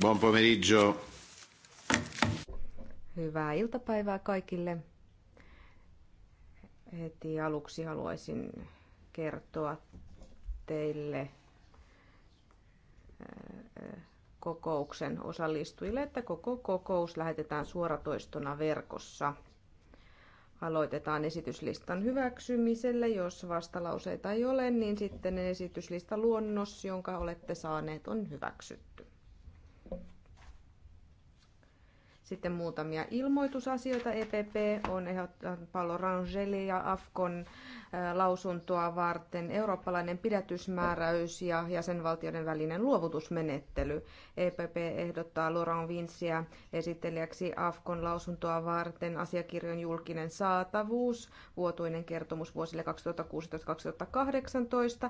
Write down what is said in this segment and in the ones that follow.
Buon pomeriggio. Hyvää iltapäivää kaikille. Heti aluksi haluaisin kertoa teille äh, kokouksen osallistujille, että koko kokous lähetetään suoratoistona verkossa – Aloitetaan esityslistan hyväksymiselle. Jos vastalauseita ei ole, niin sitten esityslistaluonnos, jonka olette saaneet, on hyväksytty. Sitten muutamia ilmoitusasioita. EPP on ehdottanut Paolo Rangeli ja Afkon lausuntoa varten eurooppalainen pidätysmääräys ja jäsenvaltioiden välinen luovutusmenettely. EPP ehdottaa Laurent Vinciä esittelijäksi Afkon lausuntoa varten asiakirjan julkinen saatavuus, vuotuinen kertomus vuosille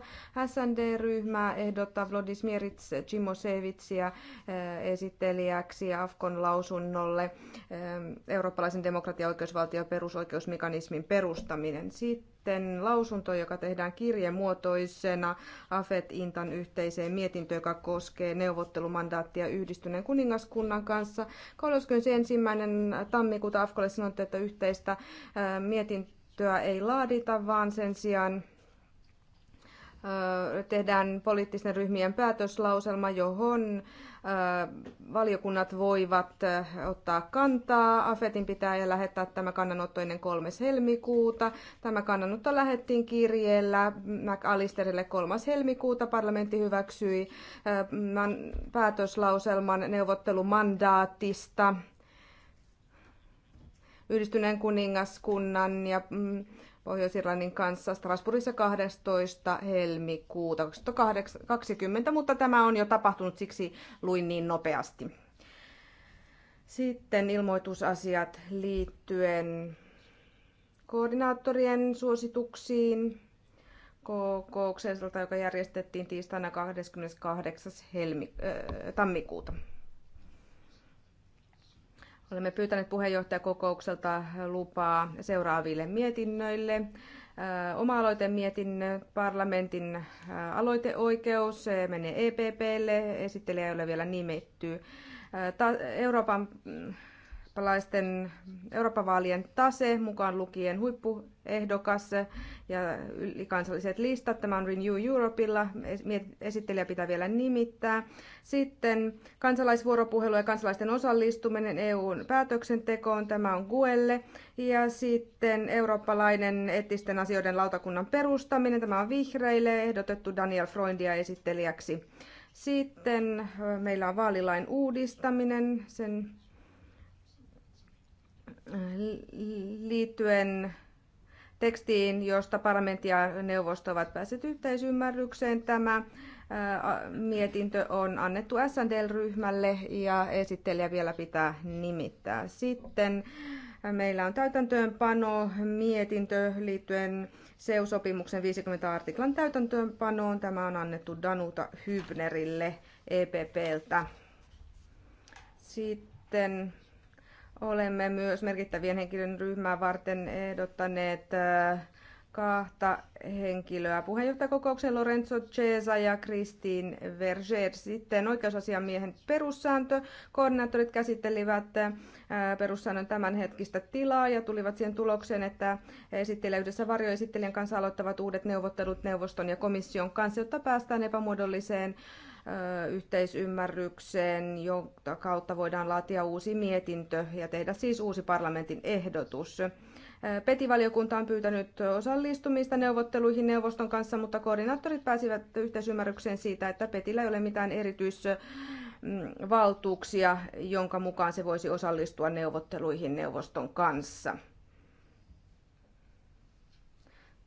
2016-2018. SND-ryhmää ehdottaa Vlodis Mierits Cimosevitsiä esittelijäksi Afkon lausunnolla EUlle ähm, eurooppalaisen demokratia- ja oikeusvaltio- ja perusoikeusmekanismin perustaminen. Sitten lausunto, joka tehdään kirjemuotoisena AFET-Intan yhteiseen mietintöön, joka koskee neuvottelumandaattia yhdistyneen kuningaskunnan kanssa. 31. tammikuuta Afkolle sanottiin, että yhteistä äh, mietintöä ei laadita, vaan sen sijaan tehdään poliittisten ryhmien päätöslauselma, johon valiokunnat voivat ottaa kantaa. AFETin pitää ja lähettää tämä kannanotto ennen 3. helmikuuta. Tämä kannanotto lähettiin kirjeellä McAllisterille 3. helmikuuta. Parlamentti hyväksyi päätöslauselman neuvottelumandaatista. Yhdistyneen kuningaskunnan ja mm, Pohjois-Irlannin kanssa Strasbourgissa 12. helmikuuta 2020, mutta tämä on jo tapahtunut, siksi luin niin nopeasti. Sitten ilmoitusasiat liittyen koordinaattorien suosituksiin kokoukselta, joka järjestettiin tiistaina 28. Helmi- äh, tammikuuta. Olemme pyytäneet puheenjohtajakokoukselta lupaa seuraaville mietinnöille. Oma-aloitemietinnö, parlamentin aloiteoikeus, se menee EPPlle, esittelijä ei ole vielä nimetty. Euroopan mm, eurooppalaisten Euroopan vaalien tase, mukaan lukien huippuehdokas ja ylikansalliset listat. Tämä on Renew Europeilla, esittelijä pitää vielä nimittää. Sitten kansalaisvuoropuhelu ja kansalaisten osallistuminen EUn päätöksentekoon, tämä on Guelle. Ja sitten eurooppalainen eettisten asioiden lautakunnan perustaminen, tämä on vihreille, ehdotettu Daniel Freundia esittelijäksi. Sitten meillä on vaalilain uudistaminen, sen liittyen tekstiin, josta parlamentti ja neuvosto ovat päässeet yhteisymmärrykseen. Tämä mietintö on annettu SND-ryhmälle ja esittelijä vielä pitää nimittää. Sitten meillä on täytäntöönpano mietintö liittyen SEU-sopimuksen 50 artiklan täytäntöönpanoon. Tämä on annettu Danuta Hybnerille EPPltä. Sitten Olemme myös merkittävien henkilön ryhmää varten ehdottaneet kahta henkilöä. Puheenjohtajakokouksen Lorenzo Cesa ja Kristiin Verger. Sitten oikeusasiamiehen perussääntö. Koordinaattorit käsittelivät perussäännön tämänhetkistä tilaa ja tulivat siihen tulokseen, että esittelijä yhdessä varjoesittelijän kanssa aloittavat uudet neuvottelut neuvoston ja komission kanssa, jotta päästään epämuodolliseen yhteisymmärrykseen, jonka kautta voidaan laatia uusi mietintö ja tehdä siis uusi parlamentin ehdotus. Petivaliokunta on pyytänyt osallistumista neuvotteluihin neuvoston kanssa, mutta koordinaattorit pääsivät yhteisymmärrykseen siitä, että Petillä ei ole mitään erityisvaltuuksia, mm, jonka mukaan se voisi osallistua neuvotteluihin neuvoston kanssa.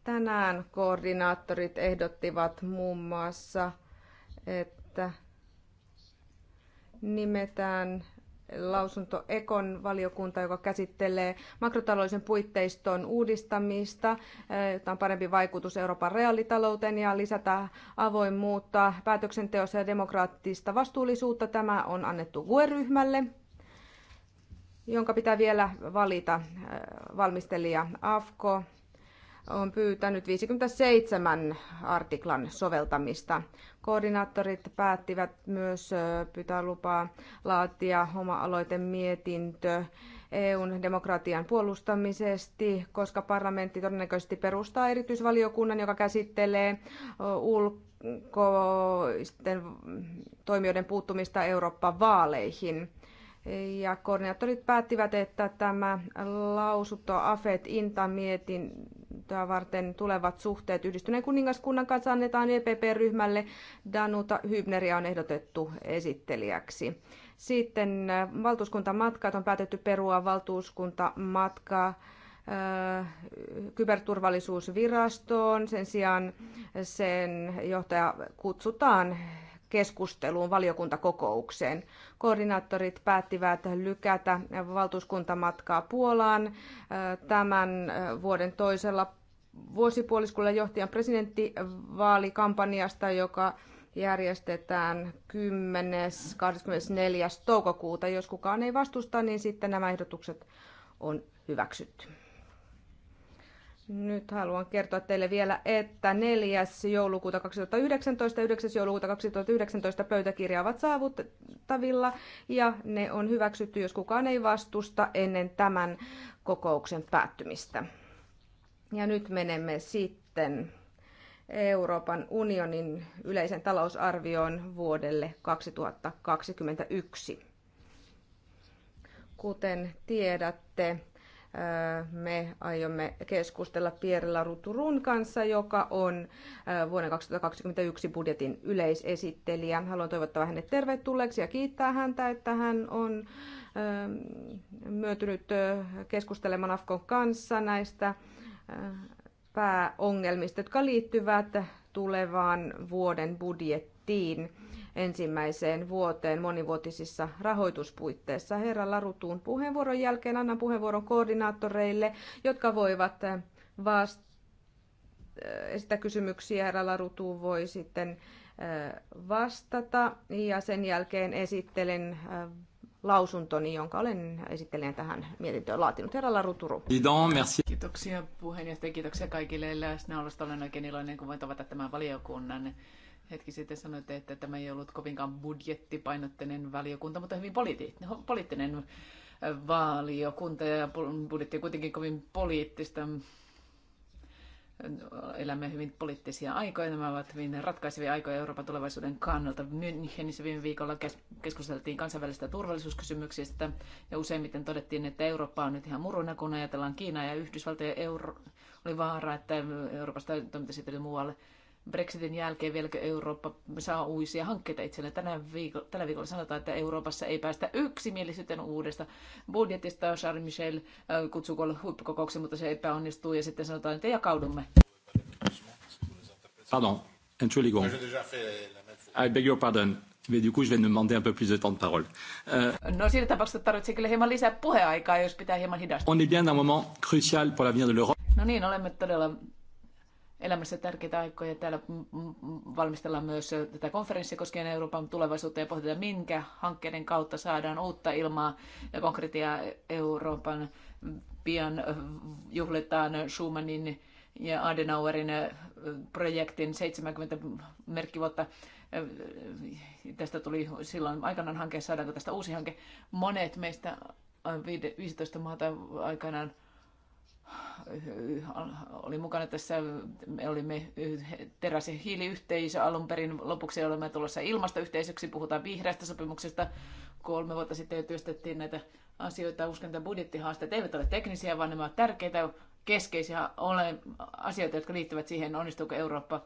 Tänään koordinaattorit ehdottivat muun muassa, että että nimetään lausunto Ekon valiokunta, joka käsittelee makrotaloudellisen puitteiston uudistamista, eh, jota on parempi vaikutus Euroopan reaalitalouteen ja lisätä avoimuutta, päätöksenteossa ja demokraattista vastuullisuutta. Tämä on annettu vuoryhmälle, jonka pitää vielä valita eh, valmistelija AFKO, on pyytänyt 57 artiklan soveltamista. Koordinaattorit päättivät myös pyytää lupaa laatia oma aloitemietintö EUn demokratian puolustamisesti, koska parlamentti todennäköisesti perustaa erityisvaliokunnan, joka käsittelee ulkoisten toimijoiden puuttumista eurooppa vaaleihin. Ja koordinaattorit päättivät, että tämä lausunto AFET Inta mietintöä varten tulevat suhteet yhdistyneen kuningaskunnan kanssa annetaan EPP-ryhmälle. Danuta Hybneria on ehdotettu esittelijäksi. Sitten äh, valtuuskuntamatkat on päätetty perua valtuuskuntamatkaa äh, kyberturvallisuusvirastoon. Sen sijaan sen johtaja kutsutaan keskusteluun valiokuntakokoukseen koordinaattorit päättivät lykätä valtuuskuntamatkaa Puolaan äh, tämän äh, vuoden toisella vuosipuoliskolla johtajan presidenttivaalikampanjasta, joka järjestetään 10.24. toukokuuta. Jos kukaan ei vastusta, niin sitten nämä ehdotukset on hyväksytty. Nyt haluan kertoa teille vielä, että 4. joulukuuta 2019 ja 9. joulukuuta 2019 pöytäkirja ovat saavutettavilla ja ne on hyväksytty, jos kukaan ei vastusta ennen tämän kokouksen päättymistä. Ja nyt menemme sitten Euroopan unionin yleisen talousarvioon vuodelle 2021. Kuten tiedätte, me aiomme keskustella Pierre Laruturun kanssa, joka on vuoden 2021 budjetin yleisesittelijä. Haluan toivottaa hänet tervetulleeksi ja kiittää häntä, että hän on myötynyt keskustelemaan Afkon kanssa näistä pääongelmista, jotka liittyvät tulevaan vuoden budjettiin ensimmäiseen vuoteen monivuotisissa rahoituspuitteissa. Herra Larutuun puheenvuoron jälkeen annan puheenvuoron koordinaattoreille, jotka voivat äh, vastata äh, sitä kysymyksiä. Herra Larutu voi sitten äh, vastata ja sen jälkeen esittelen lausuntoni, jonka olen esittelen tähän mietintöön laatinut. Herra Laruturu. Kiitoksia puheenjohtaja, kiitoksia kaikille läsnäolosta. Olen oikein iloinen, kun voin tavata tämän valiokunnan hetki sitten sanoitte, että tämä ei ollut kovinkaan budjettipainotteinen valiokunta, mutta hyvin politi- no, poliittinen valiokunta ja budjetti on kuitenkin kovin poliittista. Elämme hyvin poliittisia aikoja. Nämä ovat hyvin ratkaisevia aikoja Euroopan tulevaisuuden kannalta. Münchenissä viime viikolla keskusteltiin kansainvälisistä turvallisuuskysymyksistä ja useimmiten todettiin, että Eurooppa on nyt ihan muruna, kun ajatellaan Kiinaa ja Yhdysvaltoja. Euro- oli vaara, että Euroopasta toimittaisi muualle Brexitin jälkeen vieläkö Eurooppa saa uusia hankkeita itselleen. Tänä viikolla, tällä viikolla sanotaan, että Euroopassa ei päästä yksimielisyyteen uudesta budjetista. Charles Michel äh, kutsuu huippukokouksen, mutta se epäonnistuu ja sitten sanotaan, että jakaudumme. Pardon, entschuldigung. I beg your pardon. Mais du coup, je vais demander un peu plus de temps de parole. Euh, no, siinä tapauksessa tarvitsee kyllä hieman lisää puheaikaa, jos pitää hieman hidastaa. On est bien un moment crucial pour l'avenir de l'Europe. No niin, olemme todella elämässä tärkeitä aikoja. Täällä valmistellaan myös tätä konferenssia koskien Euroopan tulevaisuutta ja pohditaan, minkä hankkeiden kautta saadaan uutta ilmaa ja konkreettia. Euroopan. Pian juhlitaan Schumannin ja Adenauerin projektin 70 merkkivuotta. Tästä tuli silloin aikanaan hanke, saadaanko tästä uusi hanke. Monet meistä 15 maata aikanaan oli mukana tässä, me olimme teräs- ja hiiliyhteisö alun perin, lopuksi olemme tulossa ilmastoyhteisöksi, puhutaan vihreästä sopimuksesta. Kolme vuotta sitten työstettiin näitä asioita, uskon, että budjettihaasteet eivät ole teknisiä, vaan ne ovat tärkeitä keskeisiä ole, asioita, jotka liittyvät siihen, onnistuuko Eurooppa,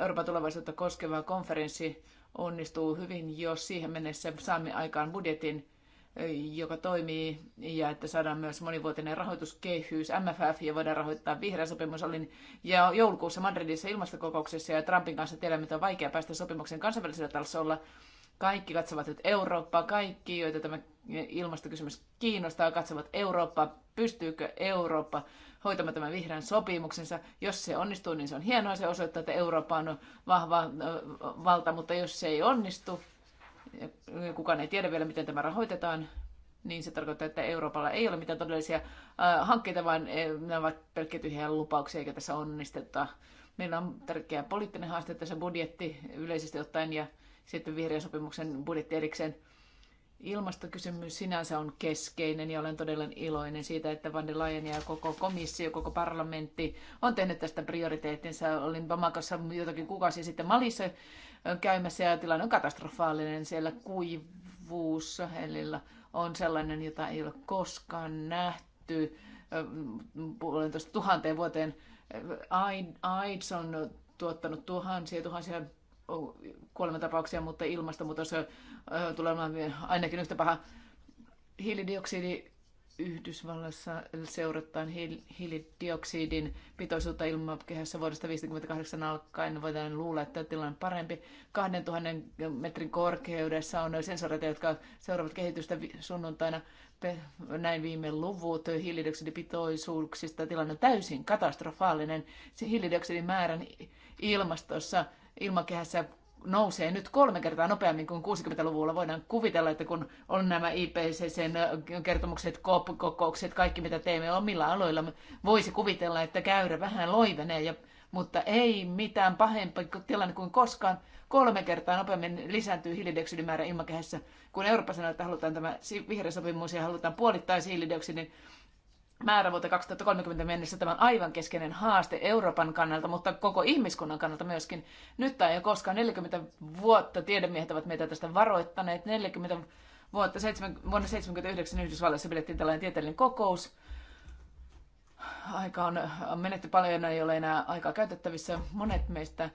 Euroopan tulevaisuutta koskeva konferenssi onnistuu hyvin, jos siihen mennessä saamme aikaan budjetin, joka toimii ja että saadaan myös monivuotinen rahoituskehys, MFF, ja voidaan rahoittaa vihreä sopimus. Olin ja joulukuussa Madridissa ilmastokokouksessa ja Trumpin kanssa tiedämme, että on vaikea päästä sopimuksen kansainvälisellä tasolla. Kaikki katsovat nyt Eurooppaa, kaikki, joita tämä ilmastokysymys kiinnostaa, katsovat Eurooppaa, pystyykö Eurooppa hoitamaan tämän vihreän sopimuksensa. Jos se onnistuu, niin se on hienoa, se osoittaa, että Eurooppa on vahva valta, mutta jos se ei onnistu, kukaan ei tiedä vielä, miten tämä rahoitetaan, niin se tarkoittaa, että Euroopalla ei ole mitään todellisia hankkeita, vaan nämä ovat pelkkiä tyhjiä lupauksia, eikä tässä onnisteta. Meillä on tärkeä poliittinen haaste tässä budjetti yleisesti ottaen ja sitten vihreän sopimuksen budjetti erikseen. Ilmastokysymys sinänsä on keskeinen ja olen todella iloinen siitä, että Van der Leyen ja koko komissio, koko parlamentti on tehnyt tästä prioriteettinsa. Olin Bamakassa jotakin kuukausi sitten Malissa, käymässä ja tilanne on katastrofaalinen. Siellä kuivuus on sellainen, jota ei ole koskaan nähty puolentoista tuhanteen vuoteen. AIDS on tuottanut tuhansia tuhansia kuolematapauksia, mutta ilmastonmuutos tulee ainakin yhtä paha. Hiilidioksidi Yhdysvalloissa seurataan hiilidioksidin pitoisuutta ilmakehässä vuodesta 1958 alkaen. Voidaan luulla, että tilanne on parempi. 2000 metrin korkeudessa on sensoreita, jotka seuraavat kehitystä sunnuntaina. Näin viime luvut hiilidioksidipitoisuuksista. Tilanne on täysin katastrofaalinen. Hiilidioksidin määrän ilmastossa ilmakehässä nousee nyt kolme kertaa nopeammin kuin 60-luvulla. Voidaan kuvitella, että kun on nämä ipcc kertomukset, COP-kokoukset, kaikki mitä teemme omilla aloilla, voisi kuvitella, että käyrä vähän loivenee, ja, mutta ei mitään pahempaa tilanne kuin koskaan. Kolme kertaa nopeammin lisääntyy hiilidioksidimäärä ilmakehässä, kun Eurooppa sanoo, että halutaan tämä vihreä sopimus ja halutaan puolittaa hiilidioksidin määrä vuoteen 2030 mennessä. Tämä on aivan keskeinen haaste Euroopan kannalta, mutta koko ihmiskunnan kannalta myöskin. Nyt tai jo koskaan 40 vuotta tiedemiehet ovat meitä tästä varoittaneet. 40 vuotta, 7, vuonna 1979 Yhdysvalloissa pidettiin tällainen tieteellinen kokous, aika on menetty paljon, ei ole enää aikaa käytettävissä. Monet meistä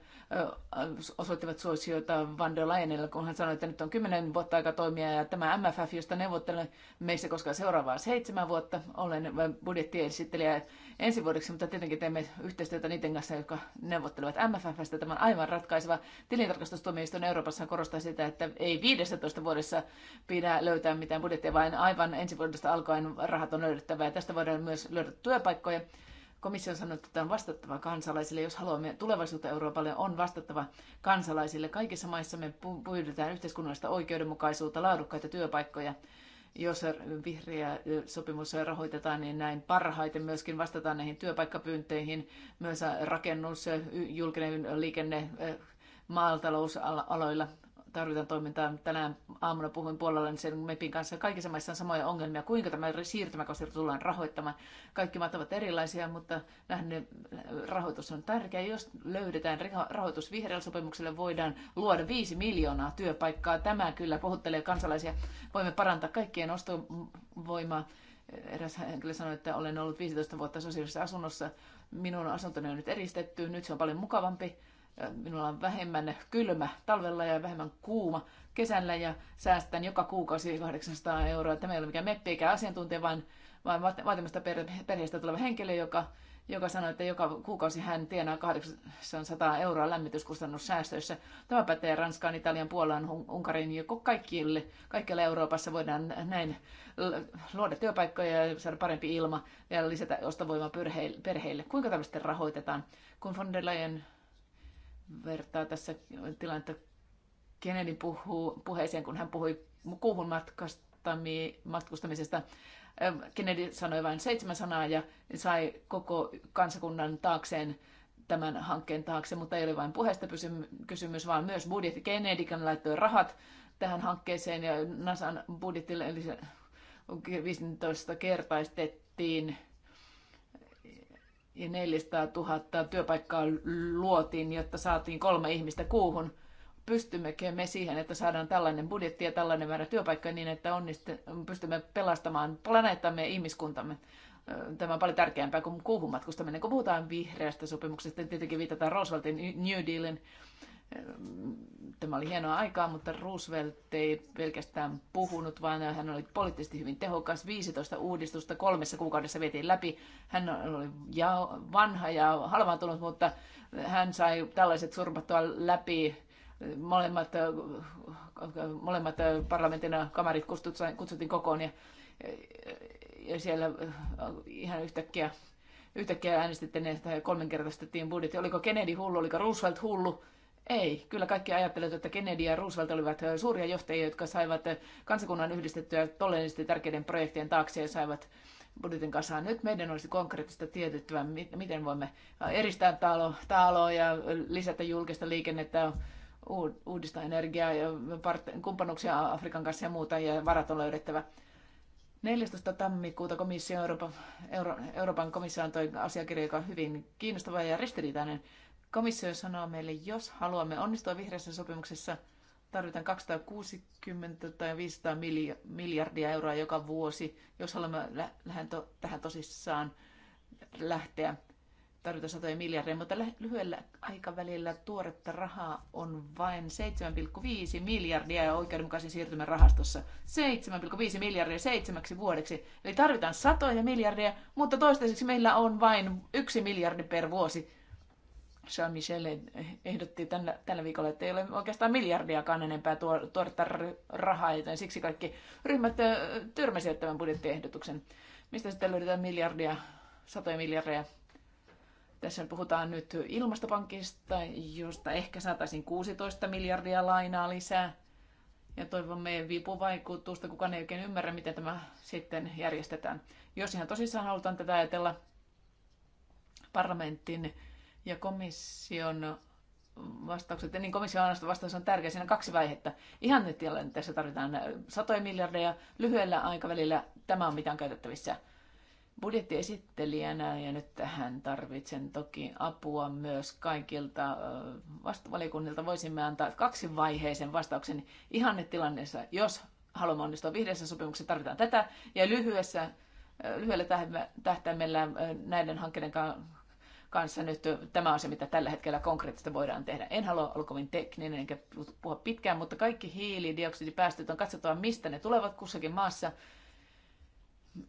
osoittivat suosiota Van der Leyenille, kun hän sanoi, että nyt on kymmenen vuotta aika toimia ja tämä MFF, josta neuvottelen meistä koska seuraavaa seitsemän vuotta. Olen budjettiesittelijä ensi vuodeksi, mutta tietenkin teemme yhteistyötä niiden kanssa, jotka neuvottelevat MFFstä. Tämä on aivan ratkaiseva. Tilintarkastustuomioistuin Euroopassa korostaa sitä, että ei 15 vuodessa pidä löytää mitään budjettia, vaan aivan ensi vuodesta alkaen rahat on löydettävä. Ja tästä voidaan myös löydä työpaikka työpaikkoja. Komissio on sanonut, että on vastattava kansalaisille. Jos haluamme tulevaisuutta Euroopalle, on vastattava kansalaisille. Kaikissa maissa me pyydetään yhteiskunnallista oikeudenmukaisuutta, laadukkaita työpaikkoja. Jos vihreä sopimus rahoitetaan, niin näin parhaiten myöskin vastataan näihin työpaikkapyynteihin. Myös rakennus, julkinen liikenne, maaltalousaloilla tarvitaan toimintaa. Tänään aamuna puhuin puolella niin MEPin kanssa. Kaikissa maissa on samoja ongelmia. Kuinka tämä siirtymäkausi tullaan rahoittamaan? Kaikki maat ovat erilaisia, mutta lähden rahoitus on tärkeä. Jos löydetään rahoitus vihreällä sopimukselle, voidaan luoda 5 miljoonaa työpaikkaa. Tämä kyllä puhuttelee kansalaisia. Voimme parantaa kaikkien ostovoimaa eräs henkilö sanoi, että olen ollut 15 vuotta sosiaalisessa asunnossa. Minun asuntoni on nyt eristetty, nyt se on paljon mukavampi minulla on vähemmän kylmä talvella ja vähemmän kuuma kesällä ja säästän joka kuukausi 800 euroa. Tämä ei ole mikään meppi eikä asiantuntija, vaan, vaan vaatimasta perheestä tuleva henkilö, joka, joka sanoi, että joka kuukausi hän tienaa 800 euroa lämmityskustannussäästöissä. Tämä pätee Ranskaan, Italian, Puolaan, Unkarin ja kaikille, kaikkialla Euroopassa voidaan näin luoda työpaikkoja ja saada parempi ilma ja lisätä ostovoimaa perheille. Kuinka tämmöistä rahoitetaan? Kun von der Leyen vertaa tässä tilannetta Kennedy puhuu, puheeseen, kun hän puhui kuuhun matkustamisesta. Kennedy sanoi vain seitsemän sanaa ja sai koko kansakunnan taakseen tämän hankkeen taakse, mutta ei ole vain puheesta kysymys, vaan myös budjetti. Kennedy laittoi rahat tähän hankkeeseen ja NASAn budjetille 15 kertaistettiin ja 400 000 työpaikkaa luotiin, jotta saatiin kolme ihmistä kuuhun. Pystymmekö me siihen, että saadaan tällainen budjetti ja tällainen määrä työpaikkoja niin, että pystymme pelastamaan planeettamme ja ihmiskuntamme? Tämä on paljon tärkeämpää kuin kuuhun matkustaminen. Kun puhutaan vihreästä sopimuksesta, tietenkin viitataan Rooseveltin New Dealin Ehm, tämä oli hienoa aikaa, mutta Roosevelt ei pelkästään puhunut, vaan hän oli poliittisesti hyvin tehokas. 15 uudistusta kolmessa kuukaudessa vietiin läpi. Hän oli ja vanha ja halvaantunut, mutta hän sai tällaiset surmattua läpi molemmat, molemmat parlamentin kamarit kutsuttiin kokoon ja, ja siellä ihan yhtäkkiä, yhtäkkiä äänestettiin näistä kolminkertaistettiin budjetti. Oliko Kennedy hullu, oliko Roosevelt hullu? Ei, kyllä kaikki ajattelevat, että Kennedy ja Roosevelt olivat suuria johtajia, jotka saivat kansakunnan yhdistettyä todellisesti tärkeiden projektien taakse ja saivat budjetin kasaan. Nyt meidän olisi konkreettista tietyttävä, miten voimme eristää talo, taloa ja lisätä julkista liikennettä, uudista energiaa ja kumppanuuksia Afrikan kanssa ja muuta, ja varat on löydettävä. 14. tammikuuta komissio Euroopan, Euro, Euroopan komissio antoi asiakirja, joka on hyvin kiinnostava ja ristiriitainen Komissio sanoo meille, jos haluamme onnistua vihreässä sopimuksessa, tarvitaan 260 tai 500 miljardia euroa joka vuosi, jos haluamme tähän tosissaan lähteä tarvitaan satoja miljardeja, mutta lyhyellä aikavälillä tuoretta rahaa on vain 7,5 miljardia ja oikeudenmukaisen siirtymän rahastossa 7,5 miljardia seitsemäksi vuodeksi. Eli tarvitaan satoja miljardeja, mutta toistaiseksi meillä on vain yksi miljardi per vuosi. Charles Michel ehdotti tänne, tällä viikolla, että ei ole oikeastaan miljardiakaan enempää tuoretta rahaa, joten siksi kaikki ryhmät tyrmäsivät tämän budjettiehdotuksen. Mistä sitten löydetään miljardia, satoja miljardeja? Tässä puhutaan nyt ilmastopankista, josta ehkä saataisiin 16 miljardia lainaa lisää. Ja toivomme vipuvaikutusta, kukaan ei oikein ymmärrä, miten tämä sitten järjestetään. Jos ihan tosissaan halutaan tätä ajatella, parlamentin ja komission vastaukset, niin komission vastaus on tärkeä, siinä on kaksi vaihetta. Ihan nyt tässä tarvitaan satoja miljardeja, lyhyellä aikavälillä tämä on mitä on käytettävissä budjettiesittelijänä ja nyt tähän tarvitsen toki apua myös kaikilta vastuvalikunnilta. Voisimme antaa kaksi vaiheisen vastauksen ihannetilanneessa, jos haluamme onnistua vihreässä sopimuksessa, tarvitaan tätä ja lyhyessä lyhyellä tähtäimellä näiden hankkeiden kanssa nyt. Tämä on se, mitä tällä hetkellä konkreettista voidaan tehdä. En halua olla kovin tekninen enkä puhua pitkään, mutta kaikki hiilidioksidipäästöt on katsottava, mistä ne tulevat kussakin maassa,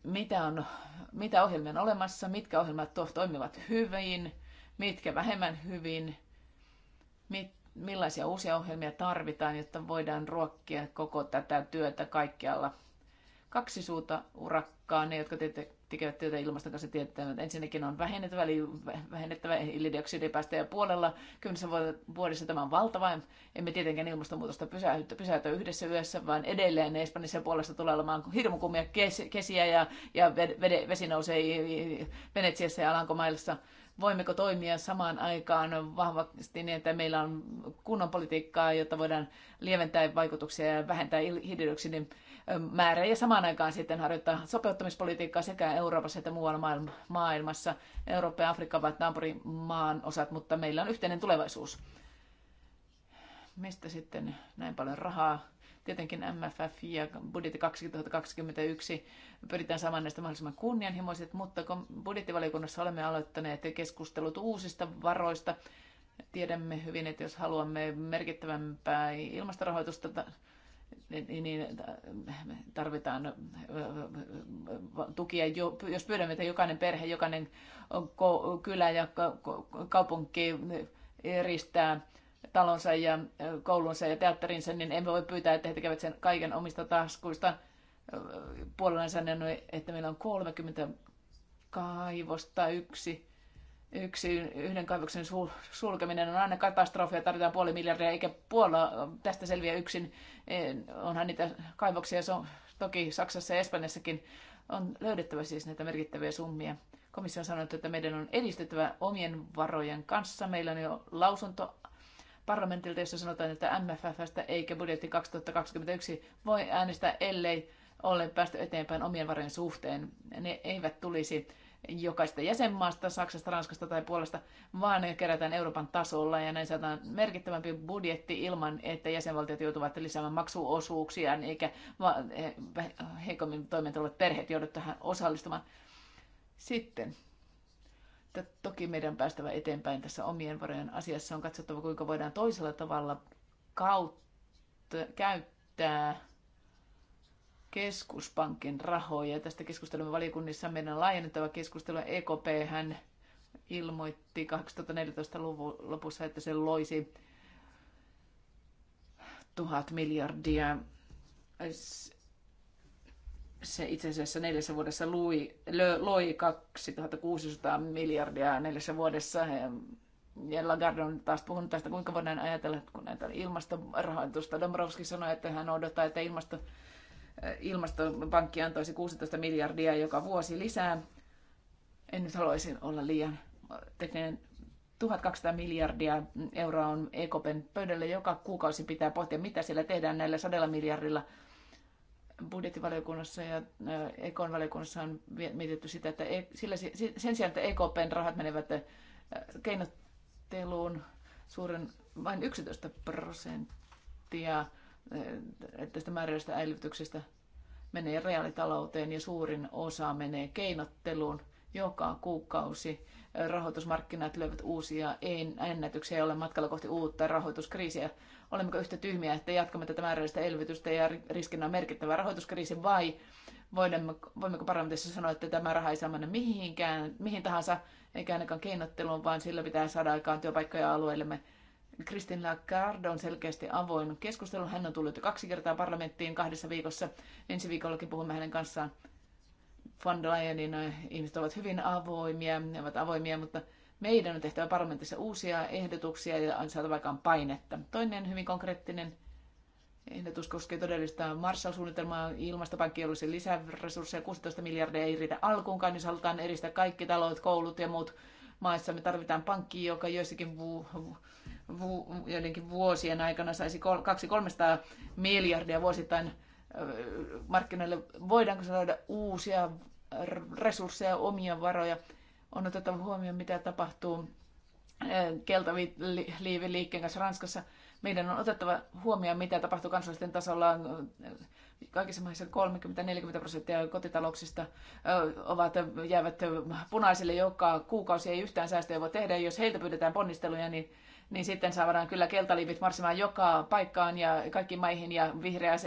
mitä, on, mitä ohjelmia on olemassa, mitkä ohjelmat toimivat hyvin, mitkä vähemmän hyvin, mit, millaisia uusia ohjelmia tarvitaan, jotta voidaan ruokkia koko tätä työtä kaikkialla. Kaksi suuta urakkaa tarkkaan ne, jotka te- tekevät työtä ilmaston kanssa, tietää, että ensinnäkin on vähennettävä, eli vähennettävä hiilidioksidipäästöjä puolella. Kymmenessä vuodessa tämä on valtava. Emme tietenkään ilmastonmuutosta pysäytä, pysäytä yhdessä yössä, vaan edelleen Espanjassa puolesta tulee olemaan hirmukumia kes- kesiä ja, ja vede- vesi nousee Venetsiassa ja Alankomaissa. voimmeko toimia samaan aikaan vahvasti niin, että meillä on kunnon politiikkaa, jotta voidaan lieventää vaikutuksia ja vähentää hiilidioksidin määrä ja samaan aikaan sitten harjoittaa sopeuttamispolitiikkaa sekä Euroopassa että muualla maailmassa. Eurooppa ja Afrikka ovat naapurimaan osat, mutta meillä on yhteinen tulevaisuus. Mistä sitten näin paljon rahaa? Tietenkin MFF ja budjetti 2021 pyritään saamaan näistä mahdollisimman kunnianhimoiset, mutta kun budjettivaliokunnassa olemme aloittaneet keskustelut uusista varoista, tiedämme hyvin, että jos haluamme merkittävämpää ilmastorahoitusta niin, niin, niin tarvitaan tukia, jos pyydämme, että jokainen perhe, jokainen kylä ja kaupunki eristää talonsa ja koulunsa ja teatterinsa, niin emme voi pyytää, että he tekevät sen kaiken omista taskuista. sanoi, että meillä on 30 kaivosta, yksi yksi yhden kaivoksen sulkeminen on aina katastrofi ja tarvitaan puoli miljardia, eikä Puola tästä selviä yksin. E, onhan niitä kaivoksia, se on, toki Saksassa ja Espanjassakin on löydettävä siis näitä merkittäviä summia. Komissio on sanonut, että meidän on edistettävä omien varojen kanssa. Meillä on jo lausunto parlamentilta, jossa sanotaan, että MFFstä eikä budjetti 2021 voi äänestää, ellei ole päästy eteenpäin omien varojen suhteen. Ne eivät tulisi jokaista jäsenmaasta, Saksasta, Ranskasta tai Puolasta, vaan ne kerätään Euroopan tasolla ja näin saadaan merkittävämpi budjetti ilman, että jäsenvaltiot joutuvat lisäämään maksuosuuksia, eikä heikommin toimeentulevat perheet joudut tähän osallistumaan. Sitten että toki meidän päästävä eteenpäin tässä omien varojen asiassa. On katsottava, kuinka voidaan toisella tavalla kautta, käyttää keskuspankin rahoja. Tästä keskustelua valiokunnissa meidän laajennettava keskustelu. EKP hän ilmoitti 2014 luvun lopussa, että se loisi tuhat miljardia. Se itse asiassa neljässä vuodessa lui, loi 2600 miljardia neljässä vuodessa. Ja Lagarde on taas puhunut tästä, kuinka voidaan ajatella, että kun näitä ilmastorahoitusta. Dombrovski sanoi, että hän odottaa, että ilmasto ilmastopankki antoisi 16 miljardia joka vuosi lisää. En nyt haluaisi olla liian tekninen. 1200 miljardia euroa on EKPn pöydälle, Joka kuukausi pitää pohtia, mitä siellä tehdään näillä sadalla miljardilla. Budjettivaliokunnassa ja äh, EKOn valiokunnassa on mietitty sitä, että e-, sillä, sen sijaan, että EKPn rahat menevät äh, keinotteluun suuren vain 11 prosenttia että tästä määräistä elvytyksestä menee reaalitalouteen ja suurin osa menee keinotteluun. Joka kuukausi rahoitusmarkkinat löyvät uusia ennätyksiä ja olemme matkalla kohti uutta rahoituskriisiä. Olemmeko yhtä tyhmiä, että jatkamme tätä määrällistä elvytystä ja riskinä on merkittävä rahoituskriisi vai voimmeko parlamentissa sanoa, että tämä raha ei saa mennä mihinkään, mihin tahansa, eikä ainakaan keinotteluun, vaan sillä pitää saada aikaan työpaikkoja alueillemme Kristin Lagarde on selkeästi avoin keskustelun. Hän on tullut jo kaksi kertaa parlamenttiin kahdessa viikossa. Ensi viikollakin puhumme hänen kanssaan. Van Leyenin äh, ihmiset ovat hyvin avoimia, ne ovat avoimia, mutta meidän on tehtävä parlamentissa uusia ehdotuksia ja saatava aikaan painetta. Toinen hyvin konkreettinen ehdotus koskee todellista Marshall-suunnitelmaa. Ilmastopankki olisi lisäresursseja, 16 miljardia ei riitä alkuunkaan, jos halutaan edistää kaikki talot, koulut ja muut maissa. Me tarvitaan pankki, joka joissakin vu- joidenkin vuosien aikana saisi 200-300 miljardia vuosittain markkinoille. Voidaanko saada uusia resursseja, omia varoja? On otettava huomioon, mitä tapahtuu keltaviiviliikkeen kanssa Ranskassa. Meidän on otettava huomioon, mitä tapahtuu kansallisten tasolla. Kaikissa maissa 30-40 prosenttia kotitalouksista ovat, jäävät punaisille joka kuukausi. Ei yhtään säästöjä voi tehdä. Jos heiltä pyydetään ponnisteluja, niin niin sitten saadaan kyllä keltaliivit marssimaan joka paikkaan ja kaikkiin maihin ja vihreää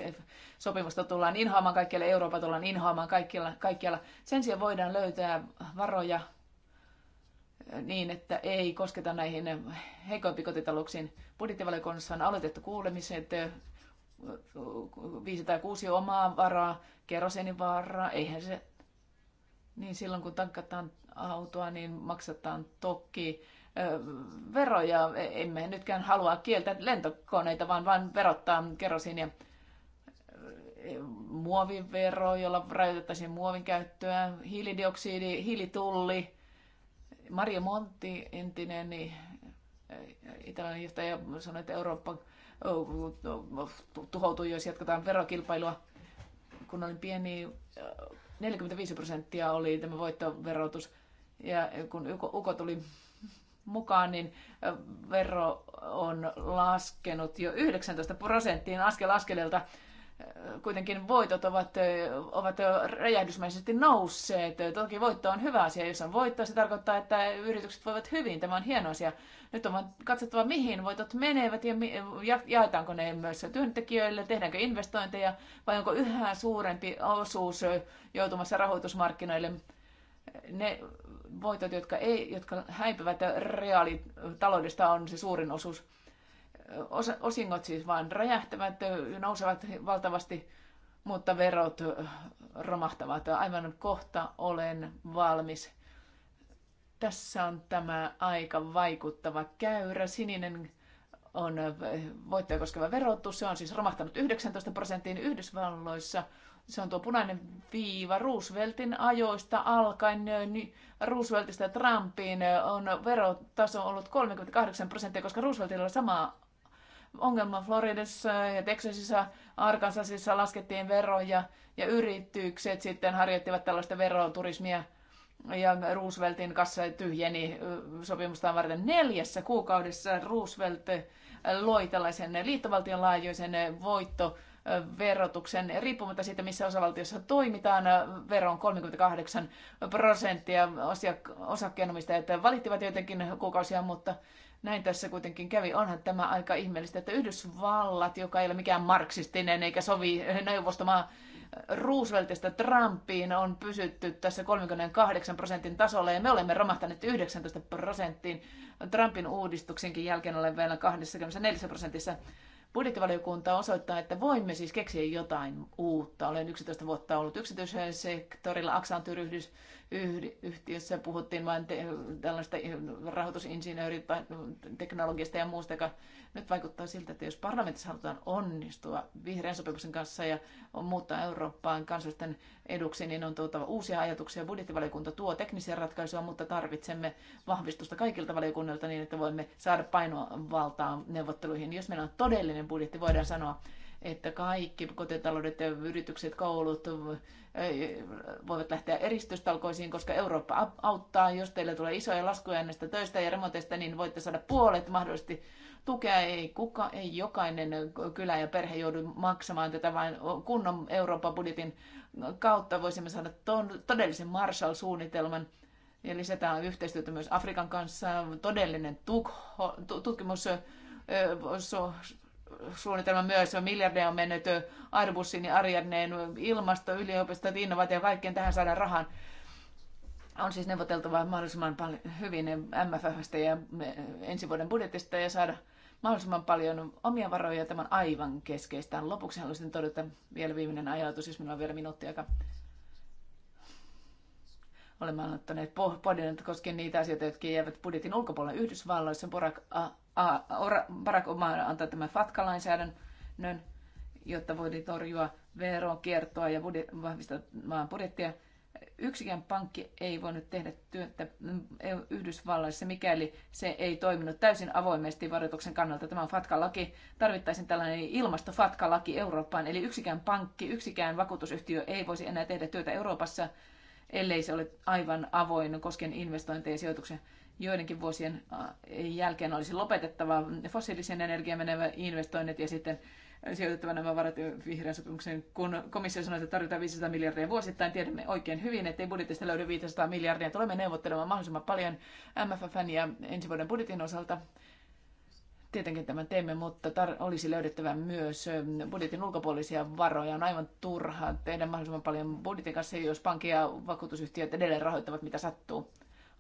sopimusta tullaan inhaamaan kaikkialle, Eurooppa tullaan inhaamaan kaikkialla, kaikkialla. Sen sijaan voidaan löytää varoja eh, niin, että ei kosketa näihin heikoimpi kotitalouksiin. Budjettivaliokunnassa on aloitettu kuulemiset, 5 eh, tai 6 omaa varaa, kerosenin varaa, eihän se... Niin silloin kun tankataan autoa, niin maksataan toki veroja. E, emme nytkään halua kieltää lentokoneita, vaan vain verottaa kerosiinia ja e, muovivero, jolla rajoitettaisiin muovin käyttöä, hiilidioksidi, hiilitulli. Mario Monti, entinen niin e, italialainen johtaja, sanoi, että Eurooppa tuhoutuu, jos jatketaan verokilpailua. Kun olin pieni, 45 prosenttia oli tämä voittoverotus. Ja kun Uko, Uko tuli mukaan, niin vero on laskenut jo 19 prosenttiin askel askeleelta. Kuitenkin voitot ovat, ovat räjähdysmäisesti nousseet. Toki voitto on hyvä asia. Jos on voitto, se tarkoittaa, että yritykset voivat hyvin. Tämä on hieno asia. Nyt on katsottava, mihin voitot menevät ja jaetaanko ne myös työntekijöille, tehdäänkö investointeja vai onko yhä suurempi osuus joutumassa rahoitusmarkkinoille ne voitot, jotka, ei, jotka häipyvät reaalitaloudesta, on se suurin osuus. osingot siis vain räjähtävät, nousevat valtavasti, mutta verot romahtavat. Aivan kohta olen valmis. Tässä on tämä aika vaikuttava käyrä. Sininen on voittoja koskeva verotus. Se on siis romahtanut 19 prosenttiin Yhdysvalloissa – se on tuo punainen viiva Rooseveltin ajoista alkaen. Niin Rooseveltista Trumpiin eh, on verotaso ollut 38 prosenttia, koska Rooseveltilla oli sama ongelma Floridassa ja Texasissa, Arkansasissa laskettiin veroja ja yritykset sitten harjoittivat tällaista veroturismia ja Rooseveltin kassa tyhjeni eh, sopimustaan varten neljässä kuukaudessa Roosevelt eh, loi tällaisen liittovaltion laajuisen voitto verotuksen, riippumatta siitä, missä osavaltiossa toimitaan, veron 38 prosenttia osakkeenomistajat valittivat jotenkin kuukausia, mutta näin tässä kuitenkin kävi. Onhan tämä aika ihmeellistä, että Yhdysvallat, joka ei ole mikään marksistinen eikä sovi neuvostomaan Rooseveltista Trumpiin, on pysytty tässä 38 prosentin tasolla ja me olemme romahtaneet 19 prosenttiin. Trumpin uudistuksenkin jälkeen olemme vielä 24 prosentissa budjettivaliokunta osoittaa, että voimme siis keksiä jotain uutta. Olen 11 vuotta ollut yksityisellä sektorilla, Aksa yhtiössä puhuttiin vain te, tällaista eh, teknologiasta ja muusta, joka nyt vaikuttaa siltä, että jos parlamentissa halutaan onnistua vihreän sopimuksen kanssa ja muuttaa Eurooppaan kansallisten eduksi, niin on tuotava uusia ajatuksia. Budjettivaliokunta tuo teknisiä ratkaisuja, mutta tarvitsemme vahvistusta kaikilta valiokunnilta niin, että voimme saada painovaltaa neuvotteluihin. Jos meillä on todellinen budjetti, voidaan sanoa, että kaikki kotitaloudet, yritykset, koulut voivat lähteä eristystalkoisiin, koska Eurooppa auttaa. Jos teillä tulee isoja laskuja näistä töistä ja remonteista, niin voitte saada puolet mahdollisesti tukea. Ei, kuka, ei jokainen kylä ja perhe joudu maksamaan tätä, vaan kunnon Euroopan budjetin kautta voisimme saada ton, todellisen Marshall-suunnitelman ja lisätään yhteistyötä myös Afrikan kanssa. Todellinen tutkimus suunnitelma myös. Miljardeja on mennyt Arbusin ja Ariadneen ilmasto, yliopistot, innovaatio, kaikkien tähän saadaan rahan. On siis neuvoteltava mahdollisimman paljon hyvin MFFstä ja ensi vuoden budjetista ja saada mahdollisimman paljon omia varoja. Tämä on aivan keskeistä. Lopuksi haluaisin todeta vielä viimeinen ajatus, jos minulla on vielä minuutti joka Olemme aloittaneet pohdinnat koskien niitä asioita, jotka jäävät budjetin ulkopuolelle Yhdysvalloissa. Borak Barack Obama antoi tämän FATCA-lainsäädännön, jotta voitiin torjua veronkiertoa ja budjet, vahvistaa maan budjettia. Yksikään pankki ei voinut tehdä työtä Yhdysvalloissa, mikäli se ei toiminut täysin avoimesti varoituksen kannalta. Tämä on FATCA-laki. Tarvittaisiin tällainen ilmasto-FATCA-laki Eurooppaan. Eli yksikään pankki, yksikään vakuutusyhtiö ei voisi enää tehdä työtä Euroopassa, ellei se ole aivan avoin koskien investointeja ja sijoituksia joidenkin vuosien jälkeen olisi lopetettava fossiilisen energian menevä investoinnit ja sitten sijoitettava nämä varat vihreän sopimuksen. Kun komissio sanoi, että tarvitaan 500 miljardia vuosittain, tiedämme oikein hyvin, että ei budjetista löydy 500 miljardia. Tulemme neuvottelemaan mahdollisimman paljon MFFn ja ensi vuoden budjetin osalta. Tietenkin tämän teemme, mutta tar- olisi löydettävä myös budjetin ulkopuolisia varoja. On aivan turhaa tehdä mahdollisimman paljon budjetin kanssa, jos pankki ja vakuutusyhtiöt edelleen rahoittavat mitä sattuu.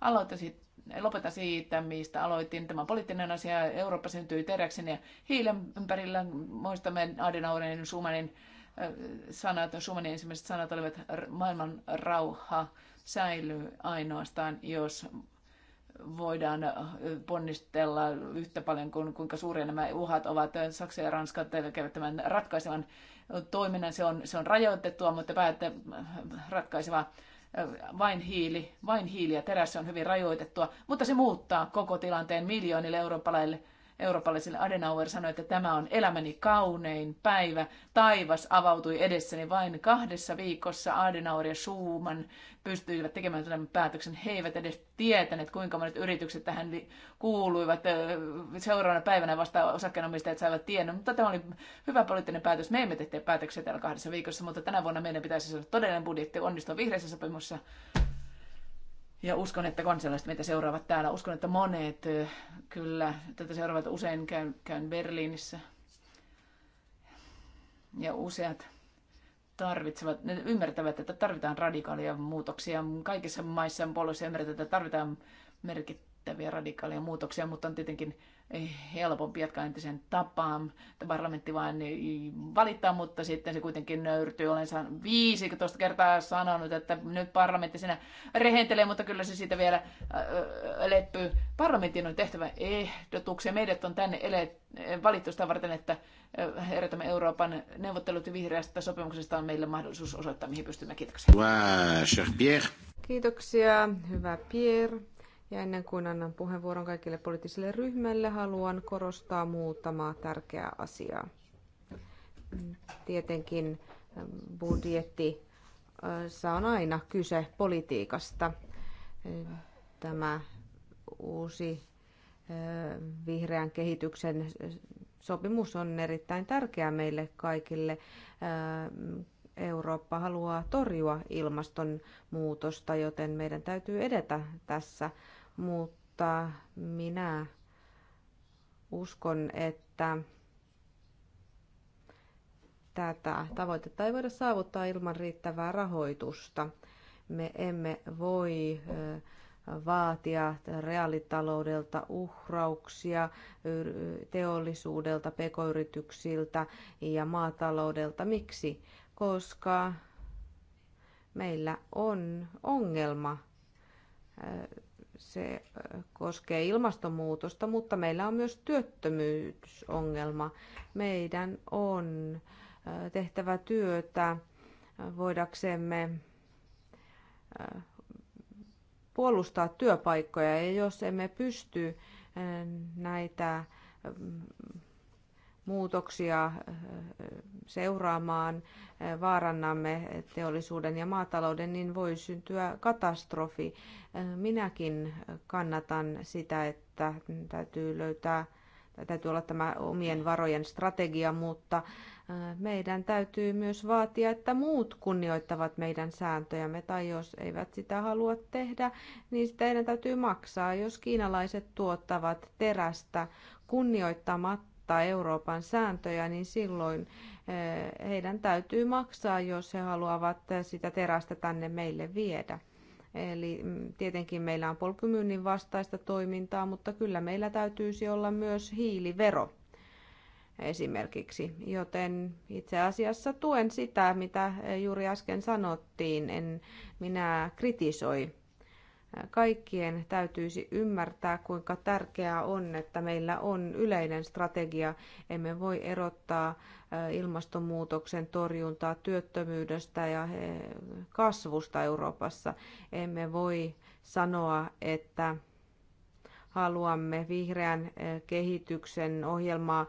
Aloitaisit lopeta siitä, mistä aloitin. Tämä poliittinen asia, Eurooppa syntyi teräksen ja hiilen ympärillä. Muistamme Adenauerin Schumannin sanat, Schumannin ensimmäiset sanat olivat, maailman rauha säilyy ainoastaan, jos voidaan ponnistella yhtä paljon kuin kuinka suuria nämä uhat ovat. Saksa ja Ranska tekevät tämän ratkaisevan toiminnan. Se on, se on rajoitettua, mutta päät, äh, ratkaisevaa vain hiili, vain hiili ja teräs on hyvin rajoitettua, mutta se muuttaa koko tilanteen miljoonille eurooppalaisille eurooppalaiselle Adenauer sanoi, että tämä on elämäni kaunein päivä. Taivas avautui edessäni vain kahdessa viikossa. Adenauer ja Schumann pystyivät tekemään tämän päätöksen. He eivät edes tietäneet, kuinka monet yritykset tähän kuuluivat. Seuraavana päivänä vasta osakkeenomistajat saivat tiedon, mutta tämä oli hyvä poliittinen päätös. Me emme tehneet päätöksiä täällä kahdessa viikossa, mutta tänä vuonna meidän pitäisi saada todellinen budjetti onnistua vihreässä sopimuksessa ja uskon, että kansalaiset meitä seuraavat täällä. Uskon, että monet kyllä tätä seuraavat usein käyn, käyn Berliinissä. Ja useat tarvitsevat, ne ymmärtävät, että tarvitaan radikaalia muutoksia. Kaikissa maissa on puolueissa ymmärretään, että tarvitaan merkittäviä radikaalia muutoksia, mutta on tietenkin helpompi jatkaa entisen tapaan. Parlamentti vain valittaa, mutta sitten se kuitenkin nöyrtyy. Olen 15 kertaa sanonut, että nyt parlamentti sinä rehentelee, mutta kyllä se siitä vielä äh, leppyy. Parlamentin on tehtävä ehdotuksia. Meidät on tänne valittu sitä varten, että herätämme äh, Euroopan neuvottelut vihreästä sopimuksesta on meille mahdollisuus osoittaa, mihin pystymme. Kiitoksia. Kiitoksia, hyvä Pierre. Ja ennen kuin annan puheenvuoron kaikille poliittisille ryhmille, haluan korostaa muutamaa tärkeää asiaa. Tietenkin ähm, budjetti äh, on aina kyse politiikasta. Tämä uusi äh, vihreän kehityksen äh, sopimus on erittäin tärkeä meille kaikille. Eurooppa haluaa torjua ilmastonmuutosta, joten meidän täytyy edetä tässä mutta minä uskon, että tätä tavoitetta ei voida saavuttaa ilman riittävää rahoitusta. Me emme voi vaatia reaalitaloudelta uhrauksia teollisuudelta, pekoyrityksiltä ja maataloudelta. Miksi? Koska meillä on ongelma se koskee ilmastonmuutosta, mutta meillä on myös työttömyysongelma. Meidän on tehtävä työtä voidaksemme puolustaa työpaikkoja ja jos emme pysty näitä muutoksia äh, seuraamaan, äh, vaarannamme teollisuuden ja maatalouden, niin voi syntyä katastrofi. Äh, minäkin kannatan sitä, että täytyy löytää täytyy olla tämä omien varojen strategia, mutta meidän täytyy myös vaatia, että muut kunnioittavat meidän sääntöjämme, tai jos eivät sitä halua tehdä, niin sitä täytyy maksaa. Jos kiinalaiset tuottavat terästä kunnioittamatta noudattaa Euroopan sääntöjä, niin silloin eh, heidän täytyy maksaa, jos he haluavat sitä terästä tänne meille viedä. Eli mm, tietenkin meillä on polkumyynnin vastaista toimintaa, mutta kyllä meillä täytyisi olla myös hiilivero esimerkiksi. Joten itse asiassa tuen sitä, mitä juuri äsken sanottiin. En minä kritisoi kaikkien täytyisi ymmärtää, kuinka tärkeää on, että meillä on yleinen strategia. Emme voi erottaa ilmastonmuutoksen torjuntaa työttömyydestä ja kasvusta Euroopassa. Emme voi sanoa, että haluamme vihreän kehityksen ohjelmaa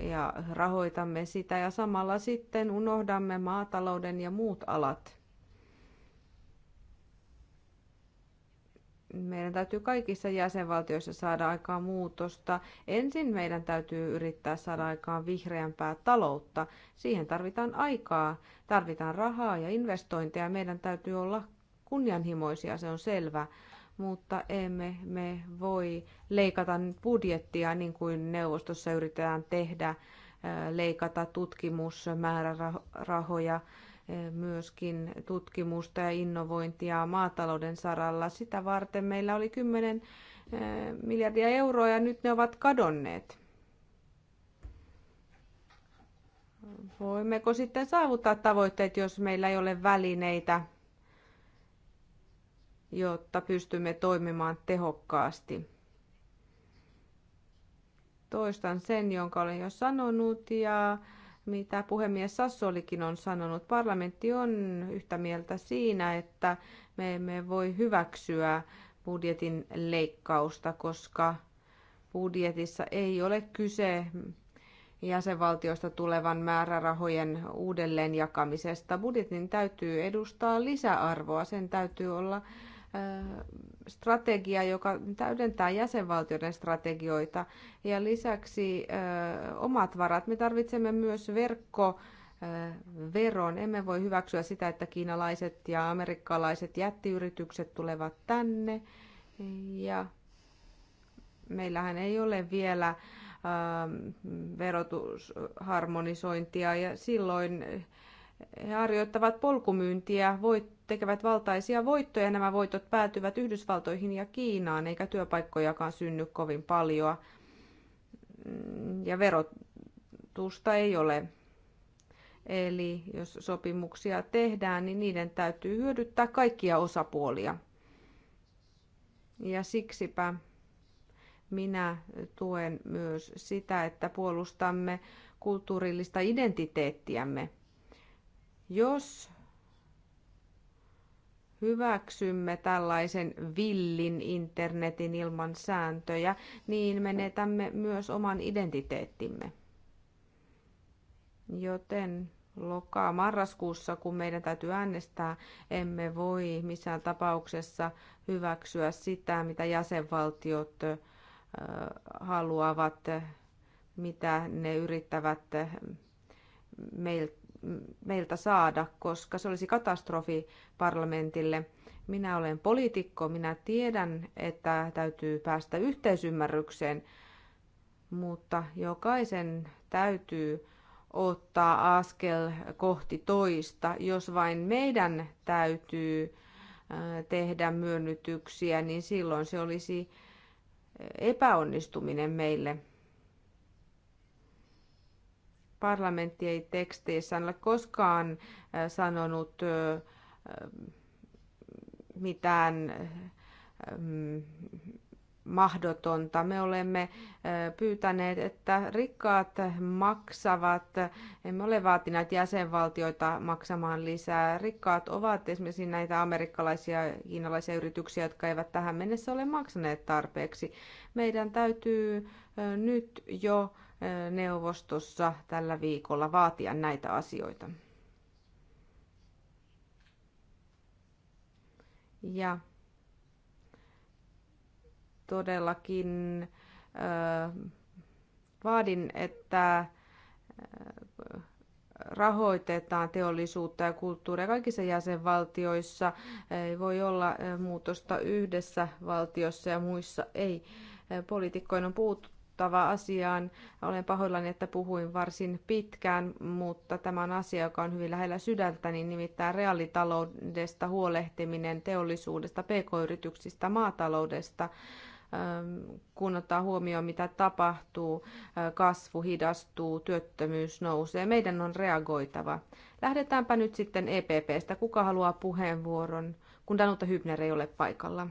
ja rahoitamme sitä ja samalla sitten unohdamme maatalouden ja muut alat meidän täytyy kaikissa jäsenvaltioissa saada aikaan muutosta. Ensin meidän täytyy yrittää saada aikaan vihreämpää taloutta. Siihen tarvitaan aikaa, tarvitaan rahaa ja investointeja. Meidän täytyy olla kunnianhimoisia, se on selvä. Mutta emme me voi leikata budjettia niin kuin neuvostossa yritetään tehdä, leikata tutkimusmäärärahoja. Äh, myöskin tutkimusta ja innovointia maatalouden saralla. Sitä varten meillä oli 10 eh, miljardia euroa ja nyt ne ovat kadonneet. Voimmeko sitten saavuttaa tavoitteet, jos meillä ei ole välineitä, jotta pystymme toimimaan tehokkaasti? Toistan sen, jonka olen jo sanonut ja mitä puhemies Sassolikin on sanonut. Parlamentti on yhtä mieltä siinä, että me emme voi hyväksyä budjetin leikkausta, koska budjetissa ei ole kyse jäsenvaltioista tulevan määrärahojen uudelleenjakamisesta. Budjetin täytyy edustaa lisäarvoa, sen täytyy olla strategia, joka täydentää jäsenvaltioiden strategioita ja lisäksi omat varat. Me tarvitsemme myös verkko veron. Emme voi hyväksyä sitä, että kiinalaiset ja amerikkalaiset jättiyritykset tulevat tänne. Ja meillähän ei ole vielä verotusharmonisointia ja silloin he harjoittavat polkumyyntiä voit tekevät valtaisia voittoja. Nämä voitot päätyvät Yhdysvaltoihin ja Kiinaan, eikä työpaikkojakaan synny kovin paljon. Mm, ja verotusta ei ole. Eli jos sopimuksia tehdään, niin niiden täytyy hyödyttää kaikkia osapuolia. Ja siksipä minä tuen myös sitä, että puolustamme kulttuurillista identiteettiämme. Jos hyväksymme tällaisen villin internetin ilman sääntöjä, niin menetämme myös oman identiteettimme. Joten lokaa marraskuussa, kun meidän täytyy äänestää, emme voi missään tapauksessa hyväksyä sitä, mitä jäsenvaltiot haluavat, mitä ne yrittävät meiltä meiltä saada, koska se olisi katastrofi parlamentille. Minä olen poliitikko, minä tiedän, että täytyy päästä yhteisymmärrykseen, mutta jokaisen täytyy ottaa askel kohti toista. Jos vain meidän täytyy äh, tehdä myönnytyksiä, niin silloin se olisi äh, epäonnistuminen meille parlamentti ei teksteissään ole koskaan äh, sanonut äh, äh, mitään mahdotonta. Me olemme pyytäneet, että rikkaat maksavat, emme ole vaatineet jäsenvaltioita maksamaan lisää. Rikkaat ovat esimerkiksi näitä amerikkalaisia ja kiinalaisia yrityksiä, jotka eivät tähän mennessä ole maksaneet tarpeeksi. Meidän täytyy nyt jo neuvostossa tällä viikolla vaatia näitä asioita. Ja todellakin vaadin, että rahoitetaan teollisuutta ja kulttuuria kaikissa jäsenvaltioissa. Ei voi olla muutosta yhdessä valtiossa ja muissa ei. Poliitikkojen on puuttu puututtava asiaan. Olen pahoillani, että puhuin varsin pitkään, mutta tämä on asia, joka on hyvin lähellä sydäntäni, nimittäin reaalitaloudesta huolehtiminen, teollisuudesta, pk-yrityksistä, maataloudesta kun ottaa huomioon, mitä tapahtuu, kasvu hidastuu, työttömyys nousee. Meidän on reagoitava. Lähdetäänpä nyt sitten EPPstä. Kuka haluaa puheenvuoron, kun Danuta Hybner ei ole paikalla?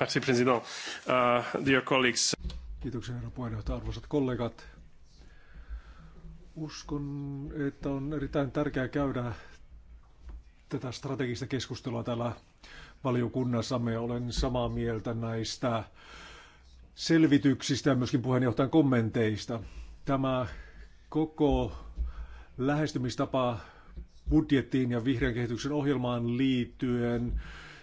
Merci, president. Uh, dear colleagues. Kiitoksia, herra puheenjohtaja. Arvoisat kollegat, uskon, että on erittäin tärkeää käydä tätä strategista keskustelua täällä valiokunnassamme. Olen samaa mieltä näistä selvityksistä ja myöskin puheenjohtajan kommenteista. Tämä koko lähestymistapa budjettiin ja vihreän kehityksen ohjelmaan liittyen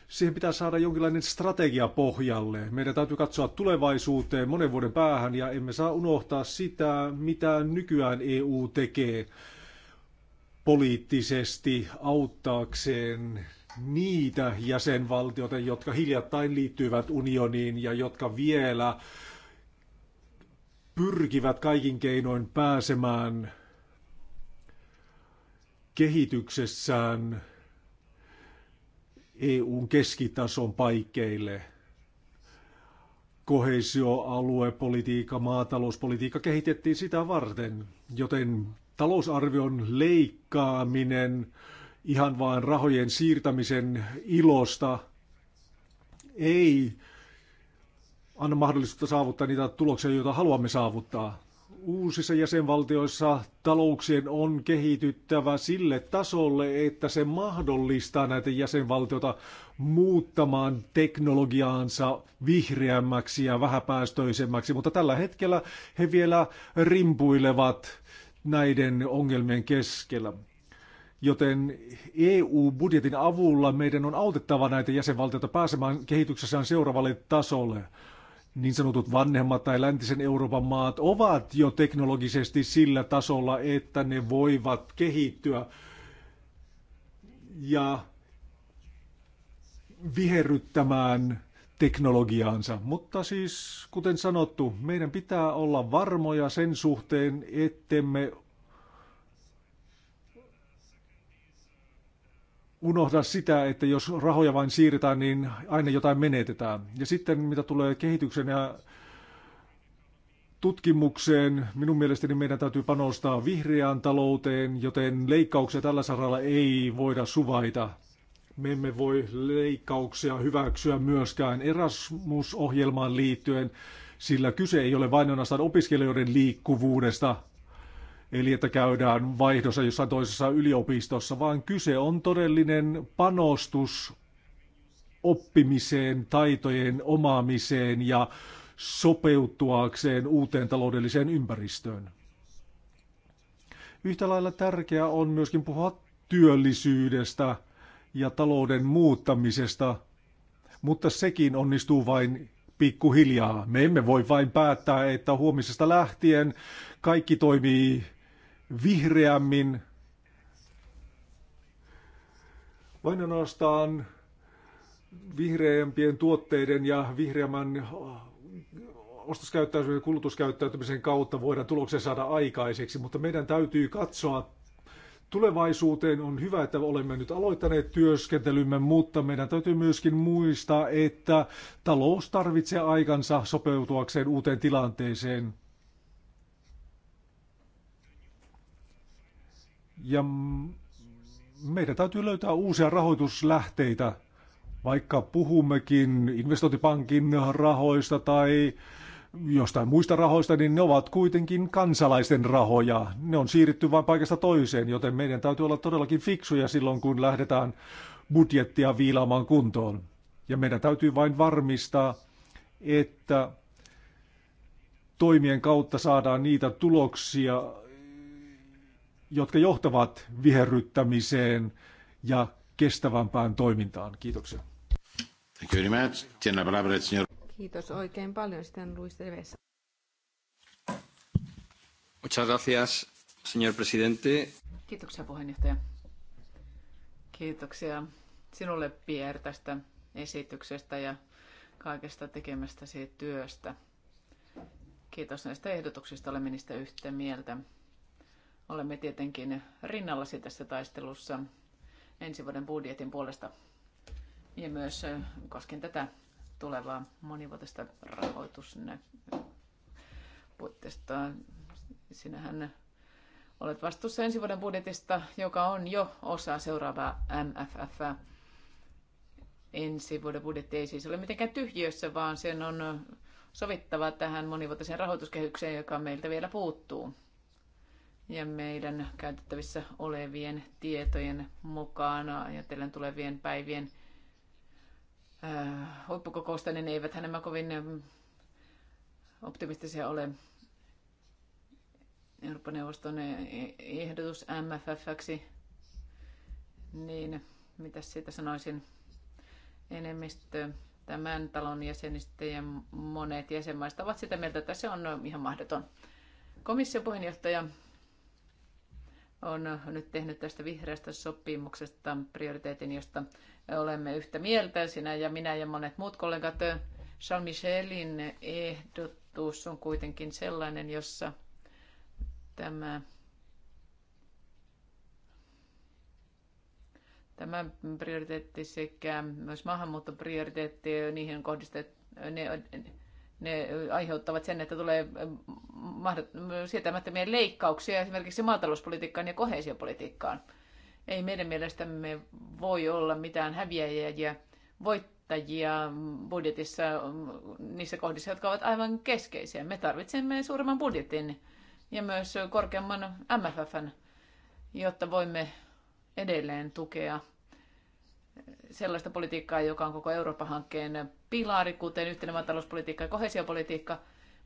Siihen pitää saada jonkinlainen strategia pohjalle. Meidän täytyy katsoa tulevaisuuteen monen vuoden päähän ja emme saa unohtaa sitä, mitä nykyään EU tekee poliittisesti auttaakseen niitä jäsenvaltioita, jotka hiljattain liittyvät unioniin ja jotka vielä pyrkivät kaikin keinoin pääsemään kehityksessään EUn keskitason paikkeille. Kohesioaluepolitiikka, maatalouspolitiikka kehitettiin sitä varten, joten talousarvion leikkaaminen ihan vain rahojen siirtämisen ilosta ei anna mahdollisuutta saavuttaa niitä tuloksia, joita haluamme saavuttaa uusissa jäsenvaltioissa talouksien on kehityttävä sille tasolle, että se mahdollistaa näitä jäsenvaltioita muuttamaan teknologiaansa vihreämmäksi ja vähäpäästöisemmäksi, mutta tällä hetkellä he vielä rimpuilevat näiden ongelmien keskellä. Joten EU-budjetin avulla meidän on autettava näitä jäsenvaltioita pääsemään kehityksessään seuraavalle tasolle niin sanotut vanhemmat tai läntisen Euroopan maat ovat jo teknologisesti sillä tasolla, että ne voivat kehittyä ja viherryttämään teknologiaansa. Mutta siis, kuten sanottu, meidän pitää olla varmoja sen suhteen, ettemme unohda sitä, että jos rahoja vain siirretään, niin aina jotain menetetään. Ja sitten mitä tulee kehityksen ja tutkimukseen, minun mielestäni meidän täytyy panostaa vihreään talouteen, joten leikkauksia tällä saralla ei voida suvaita. Me emme voi leikkauksia hyväksyä myöskään Erasmus-ohjelmaan liittyen, sillä kyse ei ole vain ainoastaan opiskelijoiden liikkuvuudesta, eli että käydään vaihdossa jossain toisessa yliopistossa, vaan kyse on todellinen panostus oppimiseen, taitojen omaamiseen ja sopeutuakseen uuteen taloudelliseen ympäristöön. Yhtä lailla tärkeää on myöskin puhua työllisyydestä ja talouden muuttamisesta, mutta sekin onnistuu vain pikkuhiljaa. Me emme voi vain päättää, että huomisesta lähtien kaikki toimii vihreämmin, vain ainoastaan vihreämpien tuotteiden ja vihreämmän äh, ostoskäyttäytymisen ja kulutuskäyttäytymisen kautta voidaan tuloksia saada aikaiseksi, mutta meidän täytyy katsoa tulevaisuuteen. On hyvä, että olemme nyt aloittaneet työskentelymme, mutta meidän täytyy myöskin muistaa, että talous tarvitsee aikansa sopeutuakseen uuteen tilanteeseen. Ja meidän täytyy löytää uusia rahoituslähteitä, vaikka puhummekin investointipankin rahoista tai jostain muista rahoista, niin ne ovat kuitenkin kansalaisten rahoja. Ne on siirretty vain paikasta toiseen, joten meidän täytyy olla todellakin fiksuja silloin, kun lähdetään budjettia viilaamaan kuntoon. Ja meidän täytyy vain varmistaa, että toimien kautta saadaan niitä tuloksia, jotka johtavat viherryttämiseen ja kestävämpään toimintaan. Kiitoksia. Kiitos oikein paljon, sitten Luis Deves. Muchas gracias, señor presidente. Kiitoksia puheenjohtaja. Kiitoksia sinulle Pierre tästä esityksestä ja kaikesta tekemästäsi työstä. Kiitos näistä ehdotuksista, olemme niistä yhtä mieltä. Olemme tietenkin rinnallasi tässä taistelussa ensi vuoden budjetin puolesta ja myös koskien tätä tulevaa monivuotista rahoitusnäkökulmasta. Sinähän olet vastuussa ensi vuoden budjetista, joka on jo osa seuraavaa MFF. Ensi vuoden budjetti ei siis ole mitenkään tyhjiössä, vaan sen on sovittava tähän monivuotiseen rahoituskehykseen, joka meiltä vielä puuttuu ja meidän käytettävissä olevien tietojen mukaan ajatellen tulevien päivien äh, huippukokousta, niin eivät nämä kovin ähm, optimistisia ole. Euroopan neuvoston ehdotus MFFksi, niin mitä siitä sanoisin, enemmistö tämän talon jäsenistä ja monet jäsenmaista ovat sitä mieltä, että se on ihan mahdoton. Komission puheenjohtaja on nyt tehnyt tästä vihreästä sopimuksesta prioriteetin, josta olemme yhtä mieltä, sinä ja minä ja monet muut kollegat. Charles Michelin ehdotus on kuitenkin sellainen, jossa tämä, tämä prioriteetti sekä myös maahanmuuttoprioriteetti, niihin on kohdistettu, ne, ne aiheuttavat sen, että tulee sietämättömiä leikkauksia esimerkiksi maatalouspolitiikkaan ja kohesiopolitiikkaan. Ei meidän mielestämme voi olla mitään häviäjiä ja voittajia budjetissa niissä kohdissa, jotka ovat aivan keskeisiä. Me tarvitsemme suuremman budjetin ja myös korkeamman MFFn, jotta voimme edelleen tukea sellaista politiikkaa, joka on koko Eurooppa-hankkeen pilari, kuten yhtenevä talouspolitiikka ja kohesiopolitiikka,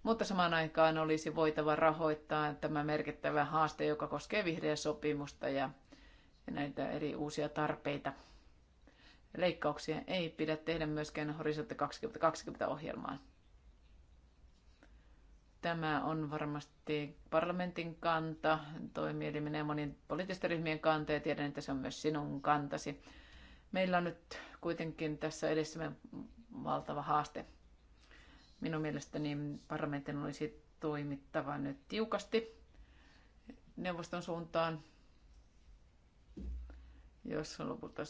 mutta samaan aikaan olisi voitava rahoittaa tämä merkittävä haaste, joka koskee vihreä sopimusta ja näitä eri uusia tarpeita. Leikkauksia ei pidä tehdä myöskään Horisontti 2020 ohjelmaan. Tämä on varmasti parlamentin kanta, toimielimen ja monien poliittisten ryhmien kanta ja tiedän, että se on myös sinun kantasi Meillä on nyt kuitenkin tässä edessämme valtava haaste. Minun mielestäni parlamentin olisi toimittava nyt tiukasti neuvoston suuntaan, jos lopulta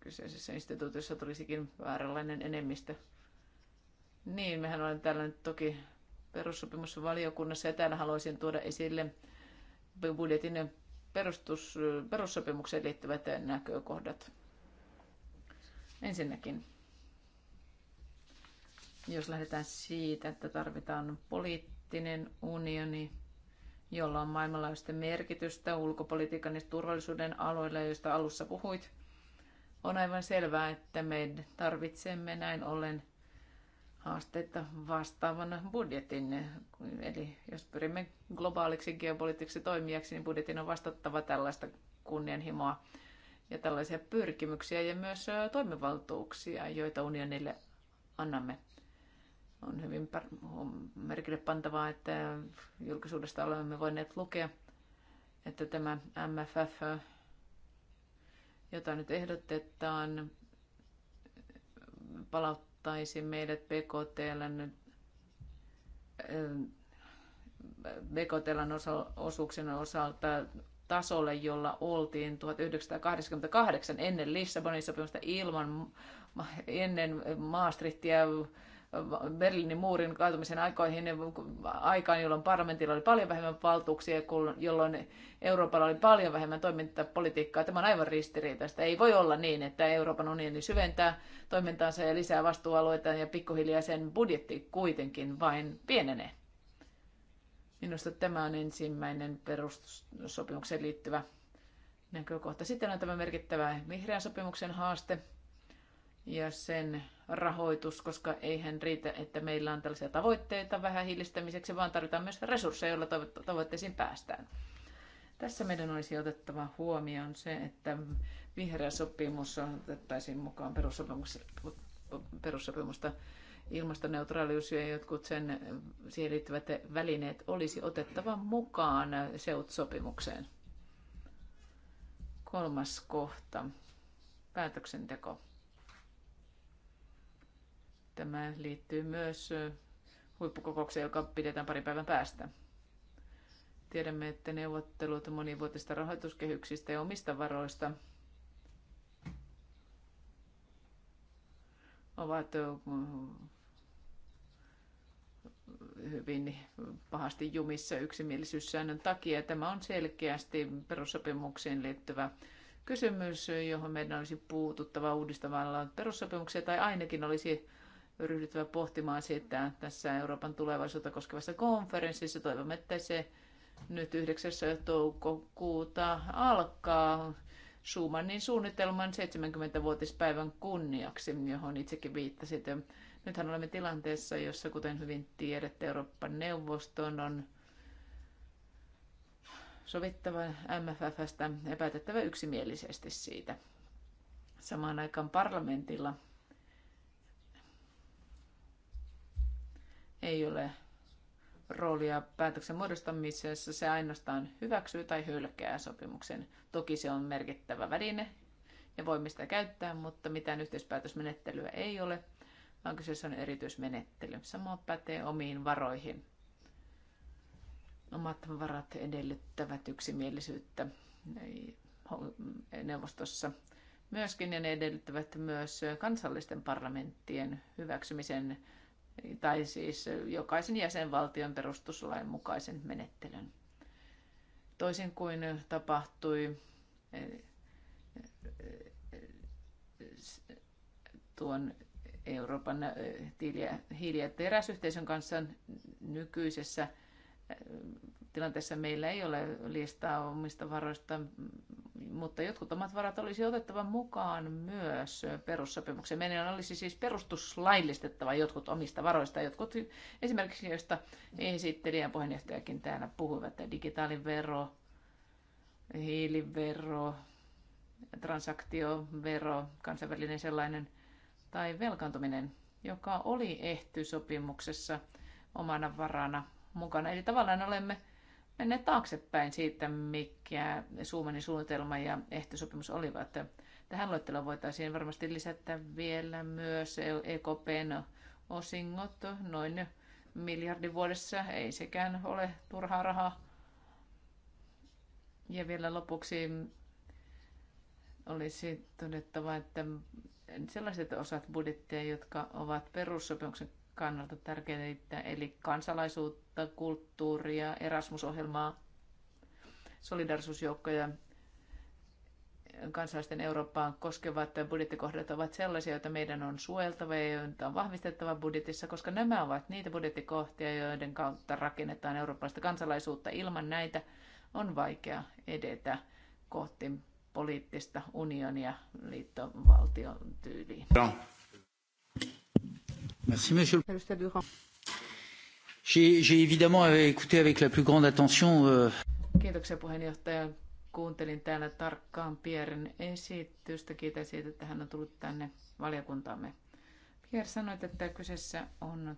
kyseisessä instituutiossa tulisikin vääränlainen enemmistö. Niin, mehän olen täällä nyt toki perussopimusvaliokunnassa ja täällä haluaisin tuoda esille budjetin perustus, perussopimukseen liittyvät näkökohdat. Ensinnäkin, jos lähdetään siitä, että tarvitaan poliittinen unioni, jolla on maailmanlaajuista merkitystä ulkopolitiikan ja turvallisuuden aloilla, joista alussa puhuit, on aivan selvää, että me tarvitsemme näin ollen haasteita vastaavan budjetin. Eli jos pyrimme globaaliksi geopoliittiksi toimijaksi, niin budjetin on vastattava tällaista kunnianhimoa ja tällaisia pyrkimyksiä ja myös toimivaltuuksia, joita unionille annamme. On hyvin merkille pantavaa, että julkisuudesta olemme voineet lukea, että tämä MFF, jota nyt ehdotetaan, palauttaa johtaisi meidät BKTL BKTLn osuuksien osalta tasolle, jolla oltiin 1988 ennen Lissabonin sopimusta ilman, ennen Maastrichtia Berliinin muurin kaatumisen aikoihin, aikaan, jolloin parlamentilla oli paljon vähemmän valtuuksia, jolloin Euroopalla oli paljon vähemmän toimintapolitiikkaa. Tämä on aivan ristiriitaista. Ei voi olla niin, että Euroopan unioni syventää toimintaansa ja lisää vastuualueita ja pikkuhiljaa sen budjetti kuitenkin vain pienenee. Minusta tämä on ensimmäinen perussopimukseen liittyvä näkökohta. Sitten on tämä merkittävä vihreän sopimuksen haaste ja sen rahoitus, koska eihän riitä, että meillä on tällaisia tavoitteita vähän hiilistämiseksi, vaan tarvitaan myös resursseja, joilla tavoitteisiin päästään. Tässä meidän olisi otettava huomioon se, että vihreä sopimus otettaisiin mukaan perussopimusta ilmastoneutraalius ja jotkut sen, siihen liittyvät välineet olisi otettava mukaan seutsopimukseen. Kolmas kohta, päätöksenteko. Tämä liittyy myös huippukokoukseen, joka pidetään parin päivän päästä. Tiedämme, että neuvottelut monivuotista rahoituskehyksistä ja omista varoista ovat hyvin pahasti jumissa yksimielisyyssäännön takia. Tämä on selkeästi perussopimuksiin liittyvä kysymys, johon meidän olisi puututtava uudistamalla perussopimuksia tai ainakin olisi ryhdyttävä pohtimaan sitä tässä Euroopan tulevaisuutta koskevassa konferenssissa. Toivomme, että se nyt 9. toukokuuta alkaa Suumannin suunnitelman 70-vuotispäivän kunniaksi, johon itsekin viittasit. Nythän olemme tilanteessa, jossa kuten hyvin tiedätte, Euroopan neuvoston on sovittava MFFstä ja yksimielisesti siitä. Samaan aikaan parlamentilla ei ole roolia päätöksen muodostamisessa. Se ainoastaan hyväksyy tai hylkää sopimuksen. Toki se on merkittävä väline ja voimme sitä käyttää, mutta mitään yhteispäätösmenettelyä ei ole, vaan kyseessä on erityismenettely. Sama pätee omiin varoihin. Omat varat edellyttävät yksimielisyyttä neuvostossa myöskin, ja ne edellyttävät myös kansallisten parlamenttien hyväksymisen tai siis jokaisen jäsenvaltion perustuslain mukaisen menettelyn. Toisin kuin tapahtui tuon Euroopan eh, hiili- ja teräsyhteisön kanssa nykyisessä tilanteessa meillä ei ole listaa omista varoista, mutta jotkut omat varat olisi otettava mukaan myös perussopimukseen. Meidän olisi siis perustuslaillistettava jotkut omista varoista, jotkut esimerkiksi joista esittelijän puheenjohtajakin täällä puhuivat, digitaalivero, hiilivero, transaktiovero, kansainvälinen sellainen, tai velkaantuminen, joka oli ehty sopimuksessa omana varana mukana. Eli tavallaan olemme menneet taaksepäin siitä, mikä Suomenin suunnitelma ja ehtosopimus olivat. Tähän luetteloon voitaisiin varmasti lisätä vielä myös EKPn osingot, noin miljardi vuodessa, ei sekään ole turhaa rahaa. Ja vielä lopuksi olisi todettava, että sellaiset osat budjettia, jotka ovat perussopimuksen kannalta tärkeitä, eli kansalaisuutta, kulttuuria, Erasmus-ohjelmaa, solidarisuusjoukkoja, kansalaisten Eurooppaa koskevat budjettikohdat ovat sellaisia, joita meidän on suojeltava ja joita on vahvistettava budjetissa, koska nämä ovat niitä budjettikohtia, joiden kautta rakennetaan eurooppalaista kansalaisuutta. Ilman näitä on vaikea edetä kohti poliittista unionia liittovaltion tyyliin. No monsieur. Edustaja Durand. J'ai évidemment euh, écouté avec la plus grande attention. Euh, Kiitoksia puheenjohtaja. Kuuntelin täällä tarkkaan Pierren esitystä. Kiitän siitä, että hän on tullut tänne valiokuntaamme. Pierre sanoi, että kyseessä on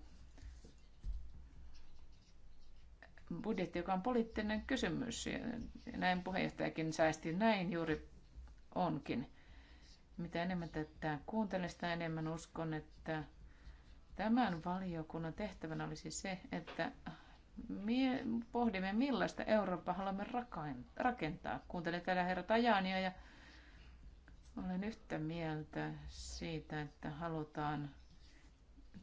budjetti, joka on poliittinen kysymys. Ja näin puheenjohtajakin säästi näin juuri onkin. Mitä enemmän tätä kuuntelen, sitä enemmän uskon, että Tämän valiokunnan tehtävänä olisi siis se, että mie pohdimme millaista Eurooppaa haluamme rakentaa. Kuuntelen täällä herra Tajania ja olen yhtä mieltä siitä, että halutaan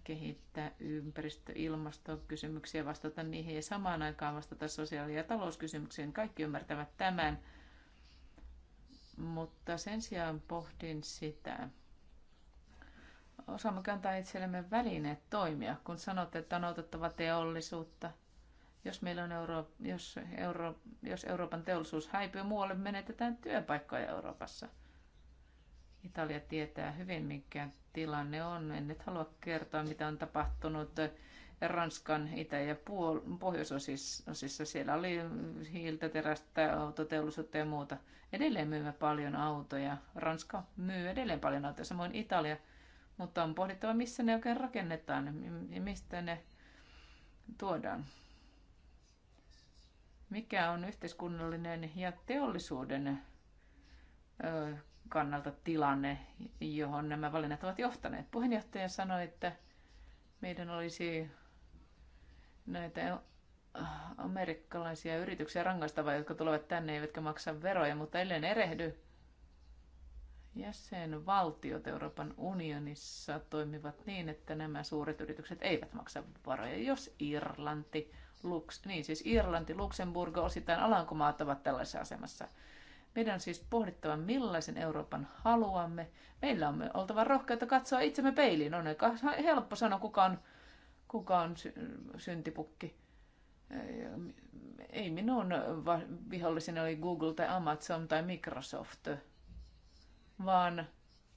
kehittää ympäristö- ja ilmastokysymyksiä, vastata niihin ja samaan aikaan vastata sosiaali- ja talouskysymyksiin. Kaikki ymmärtävät tämän, mutta sen sijaan pohdin sitä, osaammeko antaa itsellemme välineet toimia, kun sanotte, että on otettava teollisuutta. Jos, meillä on Euro- jos, Euro- jos Euroopan teollisuus häipyy, muualle menetetään työpaikkoja Euroopassa. Italia tietää hyvin, mikä tilanne on. En nyt halua kertoa, mitä on tapahtunut Ranskan itä- ja pohjoisosissa. Siellä oli hiiltä, terästä, autoteollisuutta ja muuta. Edelleen myymme paljon autoja. Ranska myy edelleen paljon autoja, samoin Italia – mutta on pohdittava, missä ne oikein rakennetaan ja mistä ne tuodaan. Mikä on yhteiskunnallinen ja teollisuuden kannalta tilanne, johon nämä valinnat ovat johtaneet? Puheenjohtaja sanoi, että meidän olisi näitä amerikkalaisia yrityksiä rangaistava, jotka tulevat tänne eivätkä maksa veroja, mutta ellei erehdy, jäsenvaltiot Euroopan unionissa toimivat niin, että nämä suuret yritykset eivät maksa varoja, jos Irlanti, Lux, niin siis Irlanti, Luxemburg, osittain Alankomaat ovat tällaisessa asemassa. Meidän on siis pohdittava, millaisen Euroopan haluamme. Meillä on oltava rohkeutta katsoa itsemme peiliin. On aika helppo sanoa, kuka on, kuka on syntipukki. Ei minun viholliseni oli Google tai Amazon tai Microsoft vaan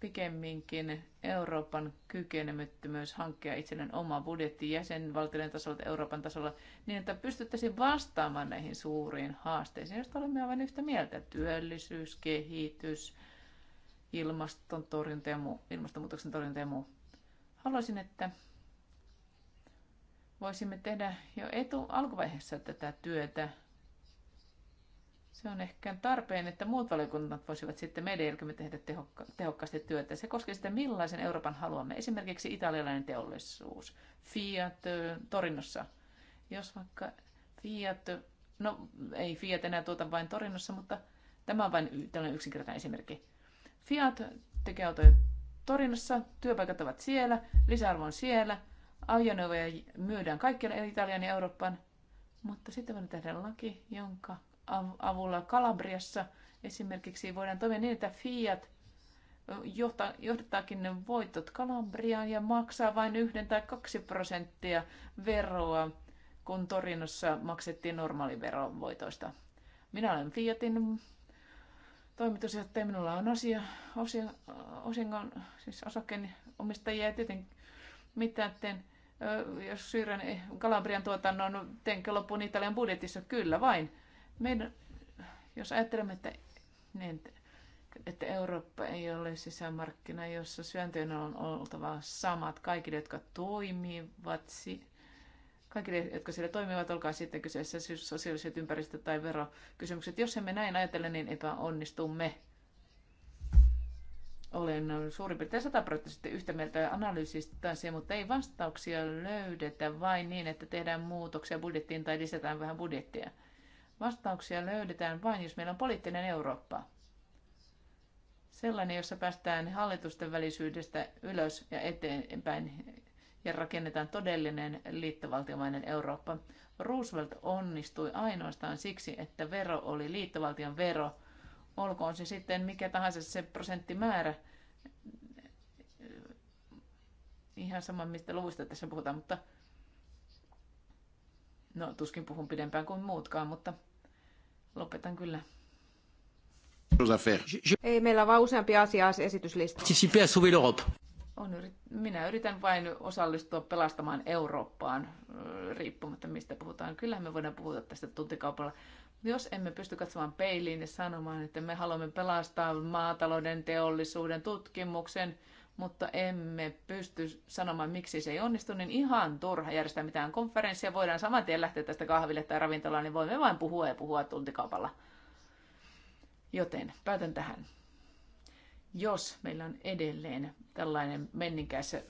pikemminkin Euroopan kykenemättömyys hankkia itselleen oma budjetti jäsenvaltioiden tasolla tai Euroopan tasolla niin, että pystyttäisiin vastaamaan näihin suuriin haasteisiin, joista olemme aivan yhtä mieltä. Työllisyys, kehitys, ilmaston torjunta ja muu, ilmastonmuutoksen torjunta ja muu. Haluaisin, että voisimme tehdä jo etu alkuvaiheessa tätä työtä se on ehkä tarpeen, että muut valiokunnat voisivat sitten meidän jälkemme tehdä tehokka- tehokkaasti työtä. Se koskee sitä, millaisen Euroopan haluamme. Esimerkiksi italialainen teollisuus, Fiat Torinossa. Jos vaikka Fiat, no ei Fiat enää tuota vain Torinossa, mutta tämä on vain tällainen yksinkertainen esimerkki. Fiat tekee autoja Torinossa, työpaikat ovat siellä, lisäarvo on siellä, ajoneuvoja myydään kaikkialle Italian ja Euroopan, mutta sitten voidaan tehdä laki, jonka avulla Kalabriassa esimerkiksi voidaan toimia niin, että Fiat johtaa, johdattaakin ne voitot Kalabriaan ja maksaa vain yhden tai kaksi prosenttia veroa, kun Torinossa maksettiin normaaliveron voitoista. Minä olen Fiatin toimitusjohtaja, minulla on asia, osia, osingon, siis osakkeen omistajia ja tietenkin mitä teen, jos syyrän Kalabrian tuotannon, teenkö loppuun Italian budjetissa? Kyllä vain meidän, jos ajattelemme, että, niin, että Eurooppa ei ole sisämarkkina, jossa syöntöjen on oltava samat kaikille, jotka toimivat, kaikille, jotka siellä toimivat, olkaa sitten kyseessä sosiaaliset ympäristö- tai verokysymykset. Jos emme näin ajatella, niin epäonnistumme. Olen suurin piirtein sataprosenttisesti yhtä mieltä analyysistä se, mutta ei vastauksia löydetä vain niin, että tehdään muutoksia budjettiin tai lisätään vähän budjettia. Vastauksia löydetään vain, jos meillä on poliittinen Eurooppa. Sellainen, jossa päästään hallitusten välisyydestä ylös ja eteenpäin ja rakennetaan todellinen liittovaltiomainen Eurooppa. Roosevelt onnistui ainoastaan siksi, että vero oli liittovaltion vero, olkoon se sitten mikä tahansa se prosenttimäärä, ihan sama mistä luvusta tässä puhutaan, mutta No, tuskin puhun pidempään kuin muutkaan, mutta lopetan kyllä. Ei, meillä on vain useampi asia esityslista. On yrit... Minä yritän vain osallistua pelastamaan Eurooppaan, riippumatta mistä puhutaan. Kyllä, me voidaan puhua tästä tuntikaupalla. Jos emme pysty katsomaan peiliin ja sanomaan, että me haluamme pelastaa maatalouden, teollisuuden, tutkimuksen, mutta emme pysty sanomaan, miksi se ei onnistu, niin ihan turha järjestää mitään konferenssia. Voidaan saman tien lähteä tästä kahville tai ravintolaan, niin voimme vain puhua ja puhua tuntikaupalla. Joten päätän tähän. Jos meillä on edelleen tällainen menninkäissä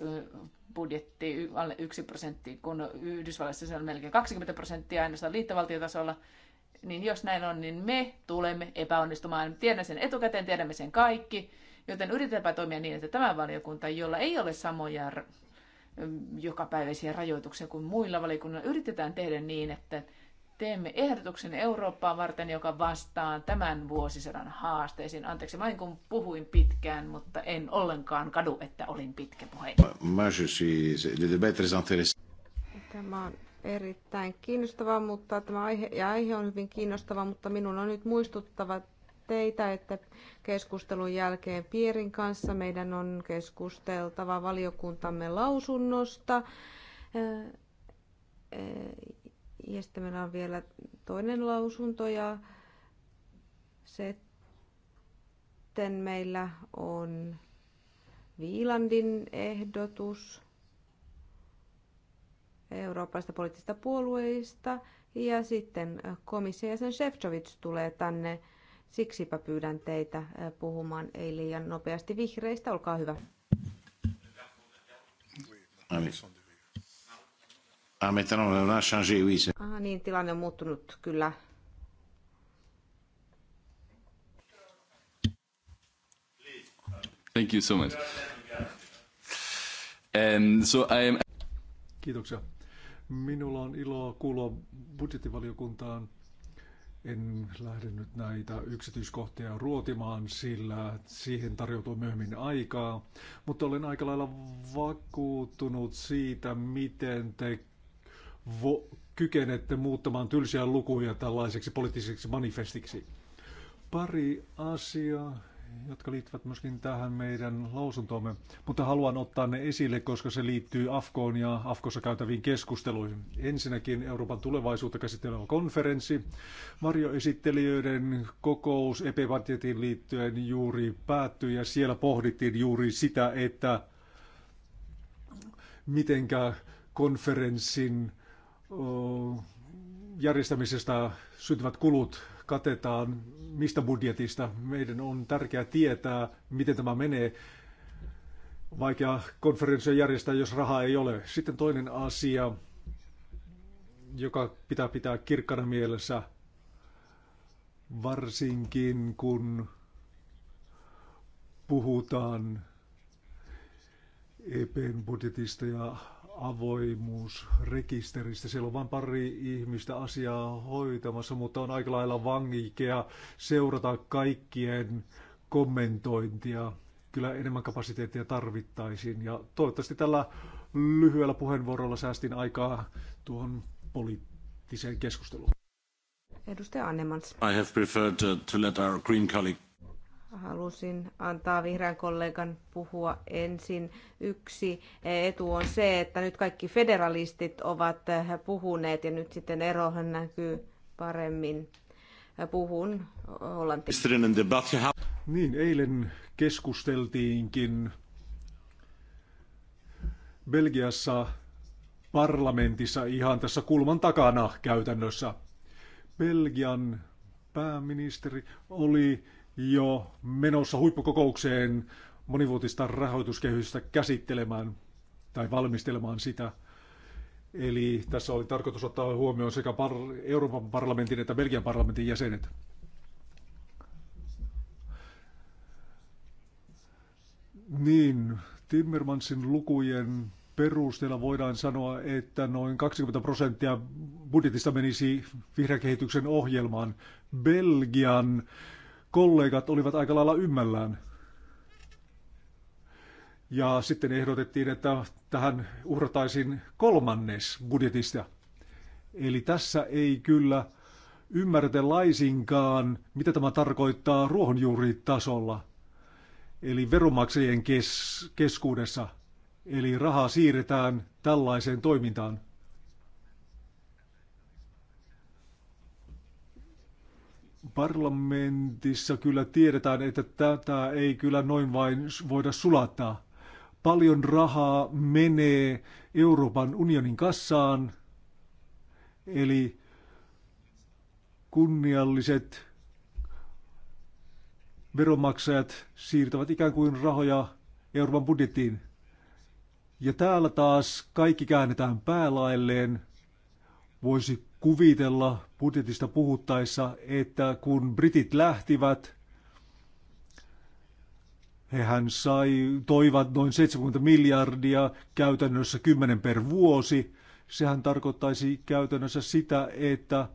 budjetti alle 1 prosentti, kun Yhdysvalloissa se on melkein 20 prosenttia ainoastaan liittovaltiotasolla, niin jos näin on, niin me tulemme epäonnistumaan. Tiedän sen etukäteen, tiedämme sen kaikki Joten yritetäänpä toimia niin, että tämä valiokunta, jolla ei ole samoja jokapäiväisiä rajoituksia kuin muilla valiokunnilla, yritetään tehdä niin, että teemme ehdotuksen Eurooppaa varten, joka vastaa tämän vuosisadan haasteisiin. Anteeksi vain kun puhuin pitkään, mutta en ollenkaan kadu, että olin pitkä puhe. Tämä on erittäin kiinnostava, mutta tämä aihe, ja aihe on hyvin kiinnostava, mutta minun on nyt muistuttava teitä, että keskustelun jälkeen Pierin kanssa meidän on keskusteltava valiokuntamme lausunnosta. Ja sitten meillä on vielä toinen lausunto ja sitten meillä on Viilandin ehdotus Euroopasta poliittisista puolueista. Ja sitten komission jäsen Shevchovic tulee tänne Siksipä pyydän teitä puhumaan ei liian nopeasti vihreistä. Olkaa hyvä. Ah, ah, ah, niin, tilanne on muuttunut kyllä. Thank you so much. Um, so I am... Kiitoksia. Minulla on ilo kuulla budjettivaliokuntaan en lähde nyt näitä yksityiskohtia ruotimaan, sillä siihen tarjoutuu myöhemmin aikaa, mutta olen aika lailla vakuuttunut siitä, miten te vo- kykenette muuttamaan tylsiä lukuja tällaiseksi poliittiseksi manifestiksi. Pari asiaa, jotka liittyvät myöskin tähän meidän lausuntoomme, mutta haluan ottaa ne esille, koska se liittyy Afkoon ja Afkossa käytäviin keskusteluihin. Ensinnäkin Euroopan tulevaisuutta käsittelevä konferenssi, varjoesittelijöiden kokous ep budjetiin liittyen juuri päättyi ja siellä pohdittiin juuri sitä, että mitenkä konferenssin järjestämisestä syntyvät kulut katetaan, mistä budjetista. Meidän on tärkeää tietää, miten tämä menee. Vaikea konferenssia järjestää, jos rahaa ei ole. Sitten toinen asia, joka pitää pitää kirkkana mielessä, varsinkin kun puhutaan EPn budjetista ja avoimuusrekisteristä. Siellä on vain pari ihmistä asiaa hoitamassa, mutta on aika lailla vangikea seurata kaikkien kommentointia. Kyllä enemmän kapasiteettia tarvittaisiin ja toivottavasti tällä lyhyellä puheenvuorolla säästin aikaa tuohon poliittiseen keskusteluun. Edustaja Annemans. I have preferred to, to let our green colleague halusin antaa vihreän kollegan puhua ensin. Yksi etu on se, että nyt kaikki federalistit ovat puhuneet ja nyt sitten erohan näkyy paremmin. Puhun hollantiksi. Niin, eilen keskusteltiinkin Belgiassa parlamentissa ihan tässä kulman takana käytännössä. Belgian pääministeri oli jo menossa huippukokoukseen monivuotista rahoituskehystä käsittelemään tai valmistelemaan sitä. Eli tässä oli tarkoitus ottaa huomioon sekä par- Euroopan parlamentin että Belgian parlamentin jäsenet. Niin, Timmermansin lukujen perusteella voidaan sanoa, että noin 20 prosenttia budjetista menisi vihreän kehityksen ohjelmaan. Belgian kollegat olivat aika lailla ymmällään. Ja sitten ehdotettiin, että tähän uhrataisiin kolmannes budjetista. Eli tässä ei kyllä ymmärretä laisinkaan, mitä tämä tarkoittaa ruohonjuuritasolla, eli veronmaksajien kes- keskuudessa. Eli rahaa siirretään tällaiseen toimintaan. Parlamentissa kyllä tiedetään, että tätä ei kyllä noin vain voida sulattaa. Paljon rahaa menee Euroopan unionin kassaan, eli kunnialliset veronmaksajat siirtävät ikään kuin rahoja Euroopan budjettiin. Ja täällä taas kaikki käännetään päälailleen. Voisi kuvitella, budjetista puhuttaessa, että kun britit lähtivät, hehän sai, toivat noin 70 miljardia, käytännössä 10 per vuosi. Sehän tarkoittaisi käytännössä sitä, että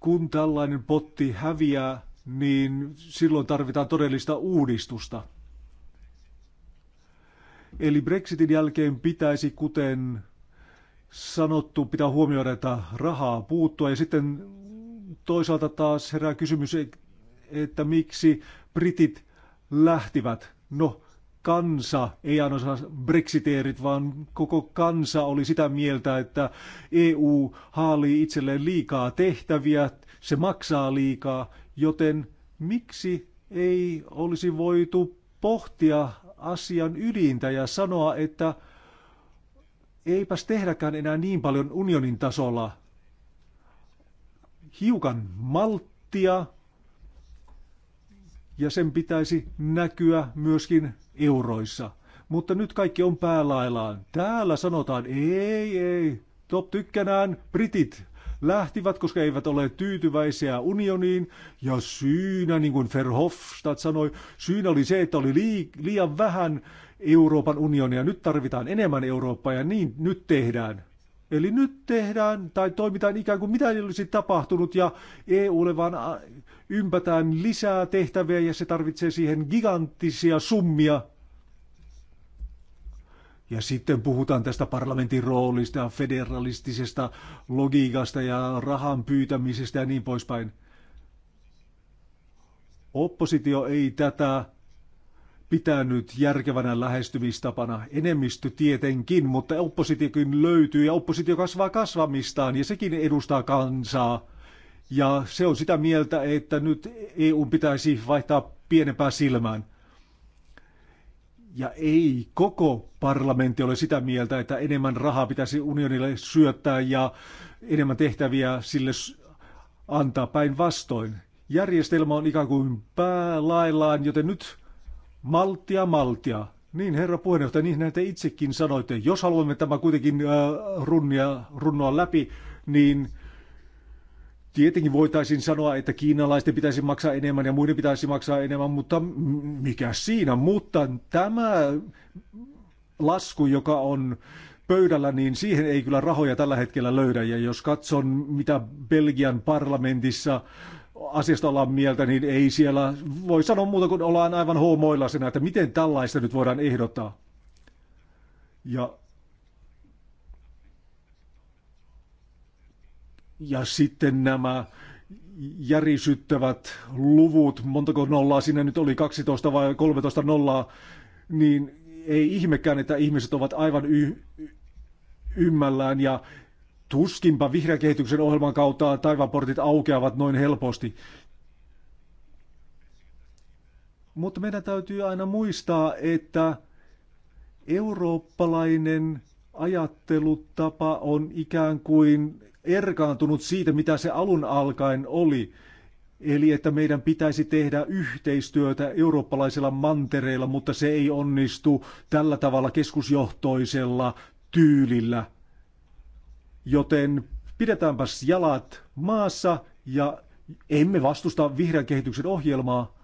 kun tällainen potti häviää, niin silloin tarvitaan todellista uudistusta – Eli Brexitin jälkeen pitäisi, kuten sanottu, pitää huomioida, että rahaa puuttua. Ja sitten toisaalta taas herää kysymys, että miksi britit lähtivät. No, kansa, ei ainoastaan brexiteerit, vaan koko kansa oli sitä mieltä, että EU haalii itselleen liikaa tehtäviä, se maksaa liikaa, joten miksi ei olisi voitu pohtia asian ydintä ja sanoa, että eipäs tehdäkään enää niin paljon unionin tasolla. Hiukan malttia ja sen pitäisi näkyä myöskin euroissa. Mutta nyt kaikki on päälaillaan. Täällä sanotaan, ei, ei, top tykkänään, britit lähtivät, koska eivät ole tyytyväisiä unioniin. Ja syynä, niin kuin Verhofstadt sanoi, syynä oli se, että oli liian vähän Euroopan unionia. Nyt tarvitaan enemmän Eurooppaa ja niin nyt tehdään. Eli nyt tehdään tai toimitaan ikään kuin mitä ei olisi tapahtunut ja EUlle vaan ympätään lisää tehtäviä ja se tarvitsee siihen giganttisia summia ja sitten puhutaan tästä parlamentin roolista ja federalistisesta logiikasta ja rahan pyytämisestä ja niin poispäin. Oppositio ei tätä pitänyt järkevänä lähestymistapana. Enemmistö tietenkin, mutta oppositiokin löytyy ja oppositio kasvaa kasvamistaan ja sekin edustaa kansaa. Ja se on sitä mieltä, että nyt EU pitäisi vaihtaa pienempää silmään. Ja ei koko parlamentti ole sitä mieltä, että enemmän rahaa pitäisi unionille syöttää ja enemmän tehtäviä sille antaa päinvastoin. Järjestelmä on ikään kuin päälaillaan, joten nyt malttia, malttia. Niin, herra puheenjohtaja, niin te itsekin sanoitte. Jos haluamme tämä kuitenkin äh, runnia, runnoa läpi, niin Tietenkin voitaisiin sanoa, että kiinalaisten pitäisi maksaa enemmän ja muiden pitäisi maksaa enemmän, mutta mikä siinä? Mutta tämä lasku, joka on pöydällä, niin siihen ei kyllä rahoja tällä hetkellä löydä. Ja jos katson, mitä Belgian parlamentissa asiasta ollaan mieltä, niin ei siellä voi sanoa muuta kuin ollaan aivan hoomoilla sen, että miten tällaista nyt voidaan ehdottaa. Ja Ja sitten nämä järisyttävät luvut, montako nollaa siinä nyt oli, 12 vai 13 nollaa, niin ei ihmekään, että ihmiset ovat aivan y- ymmällään ja tuskinpa vihreän kehityksen ohjelman kautta taivaanportit aukeavat noin helposti. Mutta meidän täytyy aina muistaa, että eurooppalainen ajattelutapa on ikään kuin erkaantunut siitä, mitä se alun alkaen oli. Eli että meidän pitäisi tehdä yhteistyötä eurooppalaisilla mantereilla, mutta se ei onnistu tällä tavalla keskusjohtoisella tyylillä. Joten pidetäänpäs jalat maassa ja emme vastusta vihreän kehityksen ohjelmaa,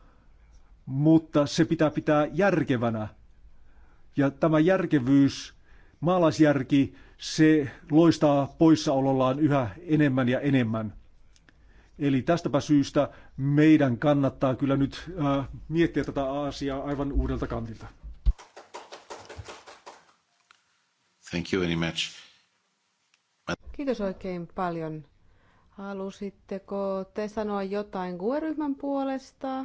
mutta se pitää pitää järkevänä. Ja tämä järkevyys, maalaisjärki, se loistaa poissaolollaan yhä enemmän ja enemmän. Eli tästäpä syystä meidän kannattaa kyllä nyt äh, miettiä tätä asiaa aivan uudelta kantilta. Thank you very much. Kiitos oikein paljon. Halusitteko te sanoa jotain GUE-ryhmän puolesta?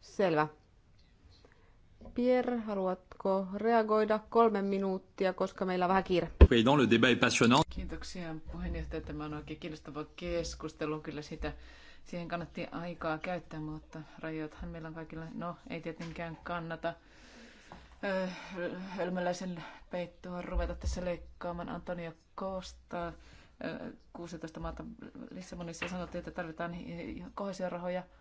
Selvä. Pierre, haluatko reagoida kolme minuuttia, koska meillä on vähän kiire? Kiitoksia puheenjohtaja. Tämä on oikein kiinnostava keskustelu. Kyllä sitä, siihen kannatti aikaa käyttää, mutta rajoithan meillä on kaikilla. No, ei tietenkään kannata hölmöläisen peittoa ruveta tässä leikkaamaan Antonio Costa 16 maata Lissabonissa sanottiin, että tarvitaan kohesiorahoja rahoja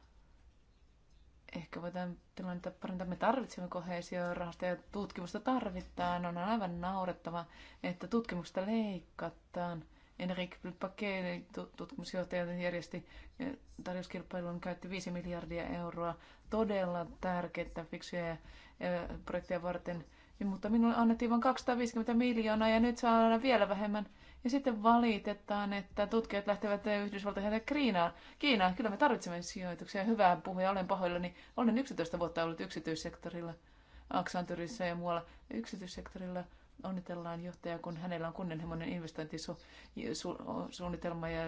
ehkä voidaan tilannetta parantaa. Me tarvitsemme kohesiorahasta ja tutkimusta tarvitaan. On aivan naurettava, että tutkimusta leikataan. Enrique Paquet, tutkimusjohtaja, järjesti eh, tarjouskilpailun käytti 5 miljardia euroa todella tärkeitä fiksuja eh, projekteja varten. Mutta minulle annettiin vain 250 miljoonaa ja nyt saadaan vielä vähemmän – ja sitten valitetaan, että tutkijat lähtevät Yhdysvaltoihin ja Kiinaan. Kiina, Kyllä me tarvitsemme sijoituksia. Hyvää puhuja, olen pahoillani. Olen 11 vuotta ollut yksityissektorilla, Aksanturissa ja muualla yksityissektorilla onnitellaan johtajaa, kun hänellä on kunnianhimoinen investointisuunnitelma ja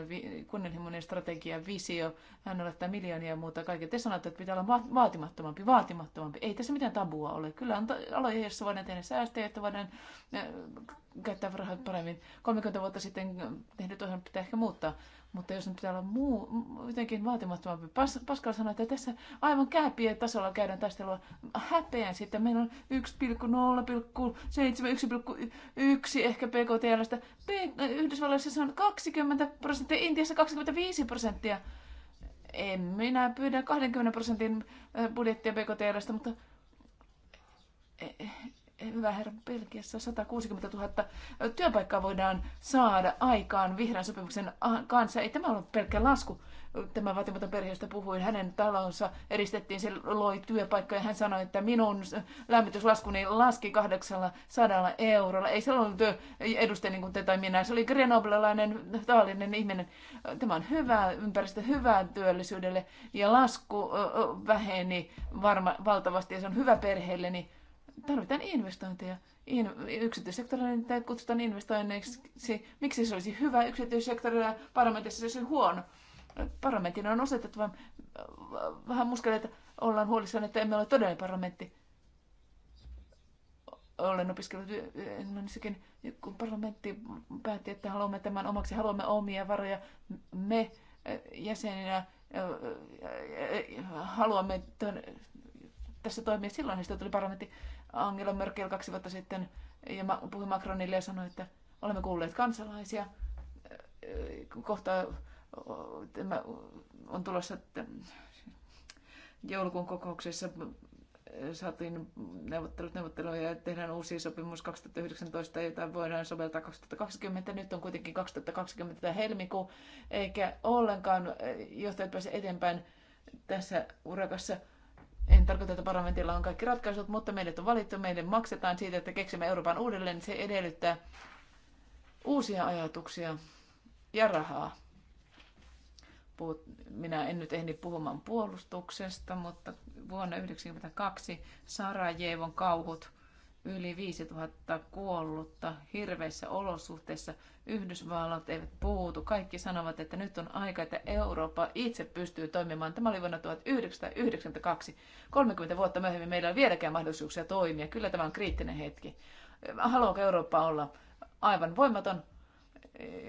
kunnianhimoinen strategia, visio. Hän laittaa miljoonia ja muuta kaikkea. Te sanotte, että pitää olla vaatimattomampi, vaatimattomampi. Ei tässä mitään tabua ole. Kyllä on aloja, joissa voidaan tehdä säästöjä, että voidaan äh, käyttää rahat paremmin. 30 vuotta sitten tehdyt ohjelmat pitää ehkä muuttaa. Mutta jos nyt pitää olla muu, jotenkin vaatimattomampi. Pas, Pascal sanoi, että tässä aivan kääpien tasolla käydään taistelua. Häpeän sitten. Meillä on 1,0,7, 1,1 ehkä PKTLstä. Äh, Yhdysvalloissa se on 20 prosenttia, Intiassa 25 prosenttia. En minä pyydä 20 prosentin äh, budjettia PKTLstä, mutta eh, eh hyvä herra, Belgiassa 160 000 työpaikkaa voidaan saada aikaan vihreän sopimuksen kanssa. Ei tämä ollut pelkkä lasku. Tämä vaatimaton perheestä puhuin, hänen talonsa eristettiin, se loi työpaikkoja. Hän sanoi, että minun lämmityslaskuni laski 800 eurolla. Ei se ollut edustaja niin kuin te tai minä, se oli grenoblelainen tavallinen ihminen. Tämä on hyvä ympäristö, hyvää työllisyydelle ja lasku väheni varma, valtavasti ja se on hyvä perheelle, niin tarvitaan investointeja. In, yksityissektorilla niitä kutsutaan investoinneiksi. Miksi se olisi hyvä yksityissektorilla parlamentissa se olisi huono? Parlamentin on osoitettava vähän muskeleita. Ollaan huolissaan, että emme ole todellinen parlamentti. Olen opiskellut Englannissakin, kun parlamentti päätti, että haluamme tämän omaksi, haluamme omia varoja. Me jäseninä haluamme tämän, tässä toimia. Silloin niistä tuli parlamentti Angela Merkel kaksi vuotta sitten ja puhui Macronille ja sanoi, että olemme kuulleet kansalaisia. Kohta on tulossa joulukuun kokouksessa saatiin neuvottelut neuvotteluja ja tehdään uusi sopimus 2019, jota voidaan soveltaa 2020. Nyt on kuitenkin 2020 helmikuu, eikä ollenkaan johtajat pääse eteenpäin tässä urakassa – en tarkoita, että parlamentilla on kaikki ratkaisut, mutta meidät on valittu, meidän maksetaan siitä, että keksimme Euroopan uudelleen. Se edellyttää uusia ajatuksia ja rahaa. Minä en nyt ehdi puhumaan puolustuksesta, mutta vuonna 1992 Sarajevon kauhut yli 5000 kuollutta hirveissä olosuhteissa. Yhdysvallat eivät puutu. Kaikki sanovat, että nyt on aika, että Eurooppa itse pystyy toimimaan. Tämä oli vuonna 1992. 30 vuotta myöhemmin meillä ei vieläkään mahdollisuuksia toimia. Kyllä tämä on kriittinen hetki. Haluaako Eurooppa olla aivan voimaton?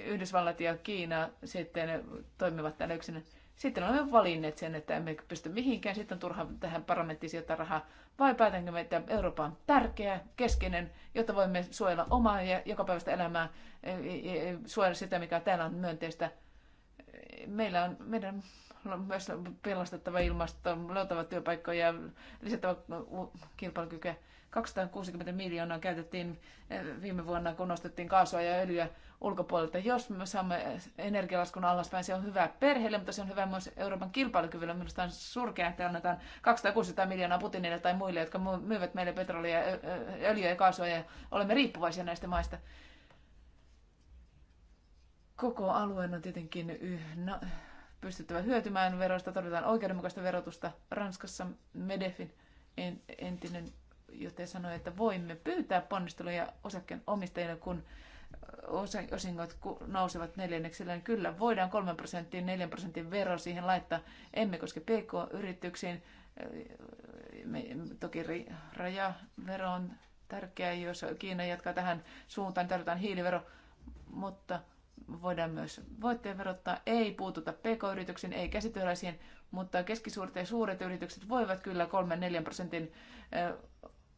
Yhdysvallat ja Kiina sitten toimivat täällä yksin. Sitten olemme valinneet sen, että emme pysty mihinkään. Sitten on turha tähän parlamenttiin sijoittaa rahaa. Vai päätänkö me, että Eurooppa on tärkeä, keskeinen, jotta voimme suojella omaa ja jokapäiväistä elämää, e, e, e, suojella sitä, mikä täällä on myönteistä. Meillä on meidän on myös pelastettava ilmasto, löytävä työpaikkoja ja lisättävä kilpailukykyä. 260 miljoonaa käytettiin viime vuonna, kun nostettiin kaasua ja öljyä ulkopuolelta. Jos me saamme energialaskun alaspäin, se on hyvä perheelle, mutta se on hyvä myös Euroopan kilpailukyvylle. Minusta on surkea, että annetaan 200-600 miljoonaa Putinille tai muille, jotka myyvät meille petrolia, öljyä ja kaasua ja olemme riippuvaisia näistä maista. Koko alueen on tietenkin yhä pystyttävä hyötymään veroista. Tarvitaan oikeudenmukaista verotusta. Ranskassa Medefin entinen joten sanoi, että voimme pyytää ponnisteluja osakkeen omistajille, kun osingot nousevat neljänneksellä, niin kyllä voidaan 3 prosentin, 4 prosentin vero siihen laittaa. Emme koske PK-yrityksiin. toki rajavero on tärkeä, jos Kiina jatkaa tähän suuntaan, niin tarvitaan hiilivero, mutta voidaan myös voittoja verottaa. Ei puututa pk-yrityksiin, ei käsityöläisiin, mutta keskisuurten ja suuret yritykset voivat kyllä 3-4 prosentin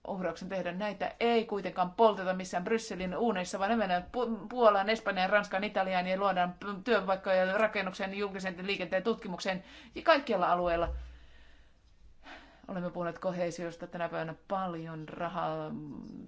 uhrauksen tehdä. Näitä ei kuitenkaan polteta missään Brysselin uuneissa, vaan ne mennään Puolaan, Espanjaan, Ranskaan, Italiaan ja luodaan työpaikkoja rakennuksen, julkisen liikenteen tutkimukseen ja kaikkialla alueella. Olemme puhuneet kohesiosta tänä päivänä paljon rahaa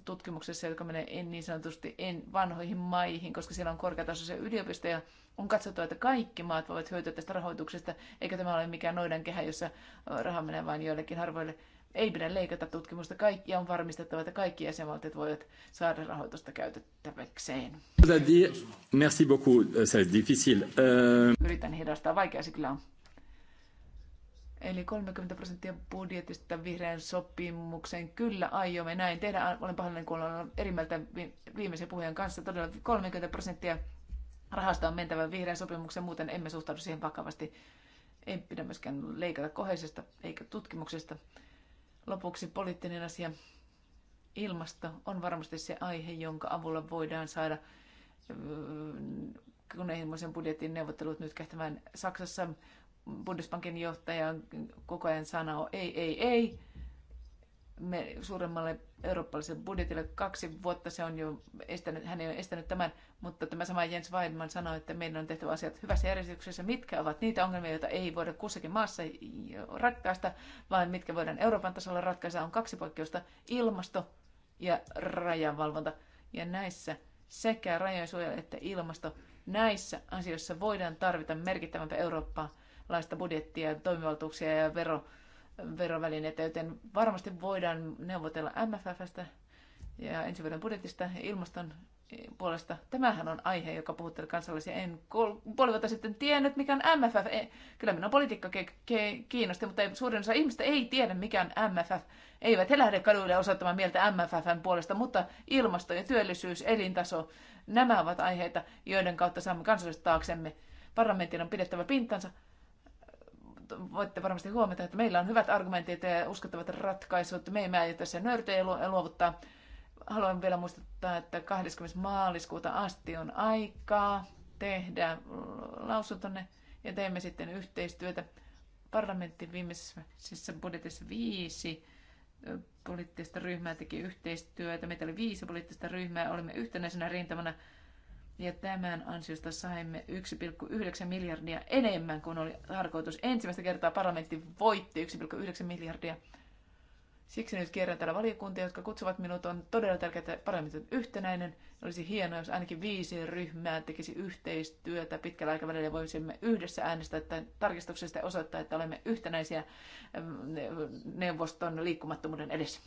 tutkimuksessa, joka menee en niin sanotusti en vanhoihin maihin, koska siellä on korkeatasoisia yliopistoja. On katsottu, että kaikki maat voivat hyötyä tästä rahoituksesta, eikä tämä ole mikään noidankehä, jossa raha menee vain joillekin harvoille ei pidä leikata tutkimusta kaikkia, on varmistettava, että kaikki jäsenvaltiot voivat saada rahoitusta käytettäväkseen. Merci beaucoup, c'est euh, difficile. Euh, Yritän hidastaa, vaikea se kyllä on. Eli 30 prosenttia budjetista vihreän sopimuksen Kyllä aiomme näin tehdä. Olen pahoillani, kun olen eri mieltä viimeisen puhujan kanssa. Todella 30 prosenttia rahasta on mentävä vihreän sopimuksen muuten emme suhtaudu siihen vakavasti. Ei pidä myöskään leikata koheisesta eikä tutkimuksesta. Lopuksi poliittinen asia. Ilmasto on varmasti se aihe, jonka avulla voidaan saada äh, kunnianhimoisen budjetin neuvottelut nyt kähtämään Saksassa. Bundesbankin johtaja koko ajan sanoo ei, ei, ei me suuremmalle eurooppalaiselle budjetille. Kaksi vuotta se on jo estänyt, hän ei ole estänyt tämän, mutta tämä sama Jens Weidman sanoi, että meidän on tehtävä asiat hyvässä järjestyksessä. Mitkä ovat niitä ongelmia, joita ei voida kussakin maassa ratkaista, vaan mitkä voidaan Euroopan tasolla ratkaista, on kaksi poikkeusta, ilmasto ja rajanvalvonta. Ja näissä sekä rajojen että ilmasto, näissä asioissa voidaan tarvita merkittävämpää eurooppalaista budjettia, toimivaltuuksia ja vero, verovälineitä, joten varmasti voidaan neuvotella MFFstä ja ensi vuoden budjetista ja ilmaston puolesta. Tämähän on aihe, joka puhuttiin kansalaisia. En kol- puoli vuotta sitten tiennyt, mikä on MFF. Ei, kyllä minun politiikka ke- ke- kiinnosti, mutta suurin osa ihmistä ei tiedä, mikä on MFF. Eivät he lähde kaduille osoittamaan mieltä MFFn puolesta, mutta ilmasto ja työllisyys, elintaso, nämä ovat aiheita, joiden kautta saamme kansalaiset taaksemme. Parlamentin on pidettävä pintansa voitte varmasti huomata, että meillä on hyvät argumentit ja uskottavat ratkaisut. Me emme aio tässä nöyrtyä ja luovuttaa. Haluan vielä muistuttaa, että 20. maaliskuuta asti on aikaa tehdä lausuntonne ja teemme sitten yhteistyötä. Parlamentin viimeisessä budjetissa viisi poliittista ryhmää teki yhteistyötä. Meitä oli viisi poliittista ryhmää, olimme yhtenäisenä rintamana – ja tämän ansiosta saimme 1,9 miljardia enemmän kuin oli tarkoitus. Ensimmäistä kertaa parlamentti voitti 1,9 miljardia. Siksi nyt kierrän täällä valiokuntia, jotka kutsuvat minut. On todella tärkeää, että parlamentti on yhtenäinen. Olisi hienoa, jos ainakin viisi ryhmää tekisi yhteistyötä pitkällä aikavälillä. Voisimme yhdessä äänestää tämän tarkistuksesta ja osoittaa, että olemme yhtenäisiä ähm, neuvoston liikkumattomuuden edessä.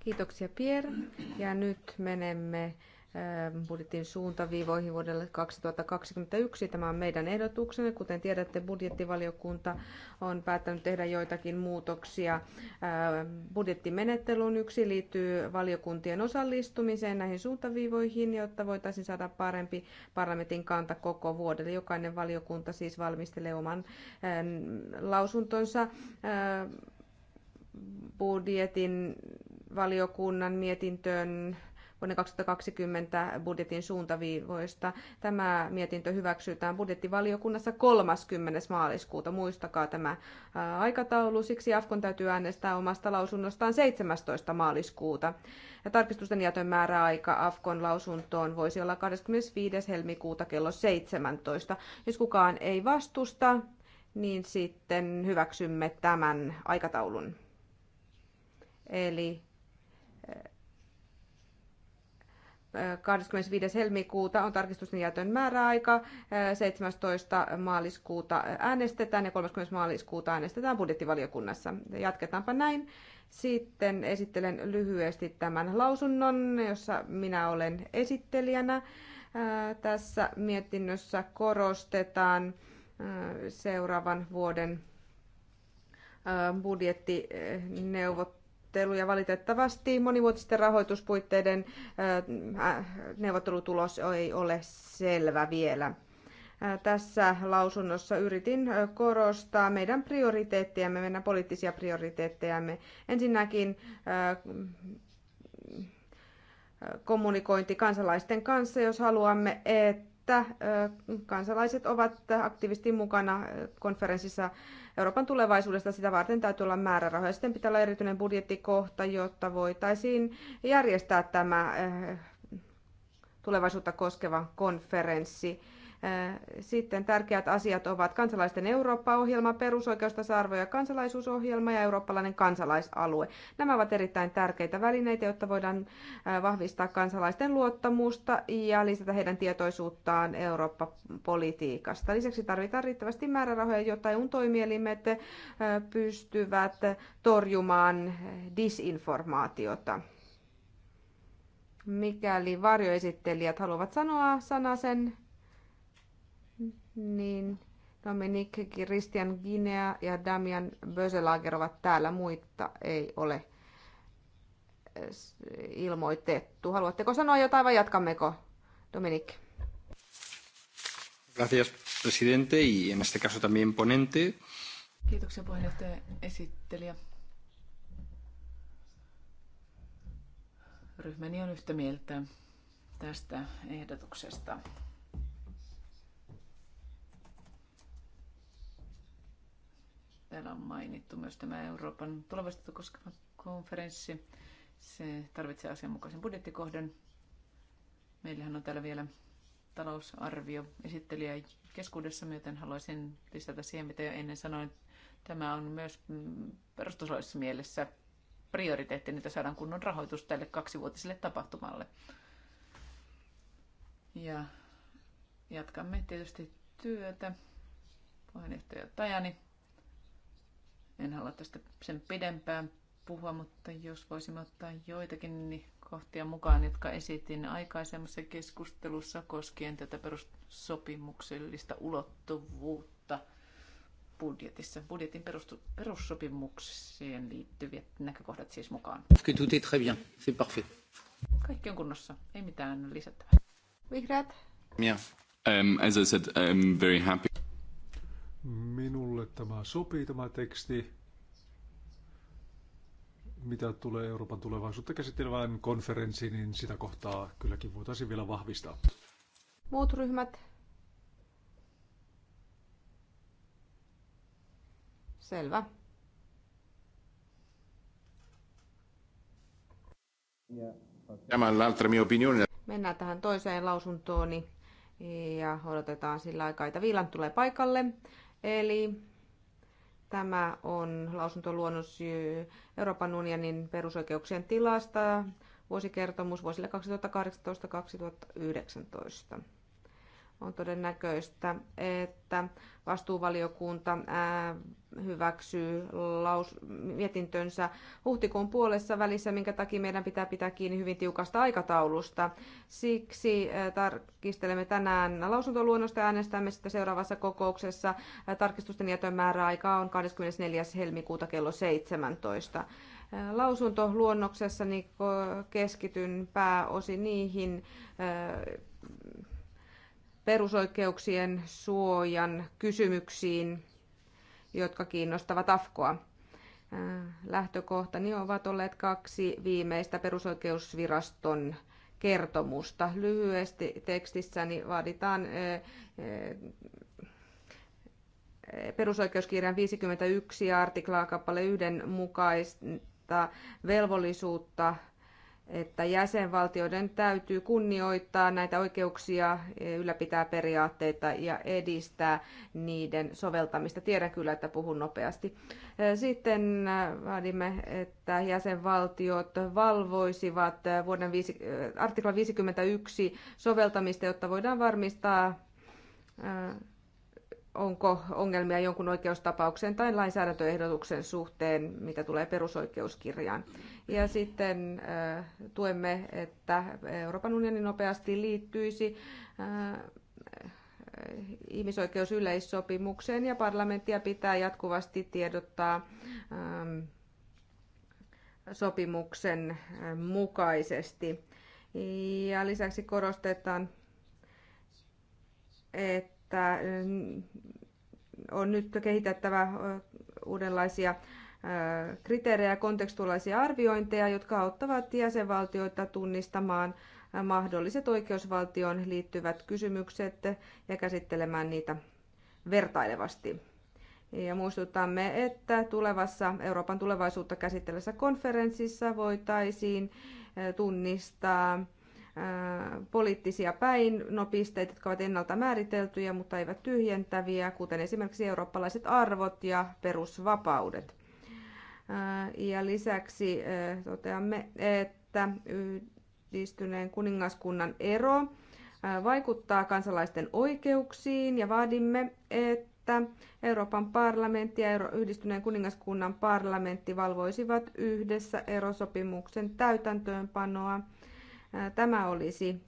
Kiitoksia Pierre. Ja nyt menemme budjetin suuntaviivoihin vuodelle 2021. Tämä on meidän ehdotuksemme. Kuten tiedätte, budjettivaliokunta on päättänyt tehdä joitakin muutoksia budjettimenettelyyn. Yksi liittyy valiokuntien osallistumiseen näihin suuntaviivoihin, jotta voitaisiin saada parempi parlamentin kanta koko vuodelle. Jokainen valiokunta siis valmistelee oman lausuntonsa budjetin valiokunnan mietintöön vuoden 2020 budjetin suuntaviivoista. Tämä mietintö hyväksytään budjettivaliokunnassa 30. maaliskuuta. Muistakaa tämä äh, aikataulu. Siksi Afkon täytyy äänestää omasta lausunnostaan 17. maaliskuuta. Ja tarkistusten jätön määräaika Afkon lausuntoon voisi olla 25. helmikuuta kello 17. Jos kukaan ei vastusta, niin sitten hyväksymme tämän aikataulun. Eli 25. helmikuuta on tarkistusten jätön määräaika, 17. maaliskuuta äänestetään ja 30. maaliskuuta äänestetään budjettivaliokunnassa. Jatketaanpa näin. Sitten esittelen lyhyesti tämän lausunnon, jossa minä olen esittelijänä. Äh, tässä mietinnössä korostetaan äh, seuraavan vuoden äh, budjettineuvottelua ja Valitettavasti monivuotisten rahoituspuitteiden äh, äh, neuvottelutulos ei ole selvä vielä. Äh, tässä lausunnossa yritin korostaa meidän prioriteettiamme, meidän poliittisia prioriteettejamme. Ensinnäkin kommunikointi kansalaisten kanssa, jos haluamme, että kansalaiset ovat aktiivisesti mukana konferenssissa Euroopan tulevaisuudesta. Sitä varten täytyy olla määrärahoja. Sitten pitää olla erityinen budjettikohta, jotta voitaisiin järjestää tämä eh, tulevaisuutta koskeva konferenssi. Sitten tärkeät asiat ovat kansalaisten Eurooppa-ohjelma, perusoikeustasa-arvo ja kansalaisuusohjelma ja eurooppalainen kansalaisalue. Nämä ovat erittäin tärkeitä välineitä, jotta voidaan vahvistaa kansalaisten luottamusta ja lisätä heidän tietoisuuttaan Eurooppa-politiikasta. Lisäksi tarvitaan riittävästi määrärahoja, jotta eu toimielimet pystyvät torjumaan disinformaatiota mikäli varjoesittelijät haluavat sanoa sanasen niin Dominique Christian Guinea ja Damian Böselager ovat täällä, muita ei ole eh, ilmoitettu. Haluatteko sanoa jotain vai jatkammeko, Dominique? Gracias, presidente, y en este caso también ponente. Kiitoksia puheenjohtaja esittelijä. Ryhmäni on yhtä mieltä tästä ehdotuksesta. Täällä on mainittu myös tämä Euroopan tulevaisuutta koskeva konferenssi. Se tarvitsee asianmukaisen budjettikohdan. Meillähän on täällä vielä talousarvio esittelijä keskuudessa, joten haluaisin lisätä siihen, mitä jo ennen sanoin. Tämä on myös perustuslaillisessa mielessä prioriteetti, että saadaan kunnon rahoitus tälle kaksivuotiselle tapahtumalle. Ja jatkamme tietysti työtä. Puheenjohtaja Tajani en halua tästä sen pidempään puhua, mutta jos voisimme ottaa joitakin niin kohtia mukaan, jotka esitin aikaisemmassa keskustelussa koskien tätä perussopimuksellista ulottuvuutta budjetissa. Budjetin perustu, perussopimukseen liittyvät näkökohdat siis mukaan. Kaikki on kunnossa, ei mitään lisättävää. Vihreät. Yeah. Um, as I said, I'm very happy. Minulle tämä sopii tämä teksti, mitä tulee Euroopan tulevaisuutta käsittelevään konferenssiin, niin sitä kohtaa kylläkin voitaisiin vielä vahvistaa. Muut ryhmät? Selvä. Mennään tähän toiseen lausuntooni ja odotetaan sillä aikaa, että Viilan tulee paikalle. Eli tämä on lausuntoluonnos Euroopan unionin perusoikeuksien tilasta, vuosikertomus vuosille 2018-2019 on todennäköistä, että vastuuvaliokunta äh, hyväksyy laus, mietintönsä huhtikuun puolessa välissä, minkä takia meidän pitää pitää kiinni hyvin tiukasta aikataulusta. Siksi äh, tarkistelemme tänään lausuntoluonnosta ja äänestämme sitä seuraavassa kokouksessa. Äh, tarkistusten jätön määräaika on 24. helmikuuta kello 17. Lausuntoluonnoksessa keskityn pääosin niihin perusoikeuksien suojan kysymyksiin, jotka kiinnostavat Afkoa. Äh, lähtökohtani ovat olleet kaksi viimeistä perusoikeusviraston kertomusta. Lyhyesti tekstissäni vaaditaan äh, äh, perusoikeuskirjan 51 artiklaa kappale 1 mukaista velvollisuutta että jäsenvaltioiden täytyy kunnioittaa näitä oikeuksia, ylläpitää periaatteita ja edistää niiden soveltamista. Tiedän kyllä, että puhun nopeasti. Sitten äh, vaadimme, että jäsenvaltiot valvoisivat vuoden 5, äh, artikla 51 soveltamista, jotta voidaan varmistaa äh, onko ongelmia jonkun oikeustapauksen tai lainsäädäntöehdotuksen suhteen, mitä tulee perusoikeuskirjaan. Ja sitten äh, tuemme, että Euroopan unioni nopeasti liittyisi äh, ihmisoikeusyleissopimukseen ja parlamenttia pitää jatkuvasti tiedottaa ähm, sopimuksen äh, mukaisesti. Ja lisäksi korostetaan, että että on nyt kehitettävä uudenlaisia kriteerejä ja kontekstuaalisia arviointeja, jotka auttavat jäsenvaltioita tunnistamaan mahdolliset oikeusvaltioon liittyvät kysymykset ja käsittelemään niitä vertailevasti. Ja muistutamme, että tulevassa Euroopan tulevaisuutta käsittelevässä konferenssissa voitaisiin tunnistaa poliittisia päinnopisteita, jotka ovat ennalta määriteltyjä, mutta eivät tyhjentäviä, kuten esimerkiksi eurooppalaiset arvot ja perusvapaudet. Ja lisäksi toteamme, että yhdistyneen kuningaskunnan ero vaikuttaa kansalaisten oikeuksiin ja vaadimme, että Euroopan parlamentti ja yhdistyneen kuningaskunnan parlamentti valvoisivat yhdessä erosopimuksen täytäntöönpanoa – Tämä olisi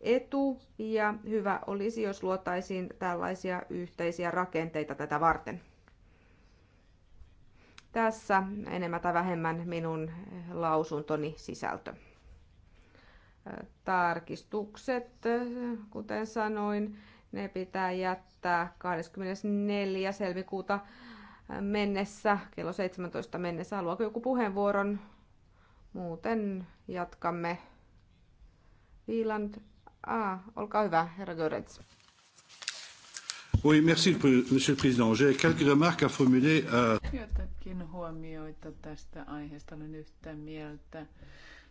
etu ja hyvä olisi, jos luotaisiin tällaisia yhteisiä rakenteita tätä varten. Tässä enemmän tai vähemmän minun lausuntoni sisältö. Tarkistukset, kuten sanoin, ne pitää jättää 24. helmikuuta mennessä, kello 17 mennessä. Haluaako joku puheenvuoron? Muuten jatkamme Viiland Ah, olkaa hyvä, herra Görets. Oui, merci, monsieur le président. J'ai quelques remarques à formuler. À... Euh, Jotakin huomioita tästä aiheesta olen yhtä mieltä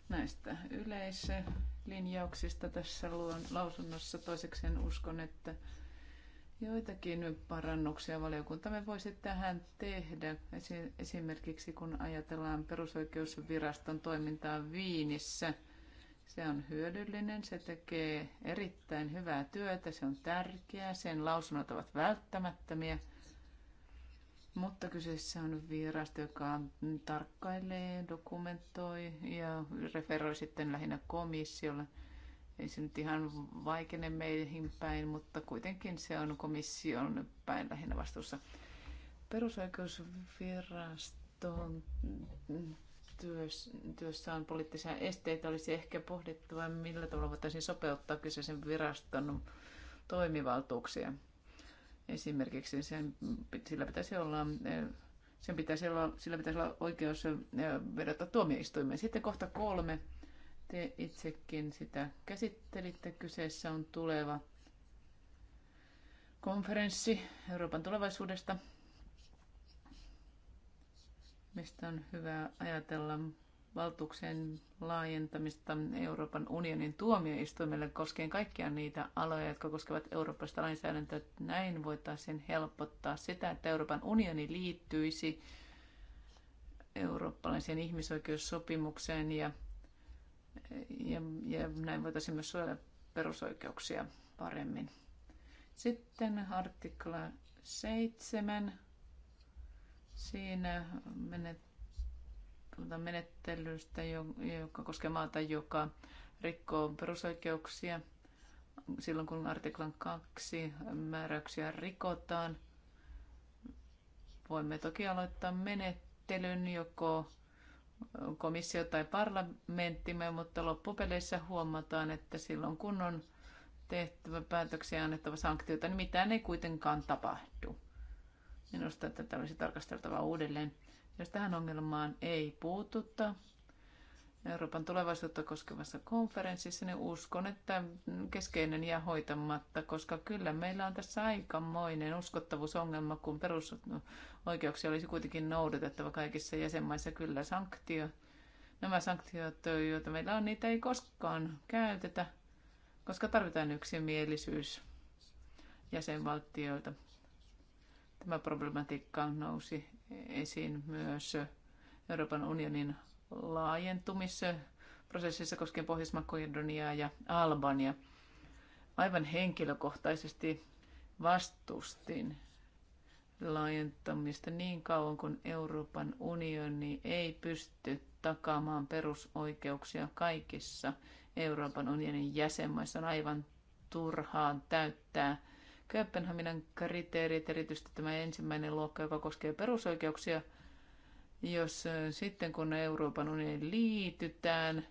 näistä yleislinjauksista tässä lausunnossa. Toiseksi en uskon, että joitakin parannuksia valiokuntamme voisi tähän tehdä. Esimerkiksi kun ajatellaan perusoikeusviraston toimintaa Viinissä – se on hyödyllinen, se tekee erittäin hyvää työtä, se on tärkeää, sen lausunnot ovat välttämättömiä. Mutta kyseessä on virasto, joka tarkkailee, dokumentoi ja referoi sitten lähinnä komissiolle. Ei se nyt ihan vaikene meihin päin, mutta kuitenkin se on komission päin lähinnä vastuussa. Perusoikeusvirasto työssään poliittisia esteitä olisi ehkä pohdittava, millä tavalla voitaisiin sopeuttaa kyseisen viraston toimivaltuuksia. Esimerkiksi sen, sillä pitäisi olla eh, sen pitäisi olla, sillä pitäisi olla oikeus eh, vedota tuomioistuimeen. Sitten kohta kolme. Te itsekin sitä käsittelitte. Kyseessä on tuleva konferenssi Euroopan tulevaisuudesta – mistä on hyvä ajatella valtuuksien laajentamista Euroopan unionin tuomioistuimelle koskien kaikkia niitä aloja, jotka koskevat eurooppalaista lainsäädäntöä. Näin voitaisiin helpottaa sitä, että Euroopan unioni liittyisi eurooppalaiseen ihmisoikeussopimukseen ja, ja, ja näin voitaisiin myös suojella perusoikeuksia paremmin. Sitten artikla 7 Siinä menet, menettelystä, joka koskee maata, joka rikkoo perusoikeuksia. Silloin kun artiklan 2 määräyksiä rikotaan, voimme toki aloittaa menettelyn joko komissio tai parlamenttimme, mutta loppupeleissä huomataan, että silloin kun on tehtävä päätöksiä annettava sanktioita, niin mitään ei kuitenkaan tapahdu. Minusta tätä olisi tarkasteltava uudelleen. Jos tähän ongelmaan ei puututta Euroopan tulevaisuutta koskevassa konferenssissa, niin uskon, että keskeinen jää hoitamatta, koska kyllä meillä on tässä aikamoinen uskottavuusongelma, kun perusoikeuksia olisi kuitenkin noudatettava kaikissa jäsenmaissa. Kyllä sanktio, nämä sanktiot, joita meillä on, niitä ei koskaan käytetä, koska tarvitaan yksimielisyys jäsenvaltioilta. Tämä problematiikka nousi esiin myös Euroopan unionin laajentumisprosessissa koskien Pohjois-Makedoniaa ja Albania. Aivan henkilökohtaisesti vastustin laajentamista niin kauan kuin Euroopan unioni ei pysty takaamaan perusoikeuksia kaikissa Euroopan unionin jäsenmaissa. On aivan turhaan täyttää Kööpenhaminan kriteerit, erityisesti tämä ensimmäinen luokka, joka koskee perusoikeuksia, jos sitten kun Euroopan unioniin liitytään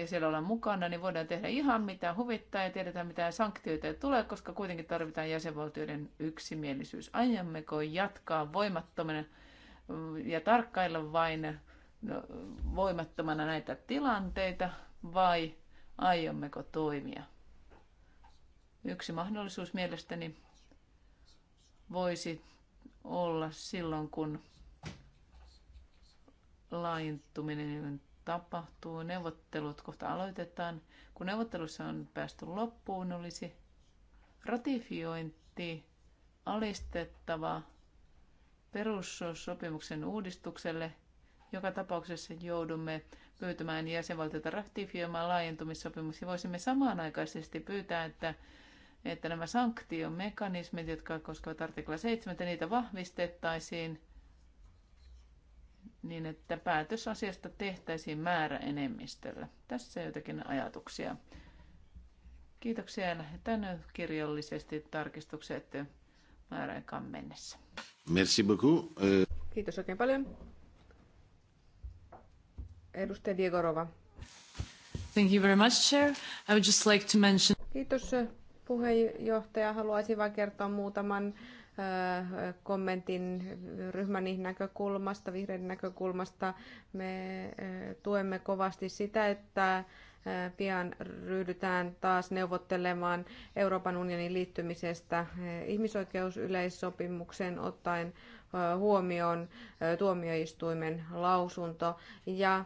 ja siellä ollaan mukana, niin voidaan tehdä ihan mitä huvittaa ja tiedetään mitä sanktioita ei tule, koska kuitenkin tarvitaan jäsenvaltioiden yksimielisyys. Aiommeko jatkaa voimattomana ja tarkkailla vain voimattomana näitä tilanteita vai aiommeko toimia? Yksi mahdollisuus mielestäni voisi olla silloin, kun laajentuminen tapahtuu. Neuvottelut kohta aloitetaan. Kun neuvottelussa on päästy loppuun, olisi ratifiointi alistettava perussopimuksen uudistukselle. Joka tapauksessa joudumme pyytämään jäsenvaltiota ratifioimaan laajentumissopimuksia. voisimme samanaikaisesti pyytää, että että nämä sanktiomekanismit, jotka koskevat artikla 7, että niitä vahvistettaisiin niin, että päätös asiasta tehtäisiin määräenemmistöllä. Tässä jotakin ajatuksia. Kiitoksia ja lähdetään kirjallisesti tarkistukset määräaikaan mennessä. Merci beaucoup. Euh. Kiitos oikein paljon. Edustaja Diegorova. Thank you very much, Chair. I would just like to mention... Kiitos puheenjohtaja, haluaisi vain kertoa muutaman kommentin ryhmäni näkökulmasta, vihreiden näkökulmasta. Me tuemme kovasti sitä, että pian ryhdytään taas neuvottelemaan Euroopan unionin liittymisestä ihmisoikeusyleissopimukseen ottaen huomioon tuomioistuimen lausunto. Ja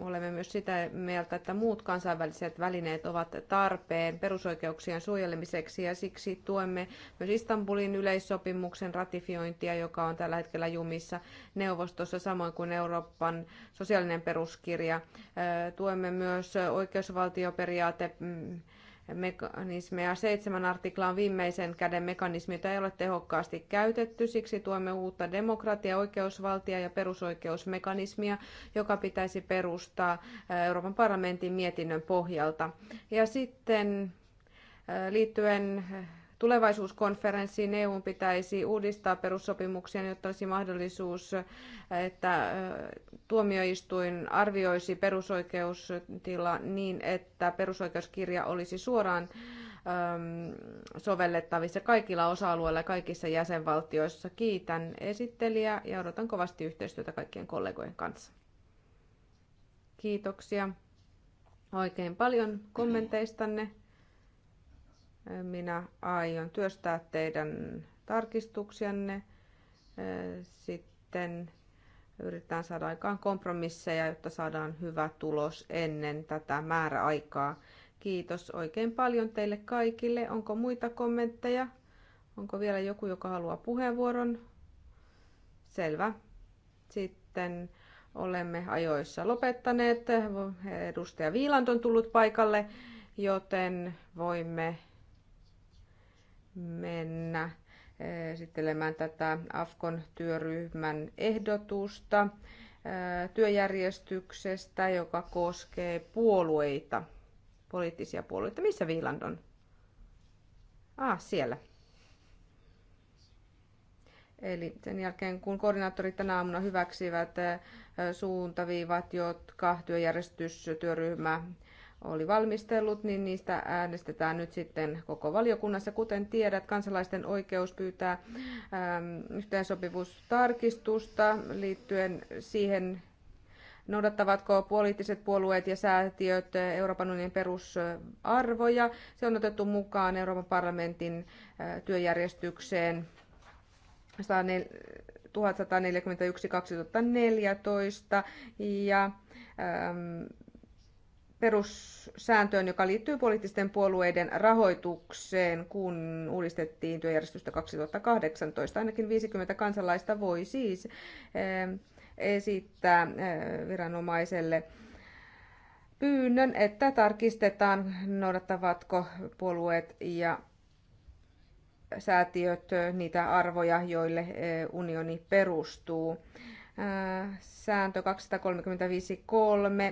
olemme myös sitä mieltä, että muut kansainväliset välineet ovat tarpeen perusoikeuksien suojelemiseksi ja siksi tuemme myös Istanbulin yleissopimuksen ratifiointia, joka on tällä hetkellä jumissa neuvostossa, samoin kuin Euroopan sosiaalinen peruskirja. Tuemme myös oikeusvaltioperiaate mekanismeja. Seitsemän artikla on viimeisen käden mekanismi, jota ei ole tehokkaasti käytetty. Siksi tuemme uutta demokratia, oikeusvaltia ja perusoikeusmekanismia, joka pitäisi perustaa Euroopan parlamentin mietinnön pohjalta. Ja sitten liittyen tulevaisuuskonferenssiin EUn pitäisi uudistaa perussopimuksia, jotta olisi mahdollisuus, että tuomioistuin arvioisi perusoikeustila niin, että perusoikeuskirja olisi suoraan sovellettavissa kaikilla osa-alueilla ja kaikissa jäsenvaltioissa. Kiitän esittelijää ja odotan kovasti yhteistyötä kaikkien kollegojen kanssa. Kiitoksia oikein paljon kommenteistanne. Minä aion työstää teidän tarkistuksianne. Sitten yritetään saada aikaan kompromisseja, jotta saadaan hyvä tulos ennen tätä määräaikaa. Kiitos oikein paljon teille kaikille. Onko muita kommentteja? Onko vielä joku, joka haluaa puheenvuoron? Selvä. Sitten olemme ajoissa lopettaneet. Edustaja Viiland on tullut paikalle, joten voimme mennä eh, esittelemään tätä AFKON työryhmän ehdotusta eh, työjärjestyksestä, joka koskee puolueita, poliittisia puolueita. Missä Viiland on? Ah, siellä. Eli sen jälkeen, kun koordinaattorit tänä aamuna hyväksivät eh, suuntaviivat, jotka työjärjestystyöryhmä oli valmistellut, niin niistä äänestetään nyt sitten koko valiokunnassa. Kuten tiedät, kansalaisten oikeus pyytää ähm, yhteensopivuustarkistusta liittyen siihen, noudattavatko poliittiset puolueet ja säätiöt Euroopan unionin perusarvoja. Se on otettu mukaan Euroopan parlamentin äh, työjärjestykseen 1141-2014 ja ähm, perussääntöön, joka liittyy poliittisten puolueiden rahoitukseen, kun uudistettiin työjärjestystä 2018. Ainakin 50 kansalaista voi siis eh, esittää eh, viranomaiselle pyynnön, että tarkistetaan, noudattavatko puolueet ja säätiöt niitä arvoja, joille eh, unioni perustuu. Sääntö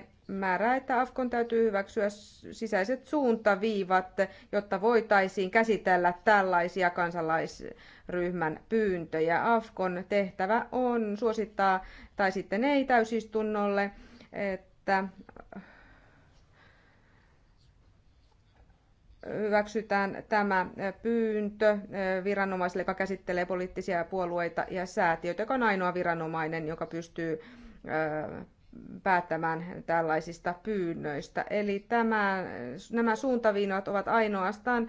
235.3 määrää, että Afkon täytyy hyväksyä sisäiset suuntaviivat, jotta voitaisiin käsitellä tällaisia kansalaisryhmän pyyntöjä. Afkon tehtävä on suosittaa, tai sitten ei täysistunnolle, että hyväksytään tämä pyyntö viranomaiselle, joka käsittelee poliittisia puolueita ja säätiöitä, joka on ainoa viranomainen, joka pystyy päättämään tällaisista pyynnöistä. Eli tämä, nämä suuntaviinat ovat ainoastaan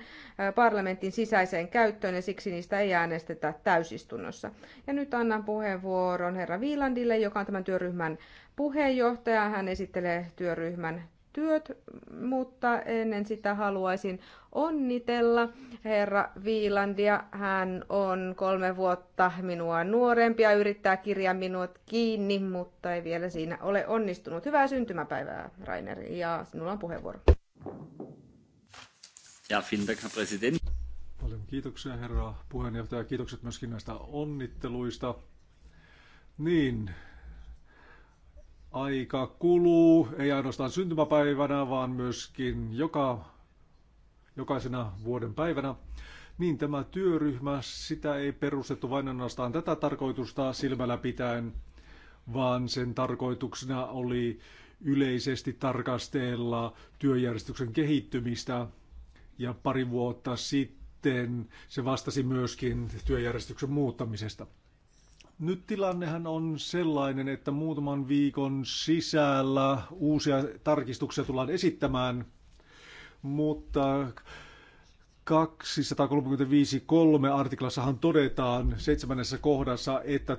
parlamentin sisäiseen käyttöön ja siksi niistä ei äänestetä täysistunnossa. Ja nyt annan puheenvuoron herra Viilandille, joka on tämän työryhmän puheenjohtaja. Hän esittelee työryhmän työt, mutta ennen sitä haluaisin onnitella herra Viilandia. Hän on kolme vuotta minua nuorempi ja yrittää kirjaa minut kiinni, mutta ei vielä siinä ole onnistunut. Hyvää syntymäpäivää, Rainer, ja sinulla on puheenvuoro. Ja, vielen presidentti. Herr Paljon kiitoksia, herra puheenjohtaja. Kiitokset myöskin näistä onnitteluista. Niin, Aika kuluu, ei ainoastaan syntymäpäivänä, vaan myöskin joka, jokaisena vuoden päivänä. Niin tämä työryhmä, sitä ei perustettu vain ainoastaan tätä tarkoitusta silmällä pitäen, vaan sen tarkoituksena oli yleisesti tarkastella työjärjestyksen kehittymistä. Ja pari vuotta sitten se vastasi myöskin työjärjestyksen muuttamisesta. Nyt tilannehan on sellainen, että muutaman viikon sisällä uusia tarkistuksia tullaan esittämään, mutta 235.3 artiklassahan todetaan seitsemännessä kohdassa, että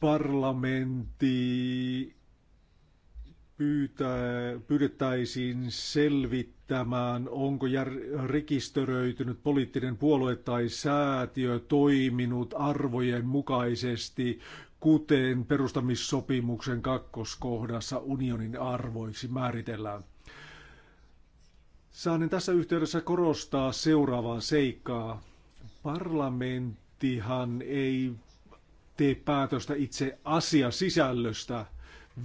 parlamentti pyytä, pyydettäisiin selvittämään, onko jär, rekisteröitynyt poliittinen puolue tai säätiö toiminut arvojen mukaisesti, kuten perustamissopimuksen kakkoskohdassa unionin arvoiksi määritellään. Saanen tässä yhteydessä korostaa seuraavaa seikkaa. Parlamenttihan ei tee päätöstä itse asiasisällöstä –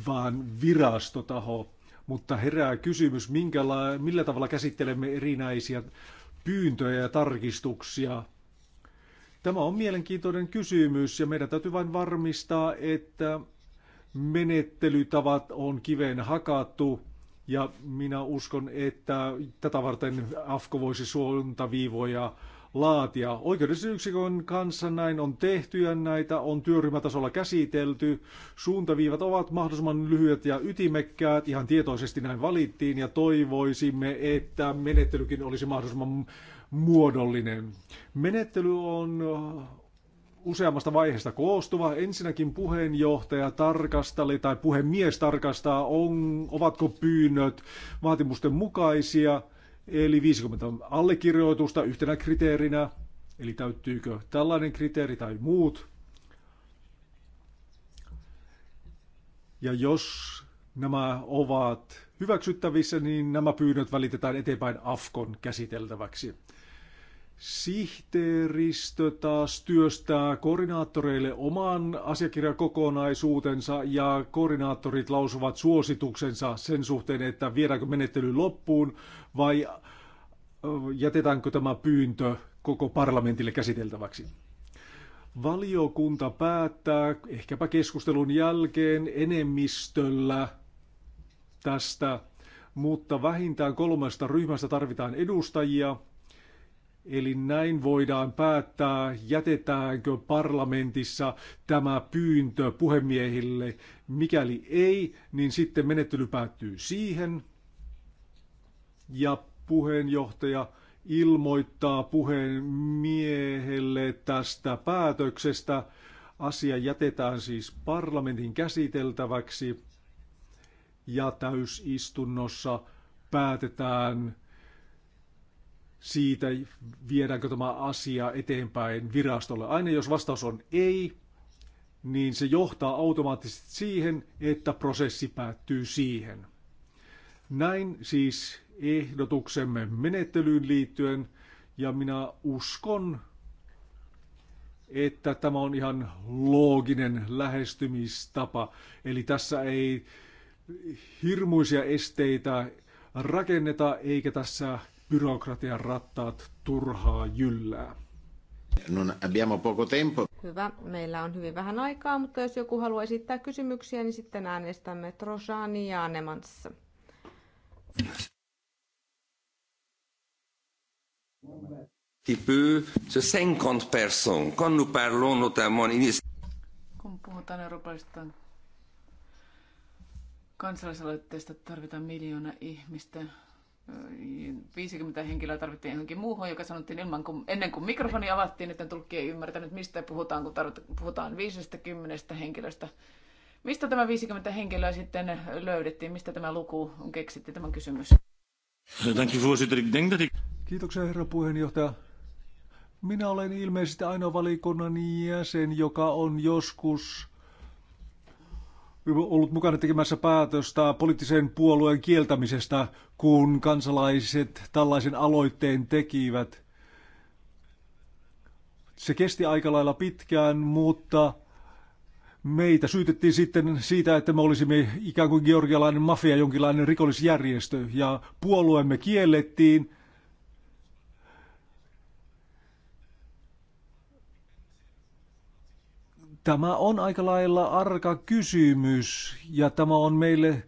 vaan virastotaho. Mutta herää kysymys, la- millä tavalla käsittelemme erinäisiä pyyntöjä ja tarkistuksia. Tämä on mielenkiintoinen kysymys ja meidän täytyy vain varmistaa, että menettelytavat on kiveen hakattu ja minä uskon, että tätä varten AFKO voisi suuntaviivoja viivoja laatia. Oikeudellisen yksikön kanssa näin on tehty ja näitä on työryhmätasolla käsitelty. Suuntaviivat ovat mahdollisimman lyhyet ja ytimekkäät. Ihan tietoisesti näin valittiin ja toivoisimme, että menettelykin olisi mahdollisimman muodollinen. Menettely on äh, useammasta vaiheesta koostuva. Ensinnäkin puheenjohtaja tarkasteli tai puhemies tarkastaa, on, ovatko pyynnöt vaatimusten mukaisia – Eli 50 allekirjoitusta yhtenä kriteerinä, eli täyttyykö tällainen kriteeri tai muut. Ja jos nämä ovat hyväksyttävissä, niin nämä pyynnöt välitetään eteenpäin AFKon käsiteltäväksi. Sihteeristö taas työstää koordinaattoreille oman asiakirjakokonaisuutensa ja koordinaattorit lausuvat suosituksensa sen suhteen, että viedäänkö menettely loppuun vai jätetäänkö tämä pyyntö koko parlamentille käsiteltäväksi. Valiokunta päättää ehkäpä keskustelun jälkeen enemmistöllä tästä, mutta vähintään kolmesta ryhmästä tarvitaan edustajia – Eli näin voidaan päättää, jätetäänkö parlamentissa tämä pyyntö puhemiehille. Mikäli ei, niin sitten menettely päättyy siihen. Ja puheenjohtaja ilmoittaa puhemiehelle tästä päätöksestä. Asia jätetään siis parlamentin käsiteltäväksi ja täysistunnossa päätetään siitä, viedäänkö tämä asia eteenpäin virastolle. Aina jos vastaus on ei, niin se johtaa automaattisesti siihen, että prosessi päättyy siihen. Näin siis ehdotuksemme menettelyyn liittyen, ja minä uskon, että tämä on ihan looginen lähestymistapa. Eli tässä ei hirmuisia esteitä rakenneta, eikä tässä byrokratian rattaat turhaa jyllää. Non abbiamo poco tempo. Hyvä, meillä on hyvin vähän aikaa, mutta jos joku haluaa esittää kysymyksiä, niin sitten äänestämme Trojani ja Anemanssa. petit peu personnes, quand nous parlons notamment Kun puhutaan Euroopasta kansalaisaloitteesta, tarvitaan miljoona ihmistä 50 henkilöä tarvittiin johonkin muuhun, joka sanottiin ilman, kuin, ennen kuin mikrofoni avattiin, että tulkki ei ymmärtänyt, mistä puhutaan, kun tarvita, puhutaan 50 henkilöstä. Mistä tämä 50 henkilöä sitten löydettiin? Mistä tämä luku on keksitty, tämä kysymys? Kiitoksia herra puheenjohtaja. Minä olen ilmeisesti ainoa valikunnan jäsen, joka on joskus ollut mukana tekemässä päätöstä poliittisen puolueen kieltämisestä, kun kansalaiset tällaisen aloitteen tekivät. Se kesti aika lailla pitkään, mutta meitä syytettiin sitten siitä, että me olisimme ikään kuin georgialainen mafia, jonkinlainen rikollisjärjestö, ja puolueemme kiellettiin – Tämä on aika lailla arka kysymys ja tämä on meille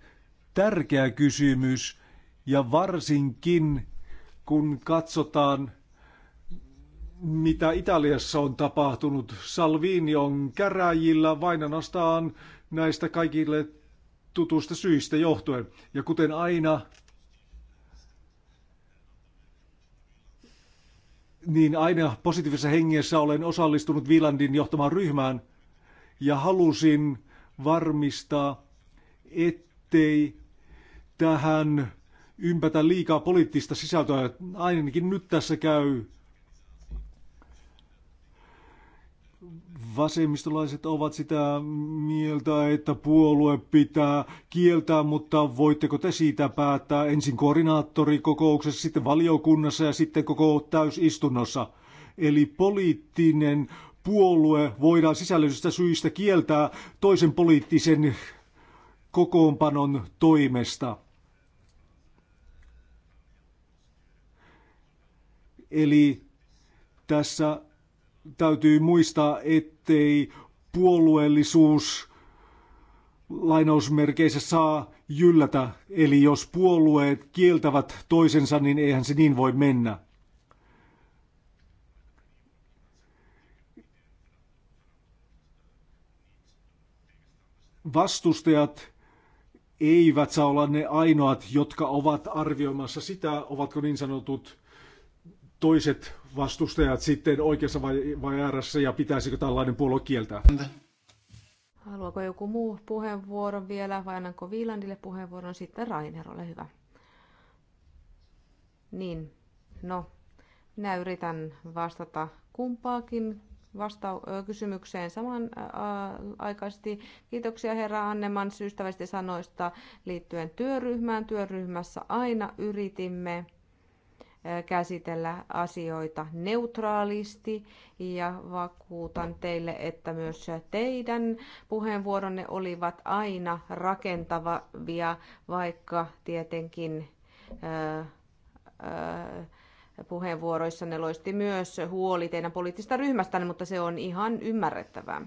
tärkeä kysymys ja varsinkin kun katsotaan mitä Italiassa on tapahtunut. Salvini on käräjillä vain näistä kaikille tutusta syistä johtuen. Ja kuten aina, niin aina positiivisessa hengessä olen osallistunut Vilandin johtamaan ryhmään – ja halusin varmistaa, ettei tähän ympätä liikaa poliittista sisältöä. Ainakin nyt tässä käy. Vasemmistolaiset ovat sitä mieltä, että puolue pitää kieltää, mutta voitteko te siitä päättää ensin koordinaattorikokouksessa, sitten valiokunnassa ja sitten koko täysistunnossa? Eli poliittinen puolue voidaan sisällöllisistä syistä kieltää toisen poliittisen kokoonpanon toimesta. Eli tässä täytyy muistaa, ettei puolueellisuus lainausmerkeissä saa jyllätä. Eli jos puolueet kieltävät toisensa, niin eihän se niin voi mennä. vastustajat eivät saa olla ne ainoat, jotka ovat arvioimassa sitä, ovatko niin sanotut toiset vastustajat sitten oikeassa vai, vai äärässä ja pitäisikö tällainen puolue kieltää. Haluaako joku muu puheenvuoron vielä vai annanko Viilandille puheenvuoron? Sitten Rainer, ole hyvä. Niin, no, minä yritän vastata kumpaakin vastau- kysymykseen aikaisesti. Kiitoksia herra Anneman syystävästi sanoista liittyen työryhmään. Työryhmässä aina yritimme käsitellä asioita neutraalisti ja vakuutan teille, että myös teidän puheenvuoronne olivat aina rakentavia, vaikka tietenkin ää, ää, puheenvuoroissa ne loisti myös huoli teidän poliittista ryhmästä, mutta se on ihan ymmärrettävää.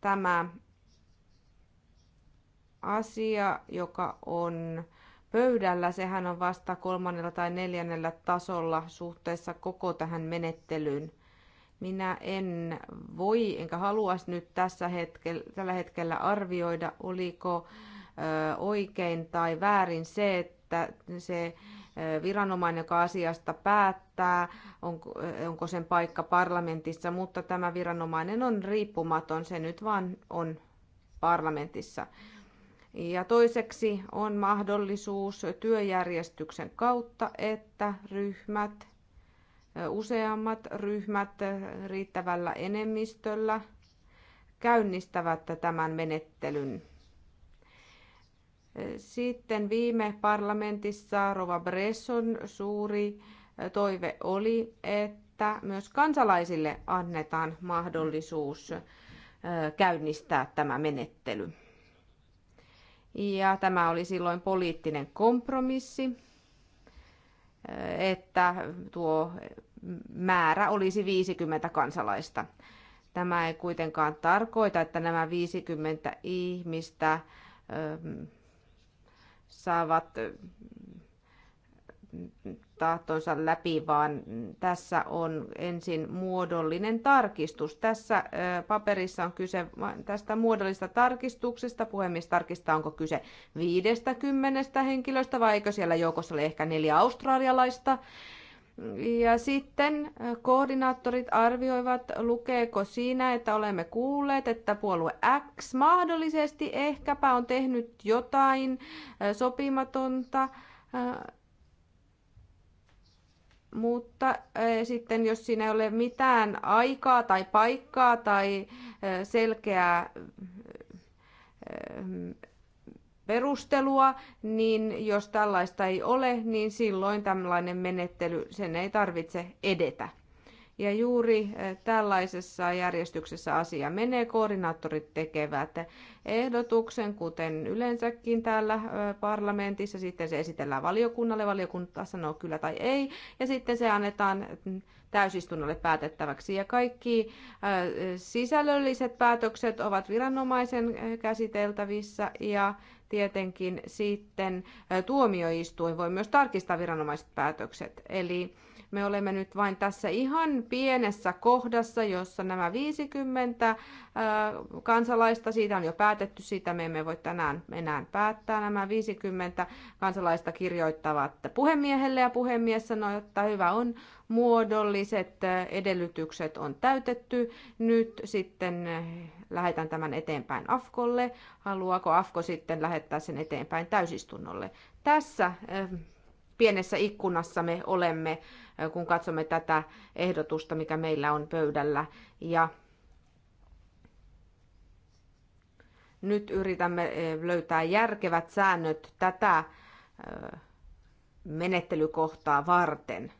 Tämä asia, joka on pöydällä, sehän on vasta kolmannella tai neljännellä tasolla suhteessa koko tähän menettelyyn. Minä en voi enkä haluaisi nyt tässä hetkellä, tällä hetkellä arvioida, oliko ö, oikein tai väärin se, että se ö, viranomainen, joka asiasta päättää, onko, sen paikka parlamentissa, mutta tämä viranomainen on riippumaton, se nyt vaan on parlamentissa. Ja toiseksi on mahdollisuus työjärjestyksen kautta, että ryhmät, useammat ryhmät riittävällä enemmistöllä käynnistävät tämän menettelyn sitten viime parlamentissa Rova Bresson suuri toive oli, että myös kansalaisille annetaan mahdollisuus käynnistää tämä menettely. Ja tämä oli silloin poliittinen kompromissi, että tuo määrä olisi 50 kansalaista. Tämä ei kuitenkaan tarkoita, että nämä 50 ihmistä saavat mm, tahtonsa läpi, vaan tässä on ensin muodollinen tarkistus. Tässä paperissa on kyse tästä muodollisesta tarkistuksesta. Puhemies tarkistaa, onko kyse 50 henkilöstä vai eikö siellä joukossa ole ehkä neljä australialaista. Ja sitten koordinaattorit arvioivat, lukeeko siinä, että olemme kuulleet, että puolue X mahdollisesti ehkäpä on tehnyt jotain sopimatonta, mutta sitten jos siinä ei ole mitään aikaa tai paikkaa tai selkeää perustelua, niin jos tällaista ei ole, niin silloin tällainen menettely, sen ei tarvitse edetä. Ja juuri eh, tällaisessa järjestyksessä asia menee. Koordinaattorit tekevät ehdotuksen, kuten yleensäkin täällä eh, parlamentissa. Sitten se esitellään valiokunnalle, valiokunta sanoo kyllä tai ei. Ja sitten se annetaan täysistunnolle päätettäväksi. Ja kaikki eh, sisällölliset päätökset ovat viranomaisen käsiteltävissä ja tietenkin sitten tuomioistuin voi myös tarkistaa viranomaiset päätökset. Eli me olemme nyt vain tässä ihan pienessä kohdassa, jossa nämä 50 kansalaista, siitä on jo päätetty, siitä me emme voi tänään enää päättää. Nämä 50 kansalaista kirjoittavat puhemiehelle ja puhemies sanoi, että hyvä on, muodolliset edellytykset on täytetty. Nyt sitten lähetän tämän eteenpäin Afkolle. Haluaako Afko sitten lähettää sen eteenpäin täysistunnolle? Tässä eh, pienessä ikkunassa me olemme, eh, kun katsomme tätä ehdotusta, mikä meillä on pöydällä. Ja nyt yritämme eh, löytää järkevät säännöt tätä menettelykohtaa varten.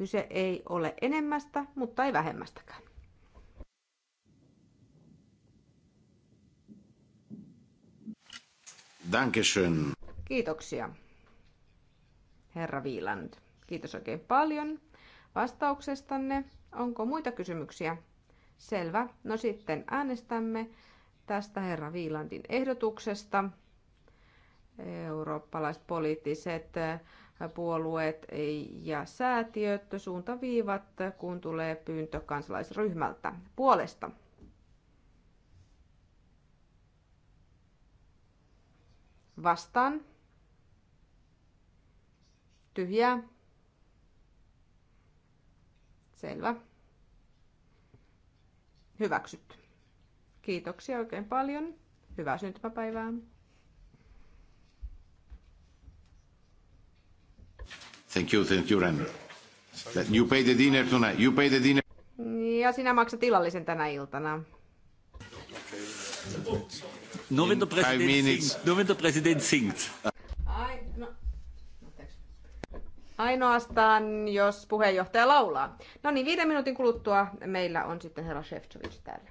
Kyse ei ole enemmästä, mutta ei vähemmästäkään. Dankeschön. Kiitoksia, herra Viiland. Kiitos oikein paljon vastauksestanne. Onko muita kysymyksiä? Selvä. No sitten äänestämme tästä herra Viilandin ehdotuksesta. Eurooppalaiset poliittiset puolueet ja säätiöt suuntaviivat, kun tulee pyyntö kansalaisryhmältä puolesta. Vastaan. Tyhjää. Selvä. Hyväksytty. Kiitoksia oikein paljon. Hyvää syntymäpäivää. Thank you, thank you, Ren. You pay the dinner tonight. You pay the dinner. Ja sinä maksat illallisen tänä iltana. Nur no, wenn singt. No, singt. No, Ainoastaan, jos puheenjohtaja laulaa. No niin, viiden minuutin kuluttua meillä on sitten herra Shevchovic täällä.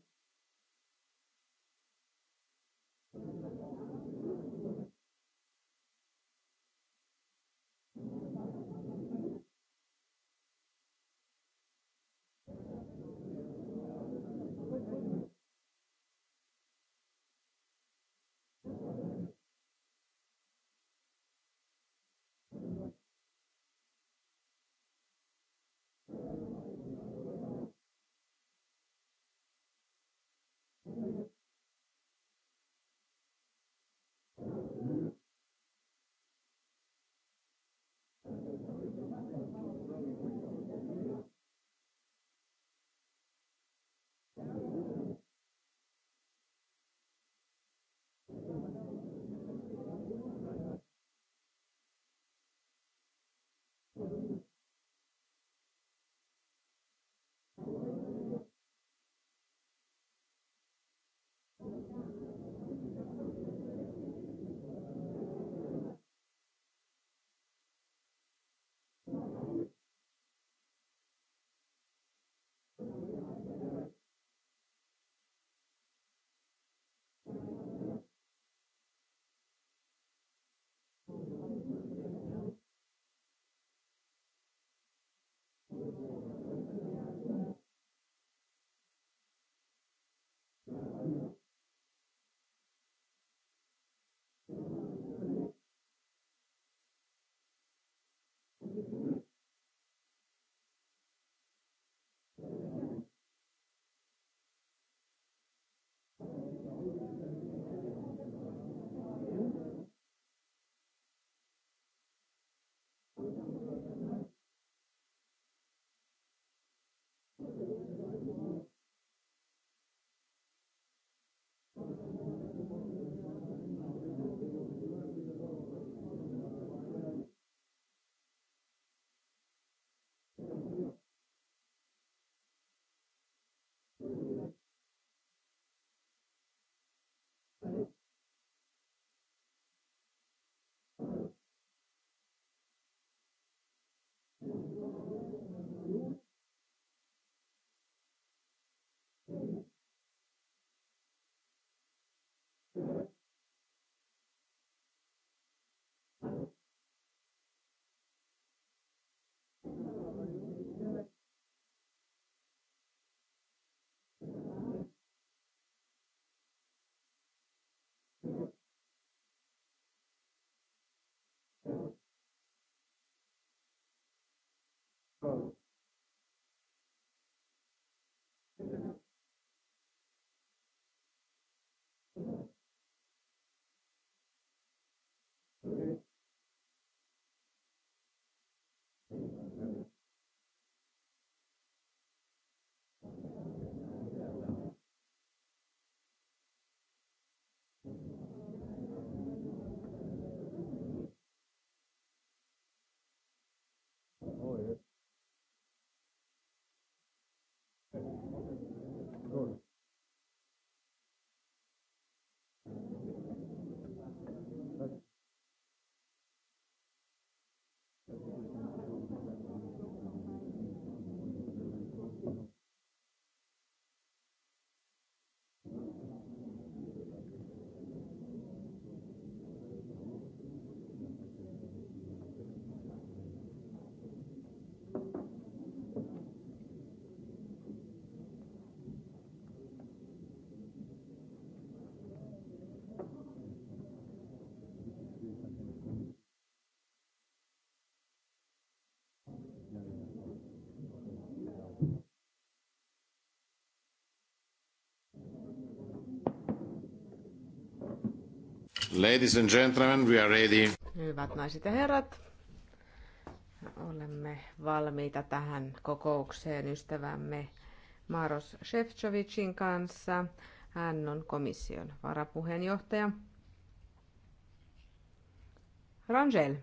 road Ladies and gentlemen, we are ready. Hyvät naiset ja herrat, olemme valmiita tähän kokoukseen ystävämme Maros Shevchovicin kanssa. Hän on komission varapuheenjohtaja. Rangel.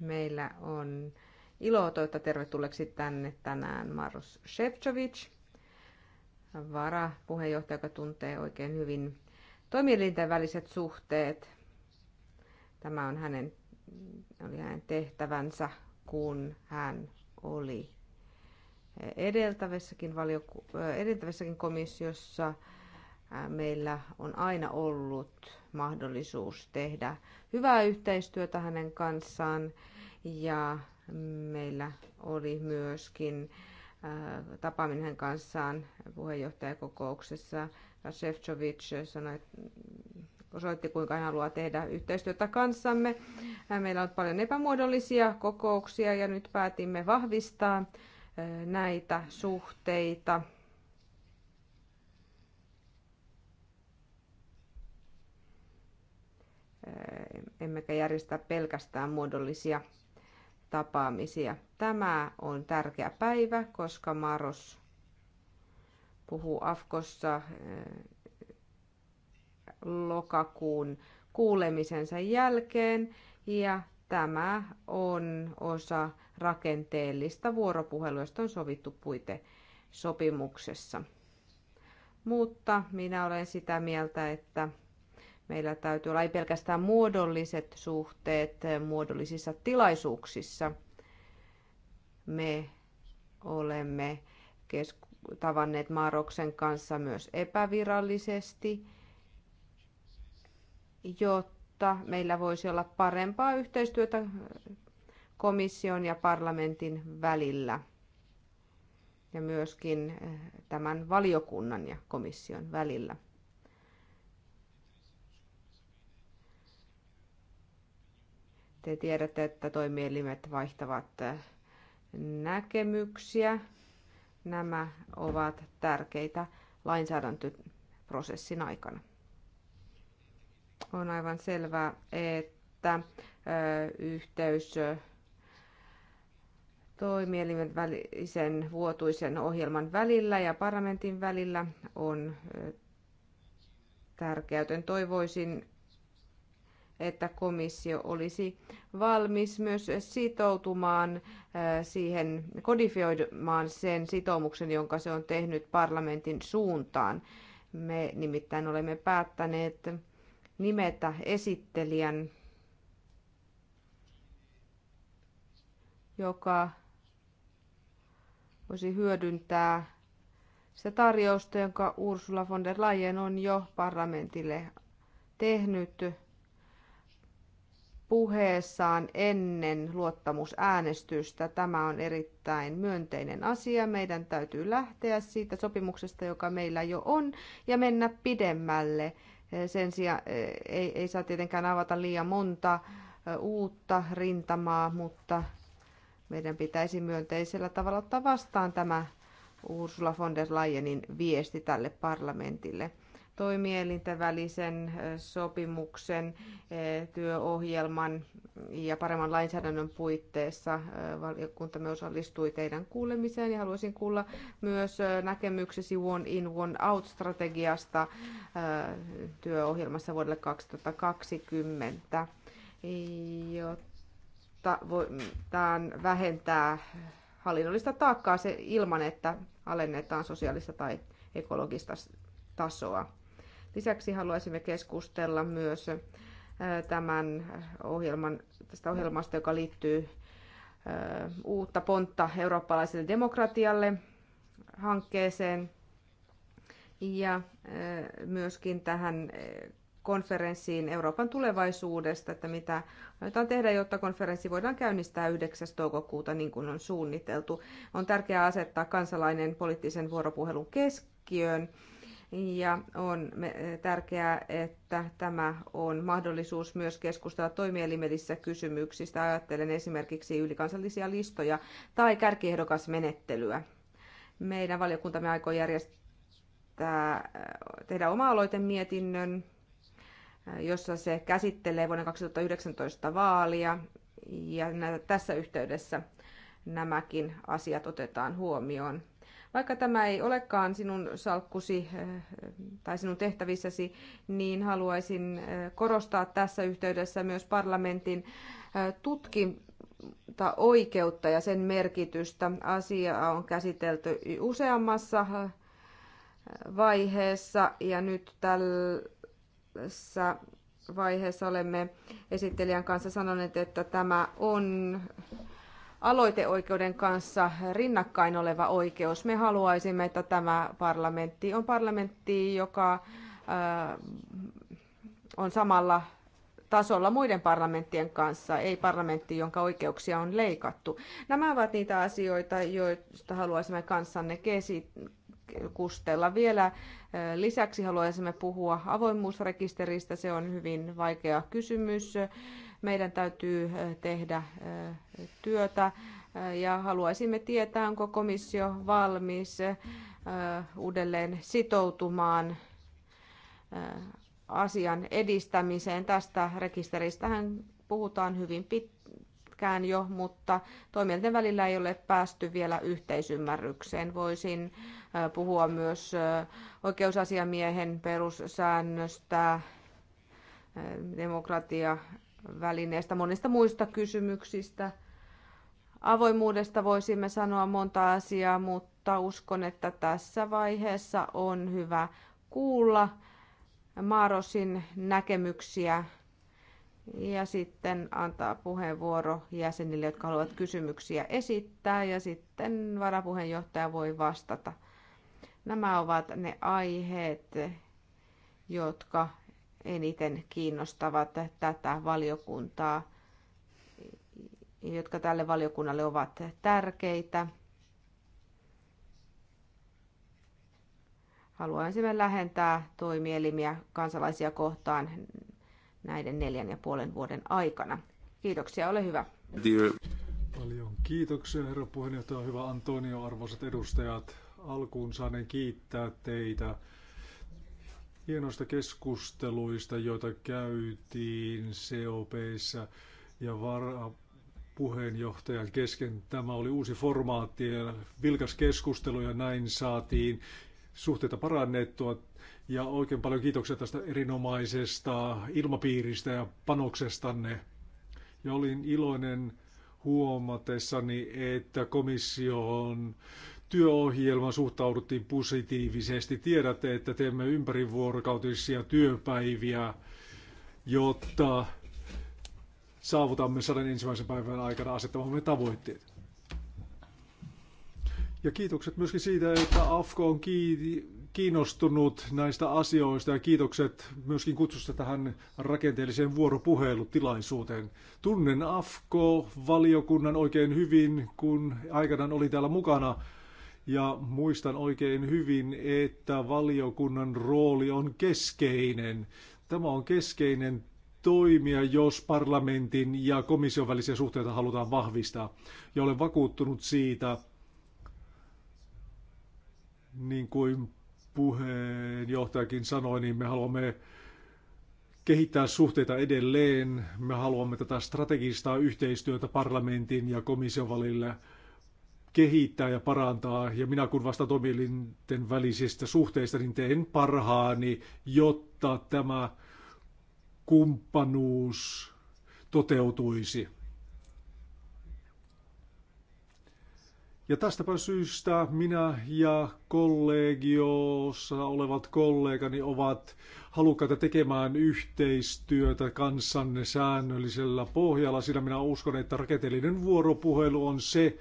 Meillä on iloa toivottaa tervetulleeksi tänne tänään Maros Shevchovic, varapuheenjohtaja, joka tuntee oikein hyvin toimielinten väliset suhteet. Tämä on hänen, oli hänen tehtävänsä, kun hän oli edeltävässäkin valioku- komissiossa meillä on aina ollut mahdollisuus tehdä hyvää yhteistyötä hänen kanssaan ja Meillä oli myöskin äh, tapaaminen kanssaan puheenjohtajakokouksessa. Shevchovic sanoi, osoitti, kuinka hän haluaa tehdä yhteistyötä kanssamme. Äh, meillä on paljon epämuodollisia kokouksia ja nyt päätimme vahvistaa äh, näitä suhteita. Emmekä järjestä pelkästään muodollisia tapaamisia. Tämä on tärkeä päivä, koska Maros puhuu Afkossa eh, lokakuun kuulemisensa jälkeen ja tämä on osa rakenteellista vuoropuhelua, josta on sovittu sopimuksessa. Mutta minä olen sitä mieltä, että Meillä täytyy olla ei pelkästään muodolliset suhteet muodollisissa tilaisuuksissa. Me olemme kesku- tavanneet Maroksen kanssa myös epävirallisesti, jotta meillä voisi olla parempaa yhteistyötä komission ja parlamentin välillä ja myöskin tämän valiokunnan ja komission välillä. Te tiedätte, että toimielimet vaihtavat eh, näkemyksiä. Nämä ovat tärkeitä lainsäädäntöprosessin aikana. On aivan selvää, että eh, yhteys eh, toimielimen välisen vuotuisen ohjelman välillä ja parlamentin välillä on tärkeä, joten toivoisin, että komissio olisi valmis myös sitoutumaan äh, siihen, kodifioimaan sen sitoumuksen, jonka se on tehnyt parlamentin suuntaan. Me nimittäin olemme päättäneet nimetä esittelijän, joka voisi hyödyntää sitä tarjousta, jonka Ursula von der Leyen on jo parlamentille tehnyt puheessaan ennen luottamusäänestystä. Tämä on erittäin myönteinen asia. Meidän täytyy lähteä siitä sopimuksesta, joka meillä jo on, ja mennä pidemmälle. Eh, sen sijaan eh, ei, ei saa tietenkään avata liian monta eh, uutta rintamaa, mutta meidän pitäisi myönteisellä tavalla ottaa vastaan tämä Ursula von der Leyenin viesti tälle parlamentille toimielinten välisen sopimuksen, työohjelman ja paremman lainsäädännön puitteissa. Valiokuntamme osallistui teidän kuulemiseen ja haluaisin kuulla myös näkemyksesi One in, One out-strategiasta työohjelmassa vuodelle 2020, jotta voidaan vähentää hallinnollista taakkaa se ilman, että alennetaan sosiaalista tai ekologista tasoa. Lisäksi haluaisimme keskustella myös tämän ohjelman, tästä ohjelmasta, joka liittyy uutta pontta eurooppalaiselle demokratialle hankkeeseen ja myöskin tähän konferenssiin Euroopan tulevaisuudesta, että mitä aiotaan tehdä, jotta konferenssi voidaan käynnistää 9. toukokuuta niin kuin on suunniteltu. On tärkeää asettaa kansalainen poliittisen vuoropuhelun keskiöön ja on tärkeää, että tämä on mahdollisuus myös keskustella toimielimellisissä kysymyksistä. Ajattelen esimerkiksi ylikansallisia listoja tai kärkiehdokasmenettelyä. Meidän valiokuntamme aikoo järjestää, tehdä oma-aloitemietinnön, jossa se käsittelee vuoden 2019 vaalia ja tässä yhteydessä nämäkin asiat otetaan huomioon. Vaikka tämä ei olekaan sinun salkkusi eh, tai sinun tehtävissäsi, niin haluaisin eh, korostaa tässä yhteydessä myös parlamentin eh, tutkinta oikeutta ja sen merkitystä. Asiaa on käsitelty useammassa vaiheessa ja nyt tässä vaiheessa olemme esittelijän kanssa sanoneet, että tämä on aloiteoikeuden kanssa rinnakkain oleva oikeus. Me haluaisimme, että tämä parlamentti on parlamentti, joka äh, on samalla tasolla muiden parlamenttien kanssa, ei parlamentti, jonka oikeuksia on leikattu. Nämä ovat niitä asioita, joista haluaisimme kanssanne kustella. Vielä lisäksi haluaisimme puhua avoimuusrekisteristä. Se on hyvin vaikea kysymys. Meidän täytyy tehdä työtä ja haluaisimme tietää, onko komissio valmis uudelleen sitoutumaan asian edistämiseen. Tästä rekisteristähän puhutaan hyvin pitkään jo, mutta toimijoiden välillä ei ole päästy vielä yhteisymmärrykseen. Voisin puhua myös oikeusasiamiehen perussäännöstä, demokratia monista muista kysymyksistä. Avoimuudesta voisimme sanoa monta asiaa, mutta uskon, että tässä vaiheessa on hyvä kuulla Maarosin näkemyksiä ja sitten antaa puheenvuoro jäsenille, jotka haluavat kysymyksiä esittää ja sitten varapuheenjohtaja voi vastata. Nämä ovat ne aiheet, jotka eniten kiinnostavat tätä valiokuntaa, jotka tälle valiokunnalle ovat tärkeitä. Haluaisimme lähentää toimielimiä kansalaisia kohtaan näiden neljän ja puolen vuoden aikana. Kiitoksia, ole hyvä. Dear. Paljon kiitoksia, herra puheenjohtaja. Hyvä Antonio, arvoisat edustajat. Alkuun saanen kiittää teitä hienoista keskusteluista, joita käytiin cop ja var- puheenjohtajan kesken. Tämä oli uusi formaatti ja vilkas keskustelu ja näin saatiin suhteita parannettua. Ja oikein paljon kiitoksia tästä erinomaisesta ilmapiiristä ja panoksestanne. Ja olin iloinen huomatessani, että komission työohjelman suhtauduttiin positiivisesti. Tiedätte, että teemme ympärivuorokautisia työpäiviä, jotta saavutamme sadan ensimmäisen päivän aikana asettamamme tavoitteet. Ja kiitokset myöskin siitä, että AFKO on kiinnostunut näistä asioista ja kiitokset myöskin kutsusta tähän rakenteelliseen vuoropuhelutilaisuuteen. Tunnen AFKO-valiokunnan oikein hyvin, kun aikanaan oli täällä mukana ja muistan oikein hyvin, että valiokunnan rooli on keskeinen. Tämä on keskeinen toimia, jos parlamentin ja komission välisiä suhteita halutaan vahvistaa. Ja olen vakuuttunut siitä, niin kuin puheenjohtajakin sanoi, niin me haluamme kehittää suhteita edelleen. Me haluamme tätä strategista yhteistyötä parlamentin ja komission välillä kehittää ja parantaa. Ja minä kun vasta toimielinten välisistä suhteista, niin teen parhaani, jotta tämä kumppanuus toteutuisi. Ja tästäpä syystä minä ja kollegiossa olevat kollegani ovat halukkaita tekemään yhteistyötä kanssanne säännöllisellä pohjalla, sillä minä uskon, että rakenteellinen vuoropuhelu on se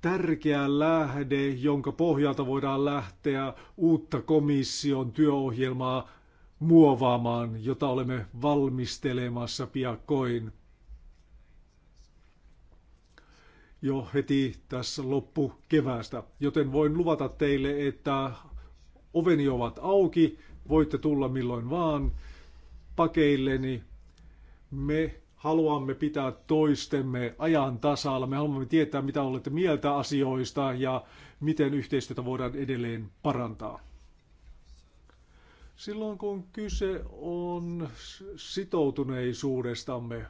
tärkeä lähde, jonka pohjalta voidaan lähteä uutta komission työohjelmaa muovaamaan, jota olemme valmistelemassa piakkoin. jo heti tässä loppu keväästä. Joten voin luvata teille, että oveni ovat auki, voitte tulla milloin vaan pakeilleni. Me haluamme pitää toistemme ajan tasalla. Me haluamme tietää, mitä olette mieltä asioista ja miten yhteistyötä voidaan edelleen parantaa. Silloin kun kyse on sitoutuneisuudestamme,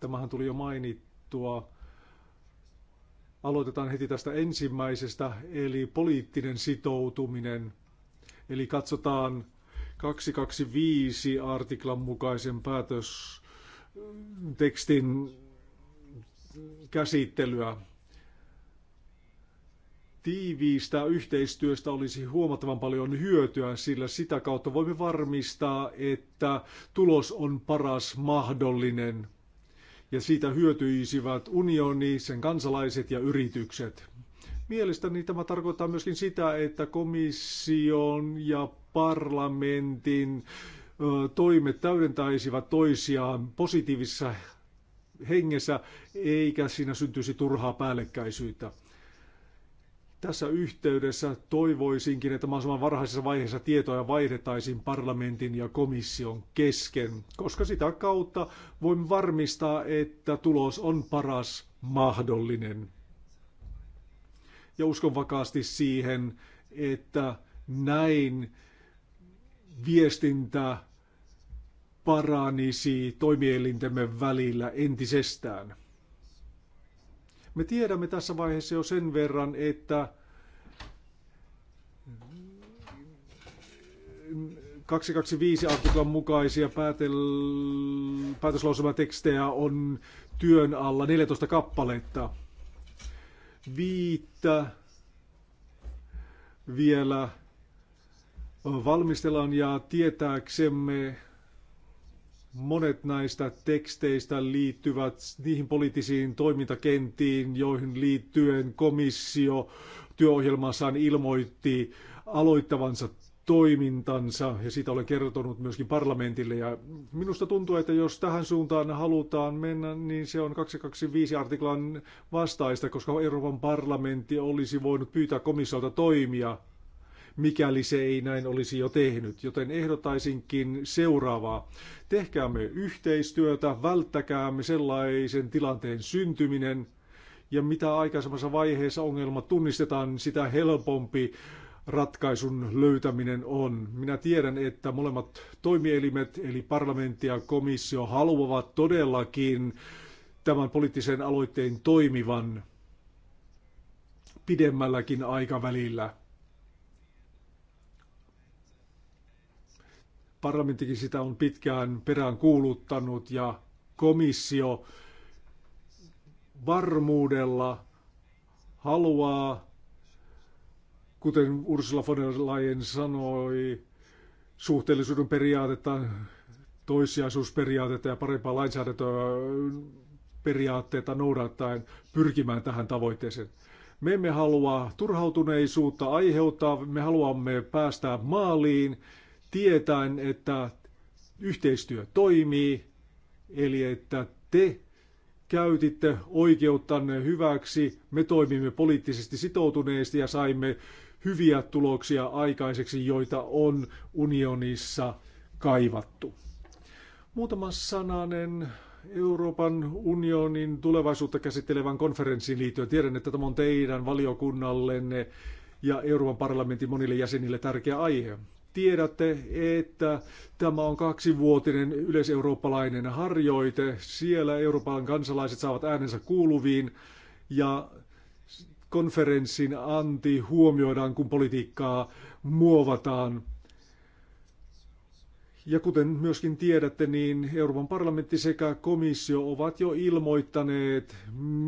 tämähän tuli jo mainittua, Aloitetaan heti tästä ensimmäisestä, eli poliittinen sitoutuminen. Eli katsotaan 225 artiklan mukaisen päätöstekstin käsittelyä. Tiiviistä yhteistyöstä olisi huomattavan paljon hyötyä, sillä sitä kautta voimme varmistaa, että tulos on paras mahdollinen ja siitä hyötyisivät unioni, sen kansalaiset ja yritykset. Mielestäni tämä tarkoittaa myöskin sitä, että komission ja parlamentin toimet täydentäisivät toisiaan positiivisessa hengessä, eikä siinä syntyisi turhaa päällekkäisyyttä. Tässä yhteydessä toivoisinkin, että mahdollisimman varhaisessa vaiheessa tietoja vaihdetaisiin parlamentin ja komission kesken, koska sitä kautta voimme varmistaa, että tulos on paras mahdollinen. Ja uskon vakaasti siihen, että näin viestintä paranisi toimielintemme välillä entisestään. Me tiedämme tässä vaiheessa jo sen verran, että 225 artiklan mukaisia päätel... päätöslausumatekstejä on työn alla 14 kappaletta. Viittä vielä valmistellaan ja tietääksemme Monet näistä teksteistä liittyvät niihin poliittisiin toimintakenttiin, joihin liittyen komissio työohjelmassaan ilmoitti aloittavansa toimintansa ja siitä olen kertonut myöskin parlamentille. Ja minusta tuntuu, että jos tähän suuntaan halutaan mennä, niin se on 225 artiklan vastaista, koska Euroopan parlamentti olisi voinut pyytää komissiolta toimia mikäli se ei näin olisi jo tehnyt. Joten ehdotaisinkin seuraavaa. Tehkäämme yhteistyötä, välttäkäämme sellaisen tilanteen syntyminen, ja mitä aikaisemmassa vaiheessa ongelmat tunnistetaan, sitä helpompi ratkaisun löytäminen on. Minä tiedän, että molemmat toimielimet, eli parlamentti ja komissio, haluavat todellakin tämän poliittisen aloitteen toimivan pidemmälläkin aikavälillä. Parlamenttikin sitä on pitkään perään kuuluttanut ja komissio varmuudella haluaa, kuten Ursula von der Leyen sanoi, suhteellisuuden periaatetta, toissijaisuusperiaatetta ja parempaa lainsäädäntöä periaatteita noudattaen pyrkimään tähän tavoitteeseen. Me emme halua turhautuneisuutta aiheuttaa, me haluamme päästä maaliin tietäen, että yhteistyö toimii, eli että te käytitte oikeuttanne hyväksi, me toimimme poliittisesti sitoutuneesti ja saimme hyviä tuloksia aikaiseksi, joita on unionissa kaivattu. Muutama sananen Euroopan unionin tulevaisuutta käsittelevän konferenssiin liittyen. Tiedän, että tämä on teidän valiokunnallenne ja Euroopan parlamentin monille jäsenille tärkeä aihe tiedätte, että tämä on kaksivuotinen yleiseurooppalainen harjoite. Siellä Euroopan kansalaiset saavat äänensä kuuluviin ja konferenssin anti huomioidaan, kun politiikkaa muovataan – ja kuten myöskin tiedätte, niin Euroopan parlamentti sekä komissio ovat jo ilmoittaneet,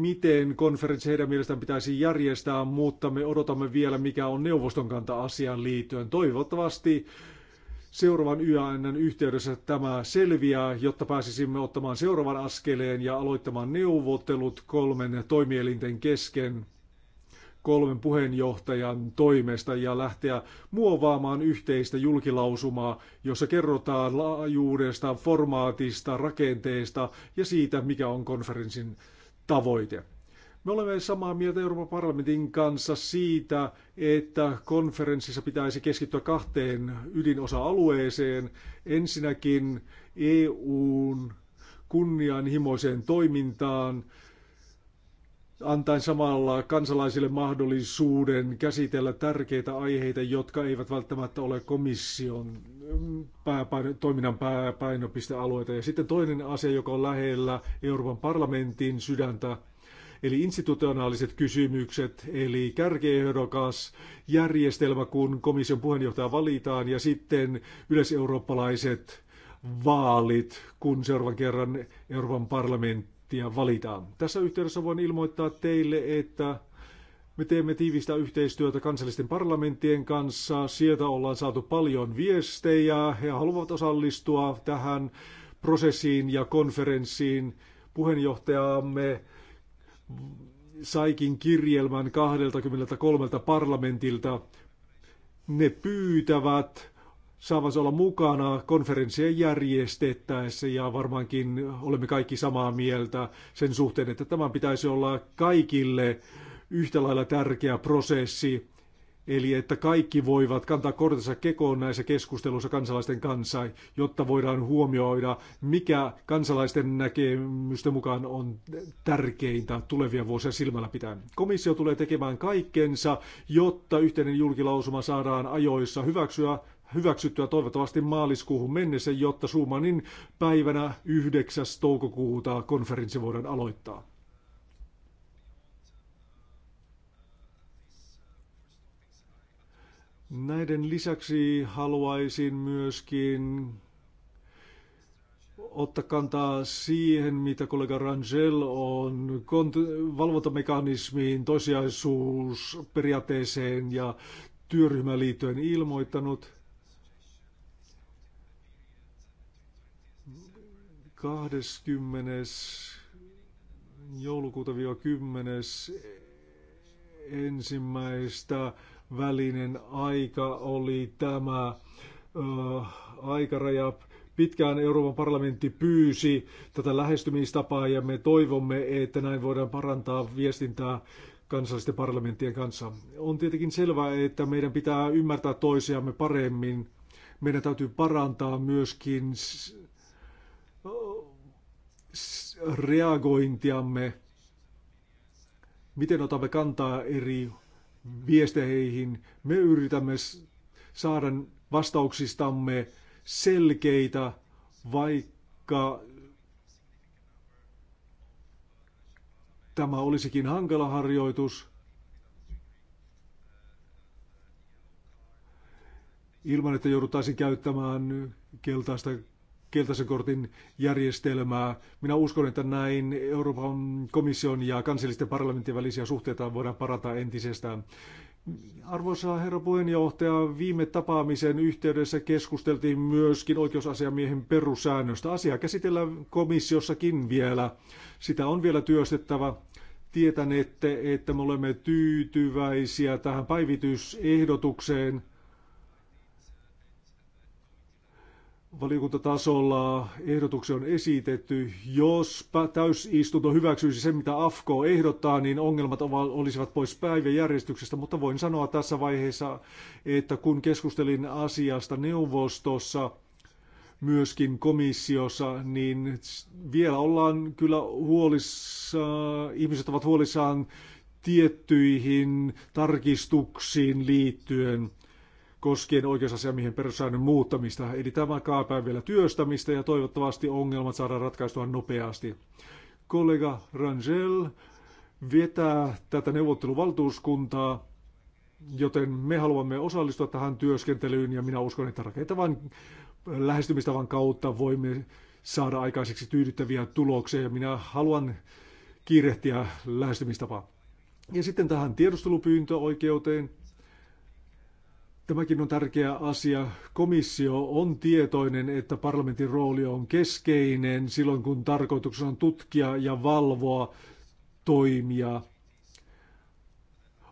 miten konferenssi heidän mielestään pitäisi järjestää, mutta me odotamme vielä, mikä on neuvoston kanta asiaan liittyen. Toivottavasti seuraavan YANn yhteydessä tämä selviää, jotta pääsisimme ottamaan seuraavan askeleen ja aloittamaan neuvottelut kolmen toimielinten kesken kolmen puheenjohtajan toimesta ja lähteä muovaamaan yhteistä julkilausumaa, jossa kerrotaan laajuudesta, formaatista, rakenteesta ja siitä, mikä on konferenssin tavoite. Me olemme samaa mieltä Euroopan parlamentin kanssa siitä, että konferenssissa pitäisi keskittyä kahteen ydinosa-alueeseen. Ensinnäkin EUn kunnianhimoiseen toimintaan antaen samalla kansalaisille mahdollisuuden käsitellä tärkeitä aiheita, jotka eivät välttämättä ole komission pääpaino, toiminnan pääpainopistealueita. Ja sitten toinen asia, joka on lähellä Euroopan parlamentin sydäntä, eli institutionaaliset kysymykset, eli kärkeehdokas järjestelmä, kun komission puheenjohtaja valitaan, ja sitten yleiseurooppalaiset vaalit, kun seuraavan kerran Euroopan parlamentti kontaktia valitaan. Tässä yhteydessä voin ilmoittaa teille, että me teemme tiivistä yhteistyötä kansallisten parlamenttien kanssa. Sieltä ollaan saatu paljon viestejä. He haluavat osallistua tähän prosessiin ja konferenssiin. Puheenjohtajamme saikin kirjelmän 23 parlamentilta. Ne pyytävät saavansa olla mukana konferenssien järjestettäessä ja varmaankin olemme kaikki samaa mieltä sen suhteen, että tämän pitäisi olla kaikille yhtä lailla tärkeä prosessi, eli että kaikki voivat kantaa kortensa kekoon näissä keskusteluissa kansalaisten kanssa, jotta voidaan huomioida, mikä kansalaisten näkemysten mukaan on tärkeintä tulevia vuosia silmällä pitäen. Komissio tulee tekemään kaikkensa, jotta yhteinen julkilausuma saadaan ajoissa hyväksyä hyväksyttyä toivottavasti maaliskuuhun mennessä, jotta Suumanin päivänä 9. toukokuuta konferenssi voidaan aloittaa. Näiden lisäksi haluaisin myöskin ottaa kantaa siihen, mitä kollega Rangel on kont- valvontamekanismiin, toisiaisuusperiaatteeseen ja työryhmään liittyen ilmoittanut. 20. joulukuuta 10. ensimmäistä välinen aika oli tämä ö, aikaraja. Pitkään Euroopan parlamentti pyysi tätä lähestymistapaa ja me toivomme, että näin voidaan parantaa viestintää kansallisten parlamenttien kanssa. On tietenkin selvää, että meidän pitää ymmärtää toisiamme paremmin. Meidän täytyy parantaa myöskin reagointiamme, miten otamme kantaa eri viesteihin. Me yritämme saada vastauksistamme selkeitä, vaikka tämä olisikin hankala harjoitus. Ilman, että jouduttaisiin käyttämään keltaista keltaisen kortin järjestelmää. Minä uskon, että näin Euroopan komission ja kansallisten parlamentin välisiä suhteita voidaan parata entisestään. Arvoisa herra puheenjohtaja, viime tapaamisen yhteydessä keskusteltiin myöskin oikeusasiamiehen perussäännöstä. Asia käsitellään komissiossakin vielä. Sitä on vielä työstettävä. Tietänette, että me olemme tyytyväisiä tähän päivitysehdotukseen – valiokuntatasolla ehdotuksia on esitetty. Jos täysistunto hyväksyisi sen, mitä AFKO ehdottaa, niin ongelmat olisivat pois päiväjärjestyksestä, mutta voin sanoa tässä vaiheessa, että kun keskustelin asiasta neuvostossa, myöskin komissiossa, niin vielä ollaan kyllä huolissa, ihmiset ovat huolissaan tiettyihin tarkistuksiin liittyen – koskien oikeusasiamiehen perussäännön muuttamista. Eli tämä kaapäin vielä työstämistä ja toivottavasti ongelmat saadaan ratkaistua nopeasti. Kollega Rangel vetää tätä neuvotteluvaltuuskuntaa, joten me haluamme osallistua tähän työskentelyyn ja minä uskon, että rakentavan lähestymistavan kautta voimme saada aikaiseksi tyydyttäviä tuloksia ja minä haluan kiirehtiä lähestymistapaa. Ja sitten tähän tiedustelupyyntöoikeuteen. Tämäkin on tärkeä asia. Komissio on tietoinen, että parlamentin rooli on keskeinen silloin, kun tarkoituksena on tutkia ja valvoa toimia,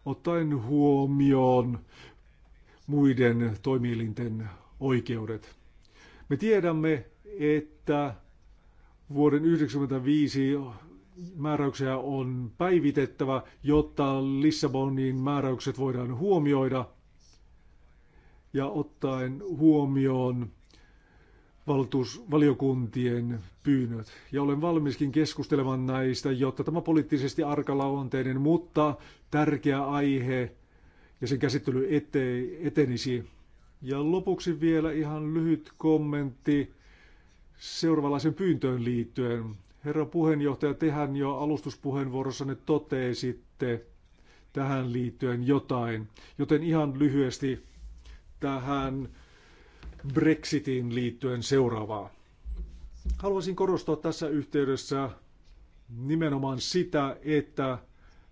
ottaen huomioon muiden toimielinten oikeudet. Me tiedämme, että vuoden 1995 määräyksiä on päivitettävä, jotta Lissabonin määräykset voidaan huomioida – ja ottaen huomioon valtuusvaliokuntien pyynnöt. Ja olen valmiskin keskustelemaan näistä, jotta tämä poliittisesti arkalaonteinen, mutta tärkeä aihe ja sen käsittely ete- etenisi. Ja lopuksi vielä ihan lyhyt kommentti seuraavanlaisen pyyntöön liittyen. Herra puheenjohtaja, tehän jo alustuspuheenvuorossanne totesitte tähän liittyen jotain, joten ihan lyhyesti tähän Brexitiin liittyen seuraavaa. Haluaisin korostaa tässä yhteydessä nimenomaan sitä, että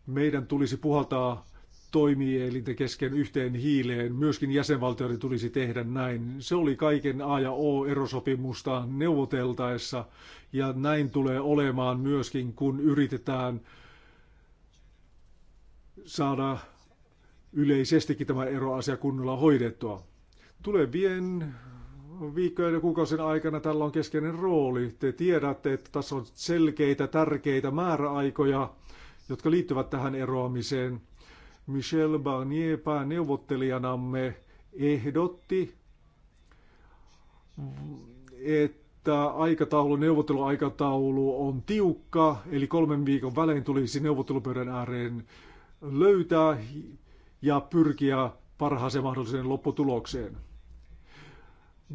meidän tulisi puhaltaa toimielinten kesken yhteen hiileen. Myöskin jäsenvaltioiden tulisi tehdä näin. Se oli kaiken A ja O erosopimusta neuvoteltaessa ja näin tulee olemaan myöskin, kun yritetään saada yleisestikin tämä eroasia kunnolla hoidettua. Tulevien viikkojen ja kuukausien aikana tällä on keskeinen rooli. Te tiedätte, että tässä on selkeitä, tärkeitä määräaikoja, jotka liittyvät tähän eroamiseen. Michel Barnier pääneuvottelijanamme ehdotti, että aikataulu, neuvotteluaikataulu on tiukka, eli kolmen viikon välein tulisi neuvottelupöydän ääreen löytää ja pyrkiä parhaaseen mahdolliseen lopputulokseen.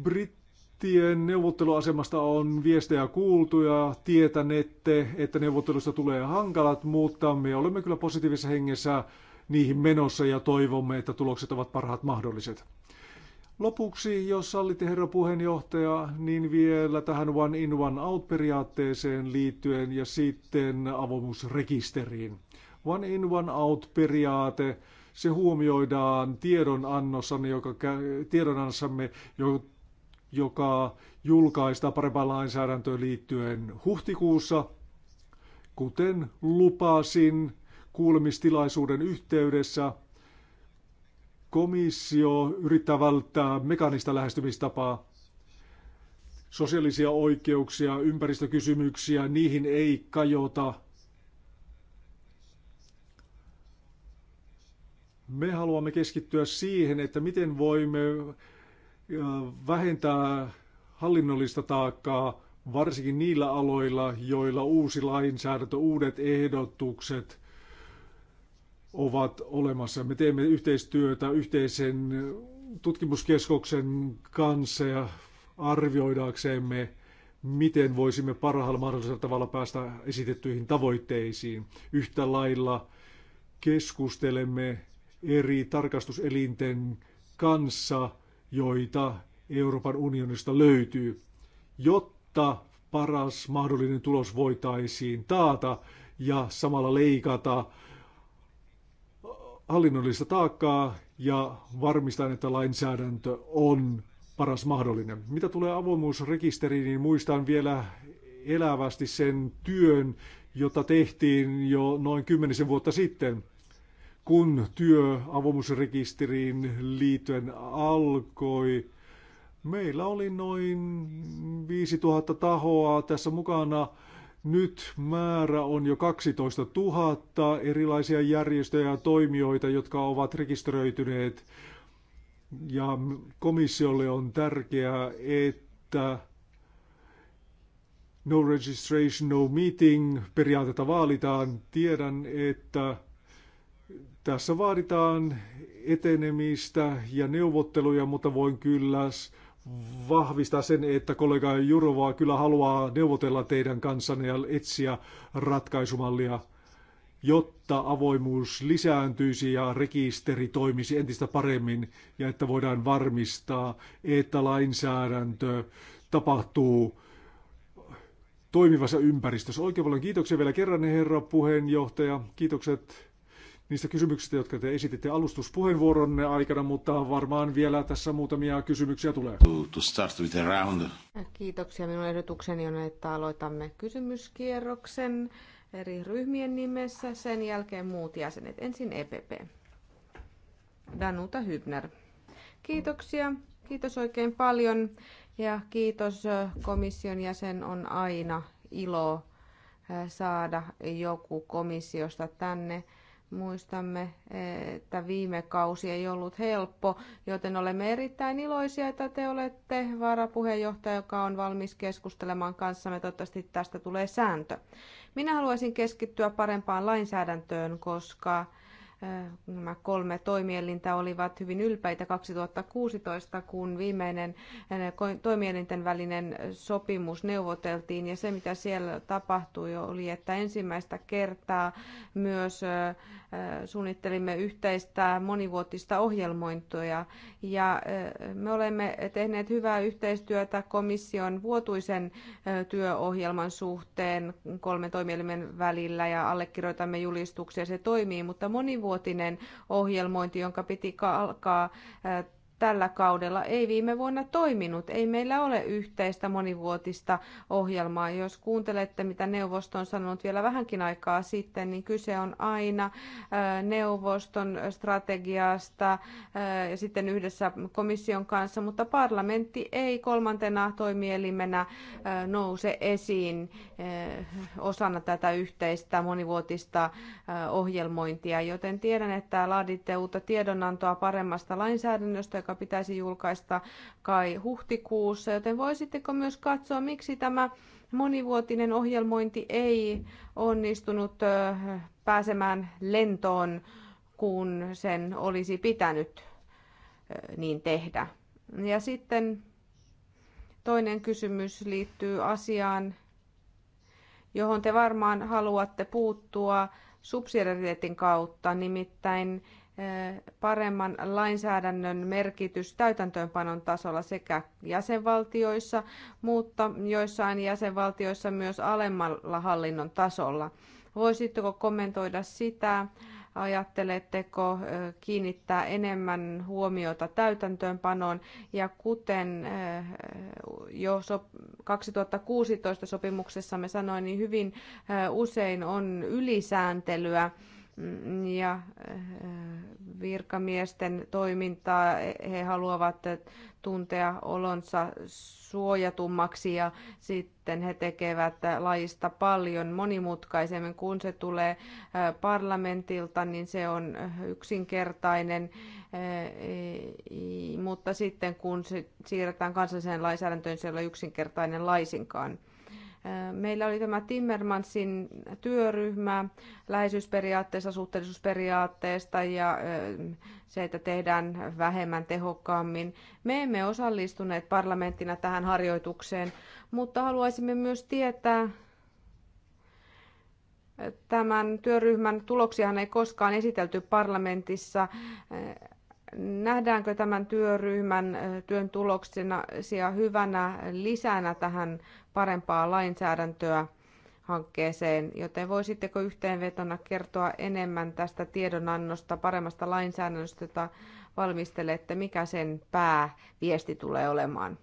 Brittien neuvotteluasemasta on viestejä kuultu ja tietänette, että neuvottelusta tulee hankalat, mutta me olemme kyllä positiivisessa hengessä niihin menossa ja toivomme, että tulokset ovat parhaat mahdolliset. Lopuksi, jos sallitte herra puheenjohtaja, niin vielä tähän one in one out periaatteeseen liittyen ja sitten avoimuusrekisteriin. One in one out periaate se huomioidaan tiedonannossamme, joka, tiedonannossamme, joka julkaistaan parempaan lainsäädäntöön liittyen huhtikuussa. Kuten lupasin kuulemistilaisuuden yhteydessä, komissio yrittää välttää mekanista lähestymistapaa. Sosiaalisia oikeuksia, ympäristökysymyksiä, niihin ei kajota – Me haluamme keskittyä siihen, että miten voimme vähentää hallinnollista taakkaa varsinkin niillä aloilla, joilla uusi lainsäädäntö, uudet ehdotukset ovat olemassa. Me teemme yhteistyötä yhteisen tutkimuskeskuksen kanssa ja arvioidaksemme, miten voisimme parhaalla mahdollisella tavalla päästä esitettyihin tavoitteisiin. Yhtä lailla keskustelemme eri tarkastuselinten kanssa, joita Euroopan unionista löytyy, jotta paras mahdollinen tulos voitaisiin taata ja samalla leikata hallinnollista taakkaa ja varmistaa, että lainsäädäntö on paras mahdollinen. Mitä tulee avoimuusrekisteriin, niin muistan vielä elävästi sen työn, jota tehtiin jo noin kymmenisen vuotta sitten kun työ avomusrekisteriin liittyen alkoi, meillä oli noin 5000 tahoa tässä mukana. Nyt määrä on jo 12 000 erilaisia järjestöjä ja toimijoita, jotka ovat rekisteröityneet. Ja komissiolle on tärkeää, että no registration, no meeting periaatetta vaalitaan. Tiedän, että tässä vaaditaan etenemistä ja neuvotteluja, mutta voin kyllä vahvistaa sen, että kollega Jurova kyllä haluaa neuvotella teidän kanssanne ja etsiä ratkaisumallia, jotta avoimuus lisääntyisi ja rekisteri toimisi entistä paremmin ja että voidaan varmistaa, että lainsäädäntö tapahtuu toimivassa ympäristössä. Oikein paljon kiitoksia vielä kerran, herra puheenjohtaja. Kiitokset niistä kysymyksistä, jotka te esititte alustuspuheenvuoronne aikana, mutta varmaan vielä tässä muutamia kysymyksiä tulee. To start with the round. Kiitoksia. Minun ehdotukseni on, että aloitamme kysymyskierroksen eri ryhmien nimessä, sen jälkeen muut jäsenet. Ensin EPP. Danuta Hybner. Kiitoksia. Kiitos oikein paljon ja kiitos komission jäsen. On aina ilo saada joku komissiosta tänne Muistamme, että viime kausi ei ollut helppo, joten olemme erittäin iloisia, että te olette varapuheenjohtaja, joka on valmis keskustelemaan kanssamme. Toivottavasti tästä tulee sääntö. Minä haluaisin keskittyä parempaan lainsäädäntöön, koska Nämä kolme toimielintä olivat hyvin ylpeitä 2016, kun viimeinen toimielinten välinen sopimus neuvoteltiin. Ja se, mitä siellä tapahtui, oli, että ensimmäistä kertaa myös suunnittelimme yhteistä monivuotista ohjelmointoja. Ja me olemme tehneet hyvää yhteistyötä komission vuotuisen työohjelman suhteen kolmen toimielimen välillä ja allekirjoitamme julistuksia. Se toimii, mutta monivuotista monivuotinen ohjelmointi, jonka piti alkaa tällä kaudella ei viime vuonna toiminut. Ei meillä ole yhteistä monivuotista ohjelmaa. Jos kuuntelette, mitä neuvosto on sanonut vielä vähänkin aikaa sitten, niin kyse on aina neuvoston strategiasta ja sitten yhdessä komission kanssa, mutta parlamentti ei kolmantena toimielimenä nouse esiin osana tätä yhteistä monivuotista ohjelmointia, joten tiedän, että laaditte uutta tiedonantoa paremmasta lainsäädännöstä, joka joka pitäisi julkaista kai huhtikuussa, joten voisitteko myös katsoa, miksi tämä monivuotinen ohjelmointi ei onnistunut pääsemään lentoon, kun sen olisi pitänyt niin tehdä. Ja sitten toinen kysymys liittyy asiaan, johon te varmaan haluatte puuttua subsidiariteetin kautta, nimittäin paremman lainsäädännön merkitys täytäntöönpanon tasolla sekä jäsenvaltioissa, mutta joissain jäsenvaltioissa myös alemmalla hallinnon tasolla. Voisitteko kommentoida sitä? Ajatteletteko kiinnittää enemmän huomiota täytäntöönpanoon ja kuten jo 2016 sopimuksessa me sanoin, niin hyvin usein on ylisääntelyä ja eh, virkamiesten toimintaa. He haluavat tuntea olonsa suojatummaksi ja sitten he tekevät laista paljon monimutkaisemmin. Kun se tulee eh, parlamentilta, niin se on yksinkertainen, eh, mutta sitten kun se siirretään kansalliseen lainsäädäntöön, se ei ole yksinkertainen laisinkaan. Meillä oli tämä Timmermansin työryhmä läheisyysperiaatteesta, suhteellisuusperiaatteesta ja se, että tehdään vähemmän tehokkaammin. Me emme osallistuneet parlamenttina tähän harjoitukseen, mutta haluaisimme myös tietää, Tämän työryhmän tuloksia ei koskaan esitelty parlamentissa. Nähdäänkö tämän työryhmän työn tuloksena hyvänä lisänä tähän parempaa lainsäädäntöä hankkeeseen, joten voisitteko yhteenvetona kertoa enemmän tästä tiedonannosta, paremmasta lainsäädännöstä, jota valmistelette, mikä sen pääviesti tulee olemaan?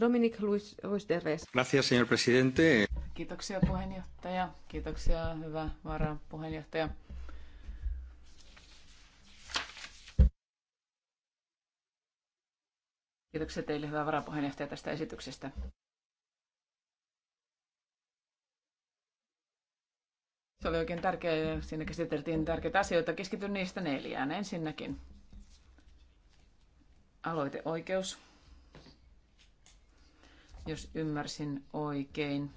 Dominic Luis, Luis de Res. Gracias, señor presidente. Kiitoksia puheenjohtaja. Kiitoksia, hyvä varapuheenjohtaja. Kiitoksia teille, hyvä varapuheenjohtaja, tästä esityksestä. Se oli oikein tärkeä, siinä käsiteltiin tärkeitä asioita. Keskityn niistä neljään. Ensinnäkin aloiteoikeus, jos ymmärsin oikein.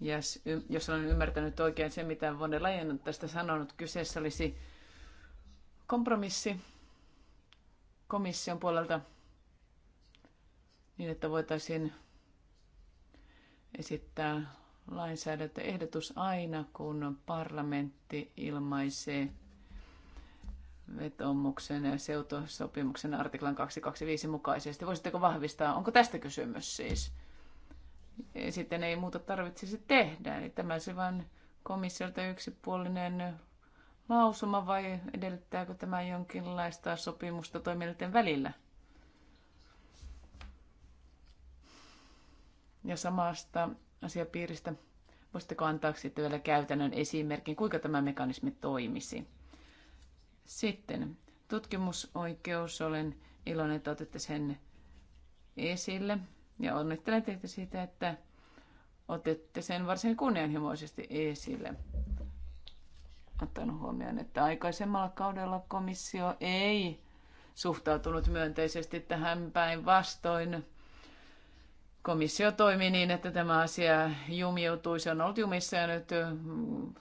Ja y- jos olen ymmärtänyt oikein sen, mitä Von Leyen tästä sanonut, kyseessä olisi kompromissi komission puolelta niin, että voitaisiin esittää lainsäädäntöehdotus aina, kun parlamentti ilmaisee vetomuksen ja seutosopimuksen artiklan 225 mukaisesti. Voisitteko vahvistaa, onko tästä kysymys siis? Sitten ei muuta tarvitsisi tehdä, eli tämä se vain komissiolta yksipuolinen lausuma vai edellyttääkö tämä jonkinlaista sopimusta toimielinten välillä? ja samasta asiapiiristä. Voisitteko antaa sitten vielä käytännön esimerkin, kuinka tämä mekanismi toimisi? Sitten tutkimusoikeus. Olen iloinen, että otitte sen esille. Ja onnittelen teitä siitä, että otette sen varsin kunnianhimoisesti esille. Ottanut huomioon, että aikaisemmalla kaudella komissio ei suhtautunut myönteisesti tähän päin vastoin komissio toimi niin, että tämä asia jumiutui. Se on ollut jumissa ja nyt mm,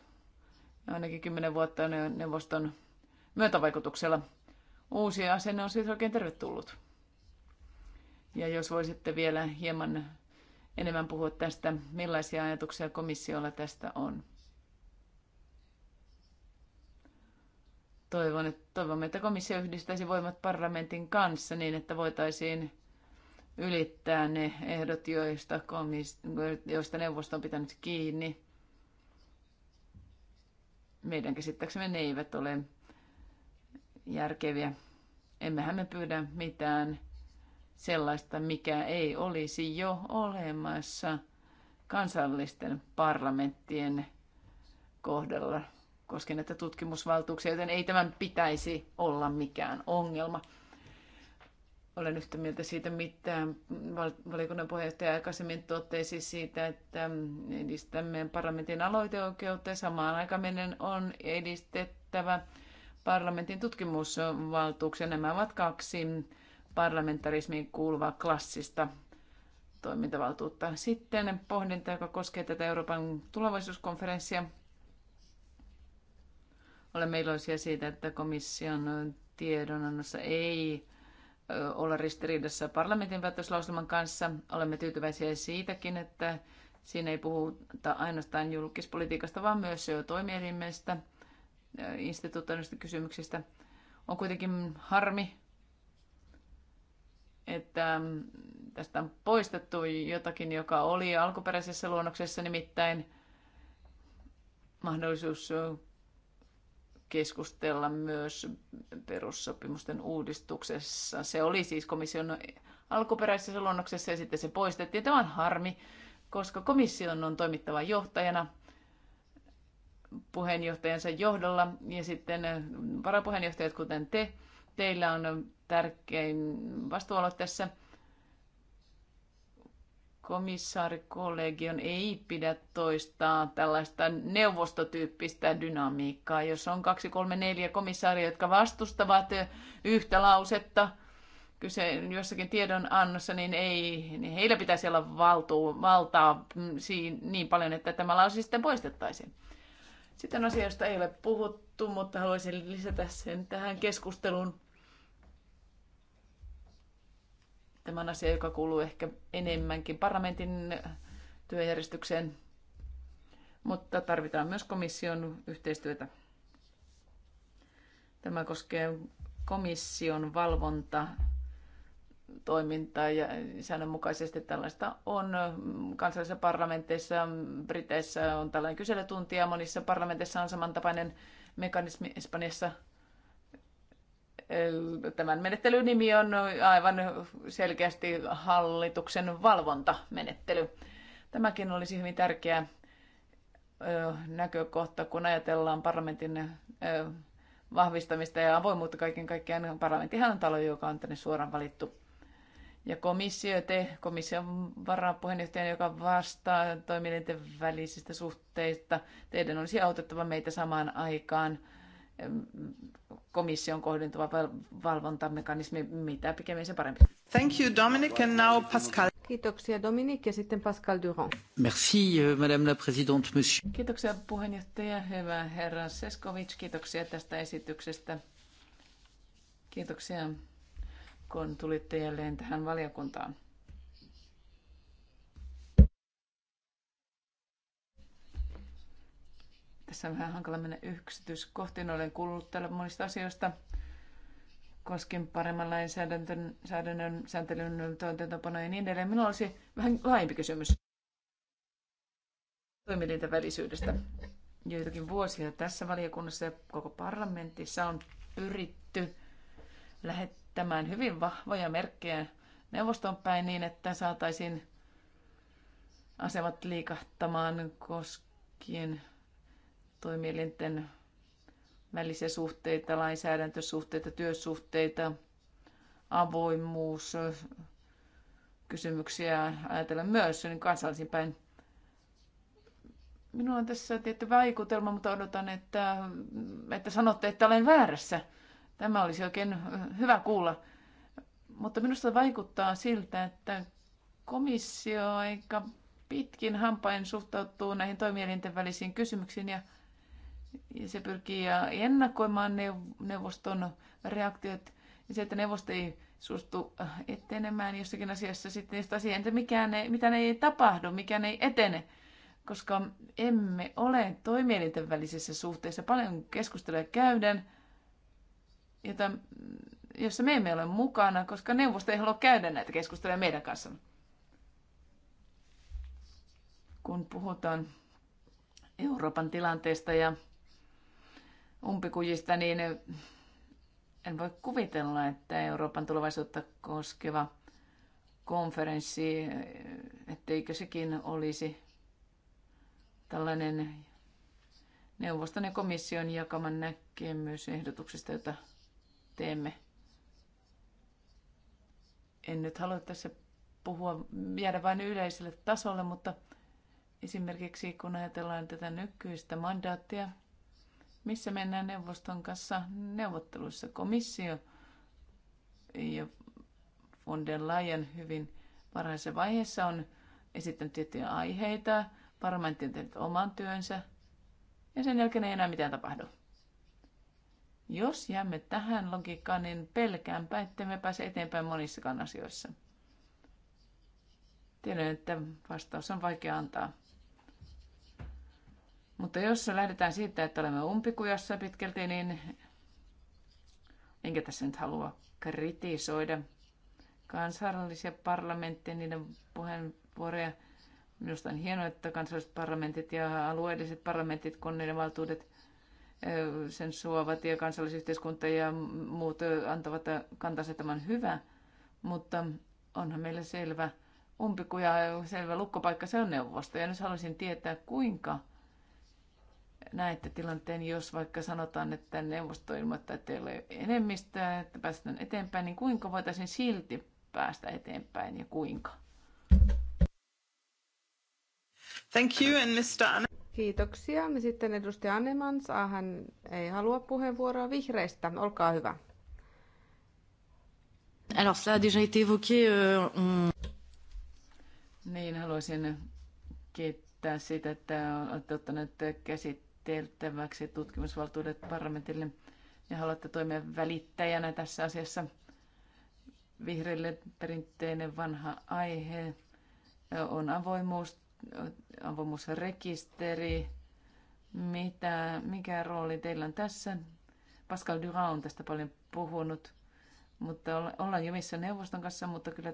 ainakin kymmenen vuotta neuvoston myötävaikutuksella. Uusi asenne on siis oikein tervetullut. Ja jos voisitte vielä hieman enemmän puhua tästä, millaisia ajatuksia komissiolla tästä on. Toivon, että, toivomme, että komissio yhdistäisi voimat parlamentin kanssa niin, että voitaisiin ylittää ne ehdot, joista, joista neuvosto on pitänyt kiinni. Meidän käsittääksemme ne eivät ole järkeviä. Emmehän me pyydä mitään sellaista, mikä ei olisi jo olemassa kansallisten parlamenttien kohdalla koskien näitä tutkimusvaltuuksia, joten ei tämän pitäisi olla mikään ongelma olen yhtä mieltä siitä, mitä valiokunnan puheenjohtaja aikaisemmin totesi siitä, että edistämme parlamentin aloiteoikeutta ja samaan aikaan meidän on edistettävä parlamentin tutkimusvaltuuksia. Nämä ovat kaksi parlamentarismiin kuuluvaa klassista toimintavaltuutta. Sitten pohdinta, joka koskee tätä Euroopan tulevaisuuskonferenssia. Olemme iloisia siitä, että komission tiedonannossa ei olla ristiriidassa parlamentin päätöslauselman kanssa. Olemme tyytyväisiä siitäkin, että siinä ei puhuta ainoastaan julkispolitiikasta, vaan myös jo toimielimestä, instituutioista kysymyksistä. On kuitenkin harmi, että mm, tästä on poistettu jotakin, joka oli alkuperäisessä luonnoksessa, nimittäin mahdollisuus keskustella myös perussopimusten uudistuksessa. Se oli siis komission alkuperäisessä luonnoksessa ja sitten se poistettiin. Tämä on harmi, koska komission on toimittava johtajana puheenjohtajansa johdolla ja sitten varapuheenjohtajat, kuten te, teillä on tärkein vastuualue tässä komissaarikollegion ei pidä toistaa tällaista neuvostotyyppistä dynamiikkaa. Jos on kaksi, kolme, neljä komissaaria, jotka vastustavat yhtä lausetta kyse jossakin tiedonannossa, niin ei, niin heillä pitäisi olla valtu, valtaa mm, niin paljon, että tämä lause sitten poistettaisiin. Sitten asia, josta ei ole puhuttu, mutta haluaisin lisätä sen tähän keskusteluun. Tämä on asia, joka kuuluu ehkä enemmänkin parlamentin työjärjestykseen, mutta tarvitaan myös komission yhteistyötä. Tämä koskee komission valvonta toimintaa ja säännönmukaisesti tällaista on kansallisissa parlamenteissa, Briteissä on tällainen kyselytunti ja monissa parlamenteissa on samantapainen mekanismi Espanjassa – Tämän menettelyn nimi on aivan selkeästi hallituksen valvontamenettely. Tämäkin olisi hyvin tärkeä näkökohta, kun ajatellaan parlamentin vahvistamista ja avoimuutta kaiken kaikkiaan. Parlamenttihan on talo, joka on tänne suoraan valittu. Ja komissio, te, komission varapuheenjohtaja, joka vastaa toimielinten välisistä suhteista, teidän olisi autettava meitä samaan aikaan – komission kohdentuva valvontamekanismi, mitä pikemmin sen parempi. Thank you Dominic and now Pascal. Kiitoksia Dominic ja sitten Pascal Durand. Merci euh, Madame la Présidente, Monsieur. Kiitoksia puheenjohtaja, hyvä herra Seskovic, kiitoksia tästä esityksestä. Kiitoksia kun tulitte jälleen tähän valiokuntaan. Tässä on vähän hankala mennä yksityiskohtiin. Olen kuullut täällä monista asioista koskien paremman lainsäädännön, säädännön, sääntelyn toimintatapana ja niin edelleen. Minulla olisi vähän laajempi kysymys toimielinten Joitakin vuosia tässä valiokunnassa ja koko parlamentissa on pyritty lähettämään hyvin vahvoja merkkejä neuvoston päin niin, että saataisiin asemat liikahtamaan koskien toimielinten välisiä suhteita, lainsäädäntösuhteita, työsuhteita, avoimuus, kysymyksiä ajatella myös niin kansallisin päin. Minulla on tässä tietty vaikutelma, mutta odotan, että, että sanotte, että olen väärässä. Tämä olisi oikein hyvä kuulla. Mutta minusta vaikuttaa siltä, että komissio aika pitkin hampain suhtautuu näihin toimielinten välisiin kysymyksiin ja ja se pyrkii ennakoimaan neuvoston reaktiot. Ja se, että neuvosto ei suostu äh, etenemään jossakin asiassa, sitten niistä asioista, mikään ei, mitään ei tapahdu, mikään ei etene, koska emme ole toimielinten välisessä suhteessa. Paljon keskusteluja käydään, jota, jossa me emme ole mukana, koska neuvosto ei halua käydä näitä keskusteluja meidän kanssa, Kun puhutaan Euroopan tilanteesta ja umpikujista, niin en voi kuvitella, että Euroopan tulevaisuutta koskeva konferenssi, etteikö sekin olisi tällainen neuvoston ja komission jakaman näkemys ehdotuksista, jota teemme. En nyt halua tässä puhua, jäädä vain yleiselle tasolle, mutta esimerkiksi kun ajatellaan tätä nykyistä mandaattia, missä mennään neuvoston kanssa neuvotteluissa. Komissio ja von der Leyen hyvin varhaisessa vaiheessa on esittänyt tiettyjä aiheita, parlamentti on tehnyt oman työnsä ja sen jälkeen ei enää mitään tapahdu. Jos jäämme tähän logiikkaan, niin pelkäänpä, että me pääse eteenpäin monissakaan asioissa. Tiedän, että vastaus on vaikea antaa. Mutta jos lähdetään siitä, että olemme umpikujassa pitkälti, niin enkä tässä nyt halua kritisoida kansallisia parlamentteja, niiden puheenvuoroja. Minusta on hienoa, että kansalliset parlamentit ja alueelliset parlamentit, kun niiden valtuudet sen suovat ja kansallisyhteiskunta ja muut antavat kantansa tämän hyvä, mutta onhan meillä selvä umpikuja, selvä lukkopaikka, se on neuvosto. Ja nyt haluaisin tietää, kuinka näette tilanteen, jos vaikka sanotaan, että neuvosto ilmoittaa, että ei ole enemmistöä, että päästään eteenpäin, niin kuinka voitaisiin silti päästä eteenpäin ja kuinka? Thank you and Mr. Anne. Kiitoksia. Sitten edustaja saa, ah, Hän ei halua puheenvuoroa vihreistä. Olkaa hyvä. Alors ça a déjà été évoqué. Euh, on... Niin, haluaisin kiittää siitä, että olette ottaneet käsittelyyn esiteltäväksi tutkimusvaltuudet parlamentille ja haluatte toimia välittäjänä tässä asiassa. Vihreille perinteinen vanha aihe on avoimuus, avoimuusrekisteri. Mitä, mikä rooli teillä on tässä? Pascal Durand on tästä paljon puhunut, mutta ollaan jumissa neuvoston kanssa, mutta kyllä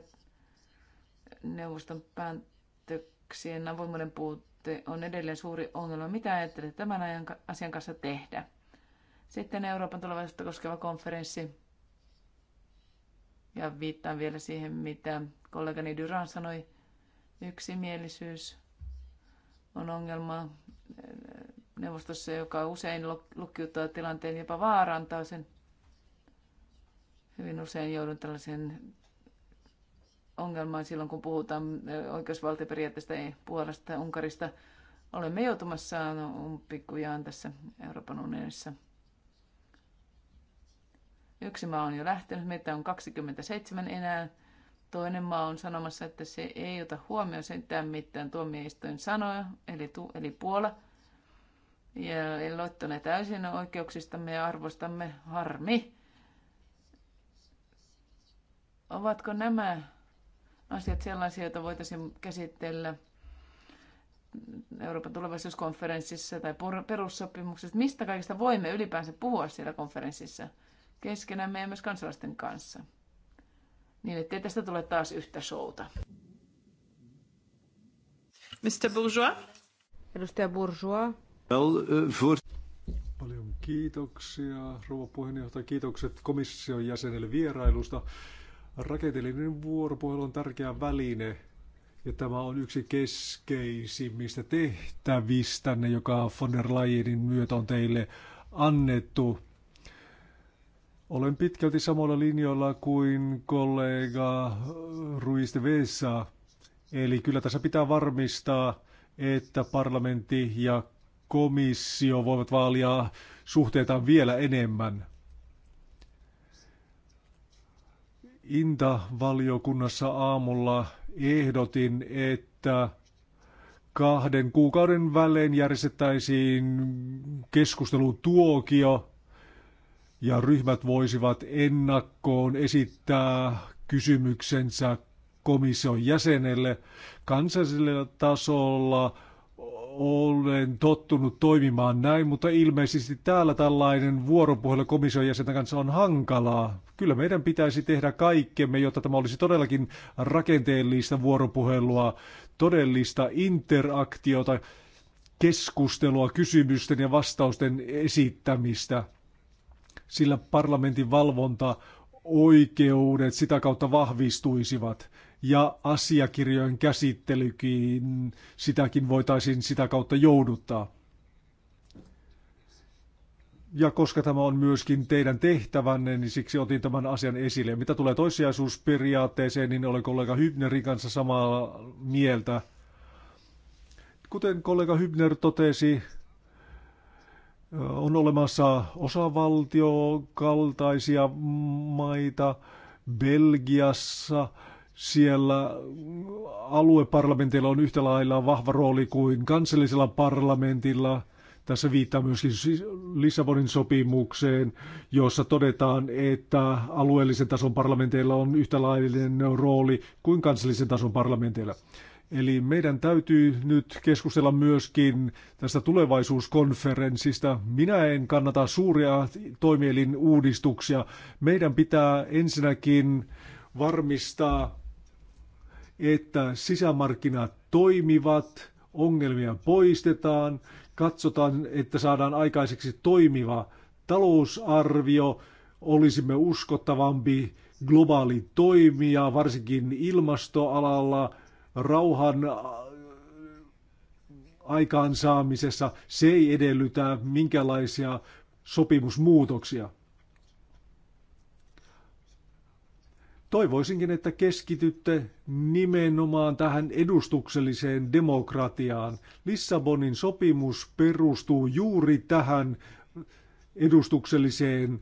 neuvoston päätöksien avoimuuden puutteessa on edelleen suuri ongelma. Mitä ajattelee tämän ajan, asian kanssa tehdä? Sitten Euroopan tulevaisuutta koskeva konferenssi. Ja viittaan vielä siihen, mitä kollegani Duran sanoi. Yksimielisyys on ongelma neuvostossa, joka usein lukkiuttaa tilanteen, jopa vaarantaa sen. Hyvin usein joudun tällaisen ongelmaa silloin, kun puhutaan oikeusvaltioperiaatteesta ei Puolasta ja Unkarista. Olemme joutumassa umpikujaan tässä Euroopan unionissa. Yksi maa on jo lähtenyt, meitä on 27 enää. Toinen maa on sanomassa, että se ei ota huomioon sentään mitään tuomioistuin sanoja, eli, tu, eli Puola. Ja loittone täysin oikeuksistamme ja arvostamme harmi. Ovatko nämä asiat sellaisia, joita voitaisiin käsitellä Euroopan tulevaisuuskonferenssissa tai perussopimuksessa. Mistä kaikista voimme ylipäänsä puhua siellä konferenssissa keskenämme ja myös kansalaisten kanssa? Niin, ettei tästä tule taas yhtä showta. Mr. Bourgeois? Edustaja Bourgeois. Well, uh, eh, for... Paljon kiitoksia, rouva puheenjohtaja. Kiitokset komission jäsenelle vierailusta. Rakenteellinen vuoropuhelu on tärkeä väline ja tämä on yksi keskeisimmistä tehtävistä, joka von der Leyenin myötä on teille annettu. Olen pitkälti samalla linjoilla kuin kollega de Vesa. Eli kyllä tässä pitää varmistaa, että parlamentti ja komissio voivat vaalia suhteitaan vielä enemmän. Inta-valiokunnassa aamulla ehdotin, että kahden kuukauden välein järjestettäisiin keskustelutuokio ja ryhmät voisivat ennakkoon esittää kysymyksensä komission jäsenelle. Kansallisella tasolla olen tottunut toimimaan näin, mutta ilmeisesti täällä tällainen vuoropuhelu komission jäsenten kanssa on hankalaa. Kyllä meidän pitäisi tehdä kaikkemme, jotta tämä olisi todellakin rakenteellista vuoropuhelua, todellista interaktiota, keskustelua, kysymysten ja vastausten esittämistä, sillä parlamentin valvonta oikeudet sitä kautta vahvistuisivat ja asiakirjojen käsittelykin, sitäkin voitaisiin sitä kautta jouduttaa. Ja koska tämä on myöskin teidän tehtävänne, niin siksi otin tämän asian esille. Mitä tulee toissijaisuusperiaatteeseen, niin olen kollega Hybnerin kanssa samaa mieltä. Kuten kollega Hybner totesi, on olemassa osavaltiokaltaisia maita Belgiassa. Siellä alueparlamentilla on yhtä lailla vahva rooli kuin kansallisella parlamentilla – tässä viittaa myös Lissabonin sopimukseen, jossa todetaan, että alueellisen tason parlamenteilla on yhtä laillinen rooli kuin kansallisen tason parlamenteilla. Eli meidän täytyy nyt keskustella myöskin tästä tulevaisuuskonferenssista. Minä en kannata suuria toimielin uudistuksia. Meidän pitää ensinnäkin varmistaa, että sisämarkkinat toimivat, ongelmia poistetaan katsotaan, että saadaan aikaiseksi toimiva talousarvio, olisimme uskottavampi globaali toimija, varsinkin ilmastoalalla, rauhan äh, aikaansaamisessa. Se ei edellytä minkälaisia sopimusmuutoksia. Toivoisinkin, että keskitytte nimenomaan tähän edustukselliseen demokratiaan. Lissabonin sopimus perustuu juuri tähän edustukselliseen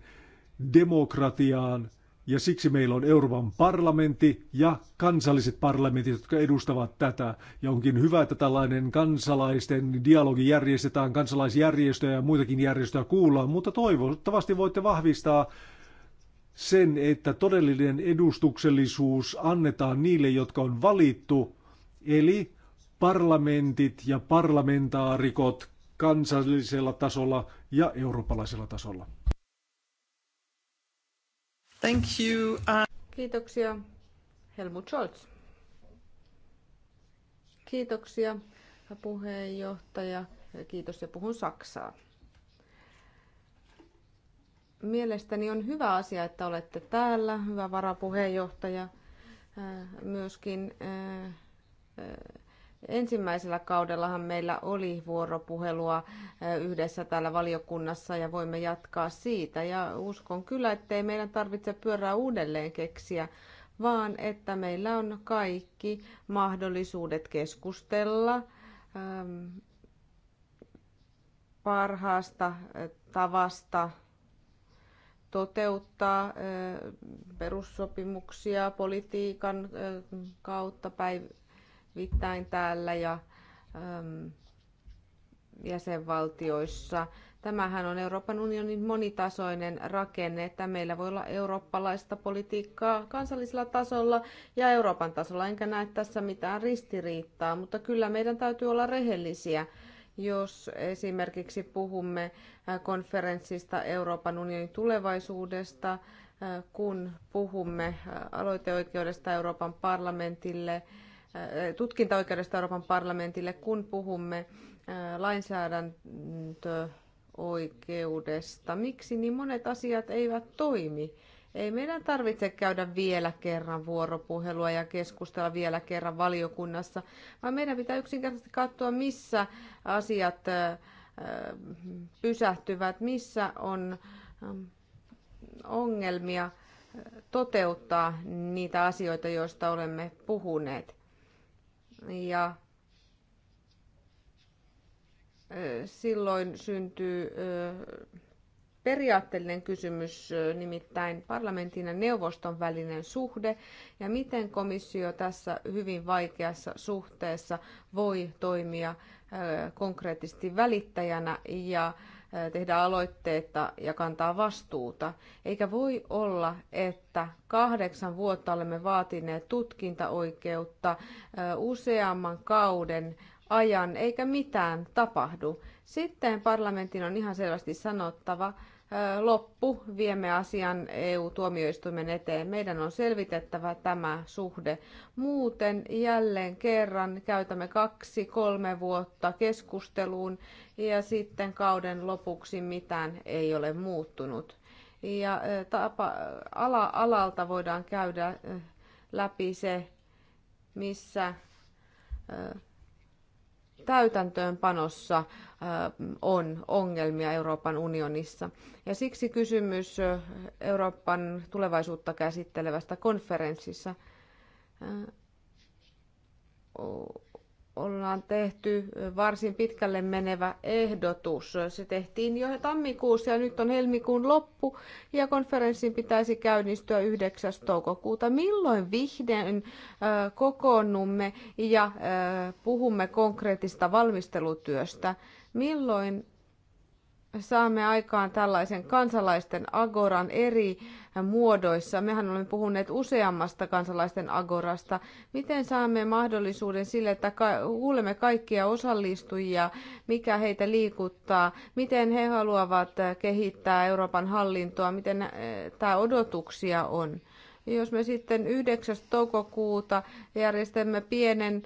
demokratiaan. Ja siksi meillä on Euroopan parlamentti ja kansalliset parlamentit, jotka edustavat tätä. Ja onkin hyvä, että tällainen kansalaisten dialogi järjestetään, kansalaisjärjestöjä ja muitakin järjestöjä kuullaan, mutta toivottavasti voitte vahvistaa sen, että todellinen edustuksellisuus annetaan niille, jotka on valittu, eli parlamentit ja parlamentaarikot kansallisella tasolla ja eurooppalaisella tasolla. Thank you. Uh, Kiitoksia. Helmut Scholz. Kiitoksia puheenjohtaja. Kiitos ja puhun Saksaa. Mielestäni on hyvä asia, että olette täällä, hyvä varapuheenjohtaja, äh, myöskin äh, äh, Ensimmäisellä kaudellahan meillä oli vuoropuhelua yhdessä täällä valiokunnassa ja voimme jatkaa siitä. Ja uskon kyllä, ettei meidän tarvitse pyörää uudelleen keksiä, vaan että meillä on kaikki mahdollisuudet keskustella ähm, parhaasta tavasta toteuttaa perussopimuksia politiikan kautta päivittäin täällä ja jäsenvaltioissa. Tämähän on Euroopan unionin monitasoinen rakenne, että meillä voi olla eurooppalaista politiikkaa kansallisella tasolla ja Euroopan tasolla, enkä näe tässä mitään ristiriitaa, mutta kyllä meidän täytyy olla rehellisiä jos esimerkiksi puhumme äh, konferenssista Euroopan unionin tulevaisuudesta, äh, kun puhumme äh, aloiteoikeudesta Euroopan parlamentille, tutkintaoikeudesta Euroopan parlamentille, kun puhumme lainsäädäntöoikeudesta. Miksi niin monet asiat eivät toimi? Ei meidän tarvitse käydä vielä kerran vuoropuhelua ja keskustella vielä kerran valiokunnassa, vaan meidän pitää yksinkertaisesti katsoa, missä asiat pysähtyvät, missä on ongelmia toteuttaa niitä asioita, joista olemme puhuneet. Ja silloin syntyy periaatteellinen kysymys, nimittäin parlamentin ja neuvoston välinen suhde ja miten komissio tässä hyvin vaikeassa suhteessa voi toimia konkreettisesti välittäjänä ja tehdä aloitteita ja kantaa vastuuta. Eikä voi olla, että kahdeksan vuotta olemme vaatineet tutkintaoikeutta useamman kauden ajan, eikä mitään tapahdu. Sitten parlamentin on ihan selvästi sanottava, loppu viemme asian EU-tuomioistuimen eteen. Meidän on selvitettävä tämä suhde. Muuten jälleen kerran käytämme kaksi, kolme vuotta keskusteluun ja sitten kauden lopuksi mitään ei ole muuttunut. Ja tapa, ala, alalta voidaan käydä läpi se, missä täytäntöönpanossa on ongelmia Euroopan unionissa. Ja siksi kysymys Euroopan tulevaisuutta käsittelevästä konferenssissa ollaan tehty varsin pitkälle menevä ehdotus. Se tehtiin jo tammikuussa ja nyt on helmikuun loppu ja konferenssin pitäisi käynnistyä 9. toukokuuta. Milloin vihdeen kokoonnumme ja puhumme konkreettista valmistelutyöstä? Milloin saamme aikaan tällaisen kansalaisten agoran eri muodoissa. Mehän olemme puhuneet useammasta kansalaisten agorasta. Miten saamme mahdollisuuden sille, että kuulemme kaikkia osallistujia, mikä heitä liikuttaa, miten he haluavat kehittää Euroopan hallintoa, miten tämä odotuksia on. Jos me sitten 9. toukokuuta järjestämme pienen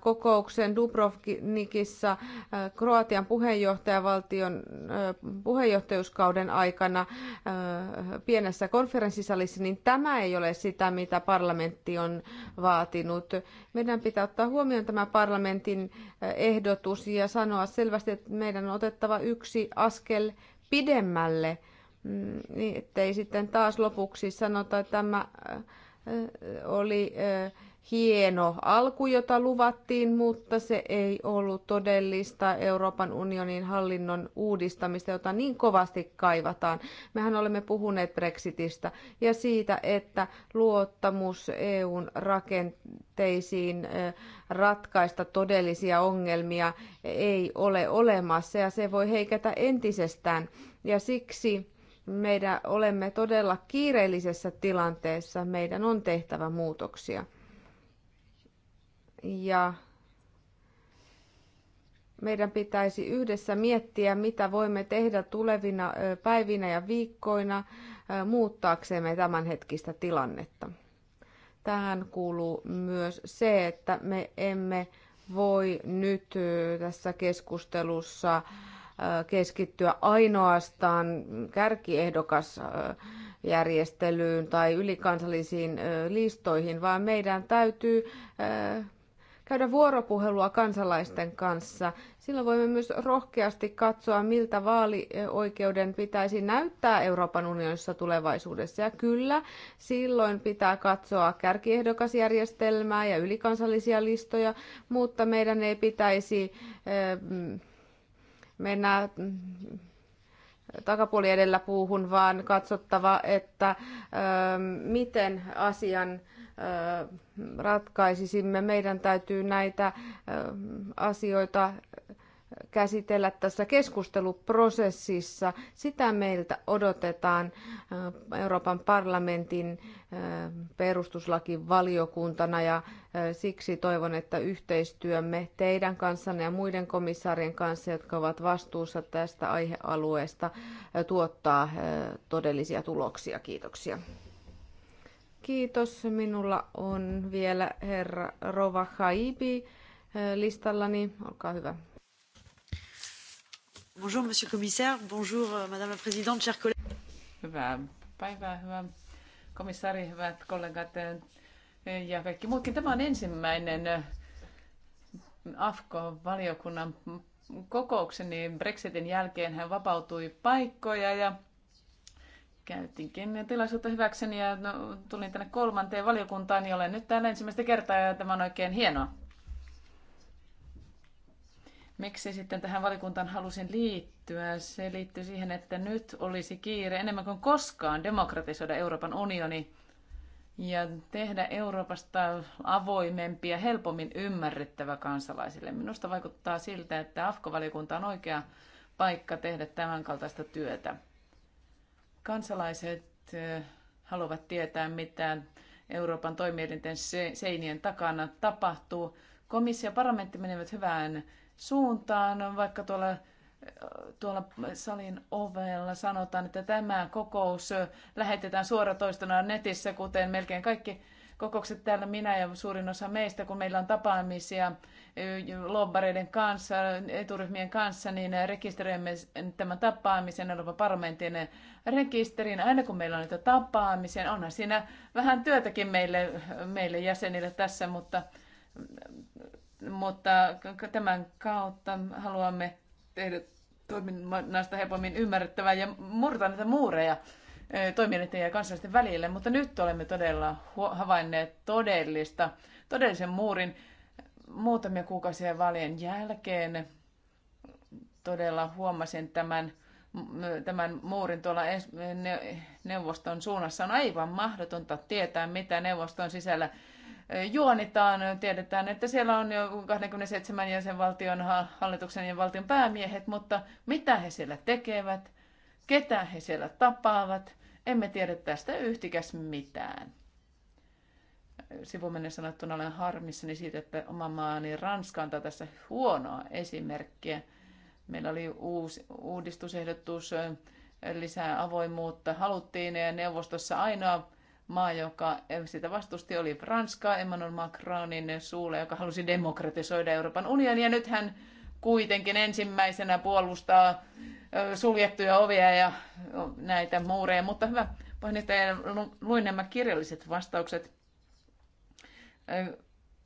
kokouksen Dubrovnikissa Kroatian puheenjohtajavaltion puheenjohtajuuskauden aikana pienessä konferenssisalissa, niin tämä ei ole sitä, mitä parlamentti on vaatinut. Meidän pitää ottaa huomioon tämä parlamentin ehdotus ja sanoa selvästi, että meidän on otettava yksi askel pidemmälle – Mm, niin ettei sitten taas lopuksi sanota, että tämä äh, oli äh, hieno alku, jota luvattiin, mutta se ei ollut todellista Euroopan unionin hallinnon uudistamista, jota niin kovasti kaivataan. Mehän olemme puhuneet Brexitistä ja siitä, että luottamus EUn rakenteisiin äh, ratkaista todellisia ongelmia ei ole olemassa ja se voi heikätä entisestään. Ja siksi meidän olemme todella kiireellisessä tilanteessa, meidän on tehtävä muutoksia. Ja meidän pitäisi yhdessä miettiä, mitä voimme tehdä tulevina päivinä ja viikkoina muuttaaksemme tämänhetkistä tilannetta. Tähän kuuluu myös se, että me emme voi nyt tässä keskustelussa keskittyä ainoastaan kärkiehdokasjärjestelyyn tai ylikansallisiin listoihin, vaan meidän täytyy käydä vuoropuhelua kansalaisten kanssa. Silloin voimme myös rohkeasti katsoa, miltä vaalioikeuden pitäisi näyttää Euroopan unionissa tulevaisuudessa. Ja kyllä, silloin pitää katsoa kärkiehdokasjärjestelmää ja ylikansallisia listoja, mutta meidän ei pitäisi mennä takapuoli edellä puuhun, vaan katsottava, että ähm, miten asian äh, ratkaisisimme. Meidän täytyy näitä ähm, asioita käsitellä tässä keskusteluprosessissa. Sitä meiltä odotetaan äh, Euroopan parlamentin äh, perustuslakivaliokuntana ja äh, siksi toivon, että yhteistyömme teidän kanssanne ja muiden komissaarien kanssa, jotka ovat vastuussa tästä aihealueesta, tuottaa todellisia tuloksia. Kiitoksia. Kiitos. Minulla on vielä herra Rova Haibi listallani. Olkaa hyvä. Bonjour, monsieur commissaire. Bonjour, euh, madame la présidente, chers collègues. Hyvää päivää, hyvä komissaari, hyvät kollegat eh, ja kaikki muutkin. Tämä on ensimmäinen eh, AFKO-valiokunnan kokoukseni Brexitin jälkeen. Hän vapautui paikkoja ja käytinkin tilaisuutta hyväkseni ja no, tulin tänne kolmanteen valiokuntaan, niin olen nyt täällä ensimmäistä kertaa ja tämä on oikein hienoa. Miksi sitten tähän valikuntaan halusin liittyä? Se liittyy siihen, että nyt olisi kiire enemmän kuin koskaan demokratisoida Euroopan unioni ja tehdä Euroopasta avoimempi ja helpommin ymmärrettävä kansalaisille. Minusta vaikuttaa siltä, että AFKO-valikunta on oikea paikka tehdä tämän kaltaista työtä. Kansalaiset eh, haluavat tietää, mitä Euroopan toimielinten seinien takana tapahtuu. Komissio ja parlamentti menevät hyvään suuntaan, vaikka tuolla tuolla salin ovella sanotaan, että tämä kokous lähetetään suoratoistona netissä, kuten melkein kaikki kokoukset täällä minä ja suurin osa meistä, kun meillä on tapaamisia lobbareiden kanssa, eturyhmien kanssa, niin rekisteröimme tämän tapaamisen Euroopan parlamentin rekisteriin. Aina kun meillä on niitä tapaamisia, onhan siinä vähän työtäkin meille, meille jäsenille tässä, mutta mutta tämän kautta haluamme tehdä toiminnasta helpommin ymmärrettävää ja murtaa näitä muureja toimijoiden ja kansalaisten välille, mutta nyt olemme todella havainneet todellista, todellisen muurin muutamia kuukausia vaalien jälkeen todella huomasin tämän, tämän muurin tuolla neuvoston suunnassa. On aivan mahdotonta tietää, mitä neuvoston sisällä juonitaan. Tiedetään, että siellä on jo 27 jäsenvaltion hallituksen ja valtion päämiehet, mutta mitä he siellä tekevät, ketä he siellä tapaavat, emme tiedä tästä yhtikäs mitään. Sivumennen sanottuna olen harmissani siitä, että oma maani Ranska antaa tässä huonoa esimerkkiä. Meillä oli uusi uudistusehdotus lisää avoimuutta. Haluttiin neuvostossa ainoa maa, joka sitä vastusti, oli Ranska, Emmanuel Macronin suulle, joka halusi demokratisoida Euroopan unionia. Nyt hän kuitenkin ensimmäisenä puolustaa suljettuja ovia ja näitä muureja. Mutta hyvä, puheenjohtaja, luin nämä kirjalliset vastaukset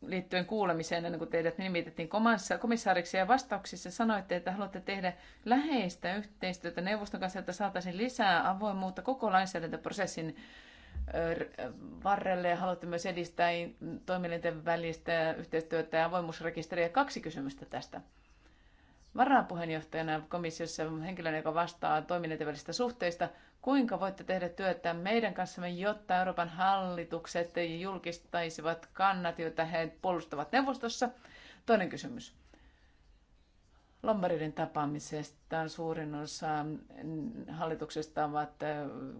liittyen kuulemiseen, ennen kuin teidät nimitettiin komissaariksi, ja vastauksissa sanoitte, että haluatte tehdä läheistä yhteistyötä neuvoston kanssa, että saataisiin lisää avoimuutta koko lainsäädäntöprosessin varrelle. Haluatte myös edistää toimielinten välistä yhteistyötä ja voimusrekisteriä. Kaksi kysymystä tästä. Varapuheenjohtajana komissiossa henkilön, joka vastaa toimielinten välistä suhteista, kuinka voitte tehdä työtä meidän kanssamme, jotta Euroopan hallitukset julkistaisivat kannat, joita he puolustavat neuvostossa? Toinen kysymys Lombariden tapaamisesta suurin osa mm, hallituksesta ovat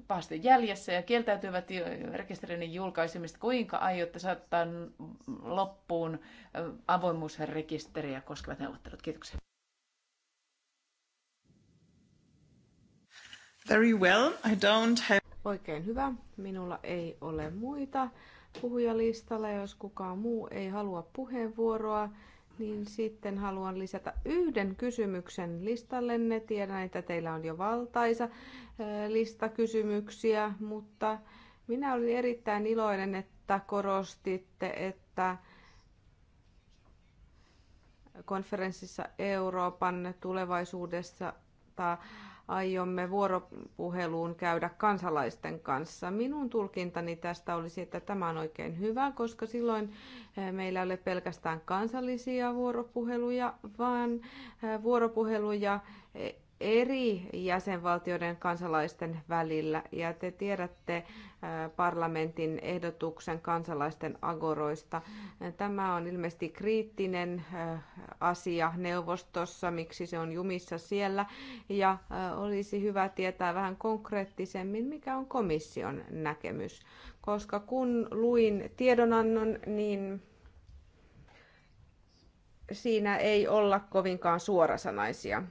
pahasti jäljessä ja kieltäytyvät rekisterin julkaisemista. Kuinka aiotte saattaa loppuun avoimuusrekisteriä koskevat neuvottelut? Kiitoksia. Very well. I don't have... Oikein hyvä. Minulla ei ole muita puhujalistalla. Jos kukaan muu ei halua puheenvuoroa, niin sitten haluan lisätä yhden kysymyksen listallenne. Tiedän, että teillä on jo valtaisa lista kysymyksiä, mutta minä olin erittäin iloinen, että korostitte, että konferenssissa Euroopan tulevaisuudessa aiomme vuoropuheluun käydä kansalaisten kanssa. Minun tulkintani tästä olisi, että tämä on oikein hyvä, koska silloin eh, meillä ei ole pelkästään kansallisia vuoropuheluja, vaan eh, vuoropuheluja eh, eri jäsenvaltioiden kansalaisten välillä. Ja te tiedätte äh, parlamentin ehdotuksen kansalaisten agoroista. Tämä on ilmeisesti kriittinen äh, asia neuvostossa, miksi se on jumissa siellä. Ja äh, olisi hyvä tietää vähän konkreettisemmin, mikä on komission näkemys. Koska kun luin tiedonannon, niin siinä ei olla kovinkaan suorasanaisia.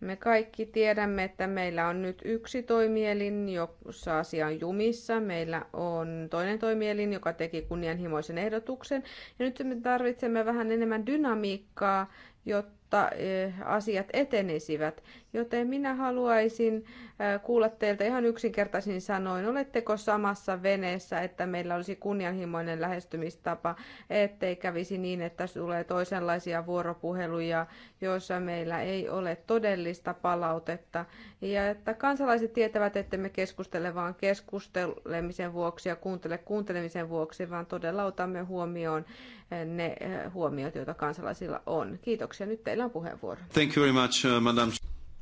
Me kaikki tiedämme, että meillä on nyt yksi toimielin, jossa asia on jumissa. Meillä on toinen toimielin, joka teki kunnianhimoisen ehdotuksen. Ja nyt me tarvitsemme vähän enemmän dynamiikkaa, jotta jotta eh, asiat etenisivät. Joten minä haluaisin eh, kuulla teiltä ihan yksinkertaisin sanoin, oletteko samassa veneessä, että meillä olisi kunnianhimoinen lähestymistapa, ettei kävisi niin, että tulee toisenlaisia vuoropuheluja, joissa meillä ei ole todellista palautetta. Ja että kansalaiset tietävät, että me keskustele vain keskustelemisen vuoksi ja kuuntele kuuntelemisen vuoksi, vaan todella otamme huomioon eh, ne huomiot, joita kansalaisilla on. Kiitoksia nyt teille teillä on puheenvuoro. Thank you very much, uh, madam.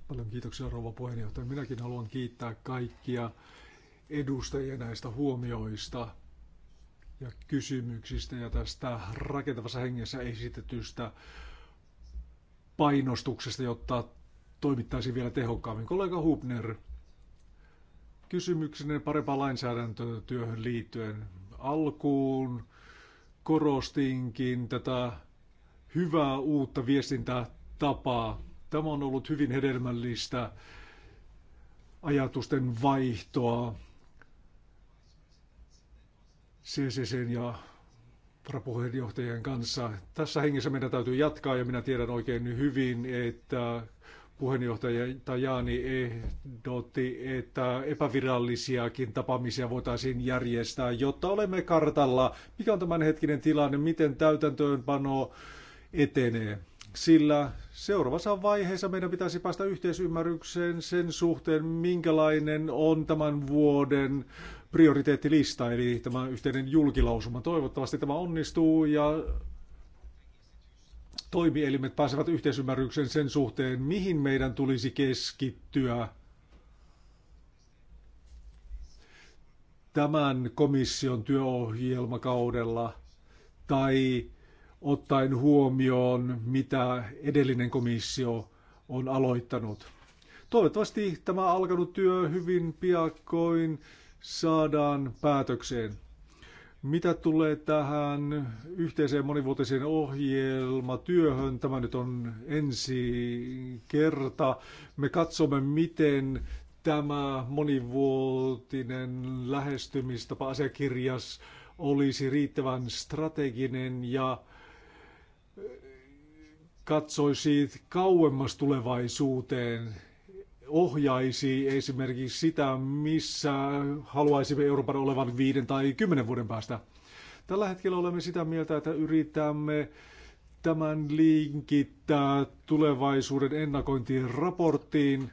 Paljon kiitoksia rouva puheenjohtaja. Minäkin haluan kiittää kaikkia edustajia näistä huomioista ja kysymyksistä ja tästä rakentavassa hengessä esitetystä painostuksesta, jotta toimittaisiin vielä tehokkaammin. Kollega Hubner, kysymyksenne parempaan lainsäädäntötyöhön liittyen. Alkuun korostinkin tätä hyvää uutta viestintätapaa. Tämä on ollut hyvin hedelmällistä ajatusten vaihtoa CCC ja varapuheenjohtajien kanssa. Tässä hengessä meidän täytyy jatkaa ja minä tiedän oikein hyvin, että puheenjohtaja Tajani ehdotti, että epävirallisiakin tapaamisia voitaisiin järjestää, jotta olemme kartalla. Mikä on tämänhetkinen tilanne, miten täytäntöönpano etenee. Sillä seuraavassa vaiheessa meidän pitäisi päästä yhteisymmärrykseen sen suhteen, minkälainen on tämän vuoden prioriteettilista, eli tämä yhteinen julkilausuma. Toivottavasti tämä onnistuu ja toimielimet pääsevät yhteisymmärrykseen sen suhteen, mihin meidän tulisi keskittyä tämän komission työohjelmakaudella tai ottaen huomioon, mitä edellinen komissio on aloittanut. Toivottavasti tämä alkanut työ hyvin piakkoin saadaan päätökseen. Mitä tulee tähän yhteiseen monivuotiseen ohjelmatyöhön, tämä nyt on ensi kerta. Me katsomme, miten tämä monivuotinen lähestymistapa asiakirjas olisi riittävän strateginen ja katsoisi kauemmas tulevaisuuteen, ohjaisi esimerkiksi sitä, missä haluaisimme Euroopan olevan viiden tai kymmenen vuoden päästä. Tällä hetkellä olemme sitä mieltä, että yritämme tämän linkittää tulevaisuuden ennakointiin raporttiin.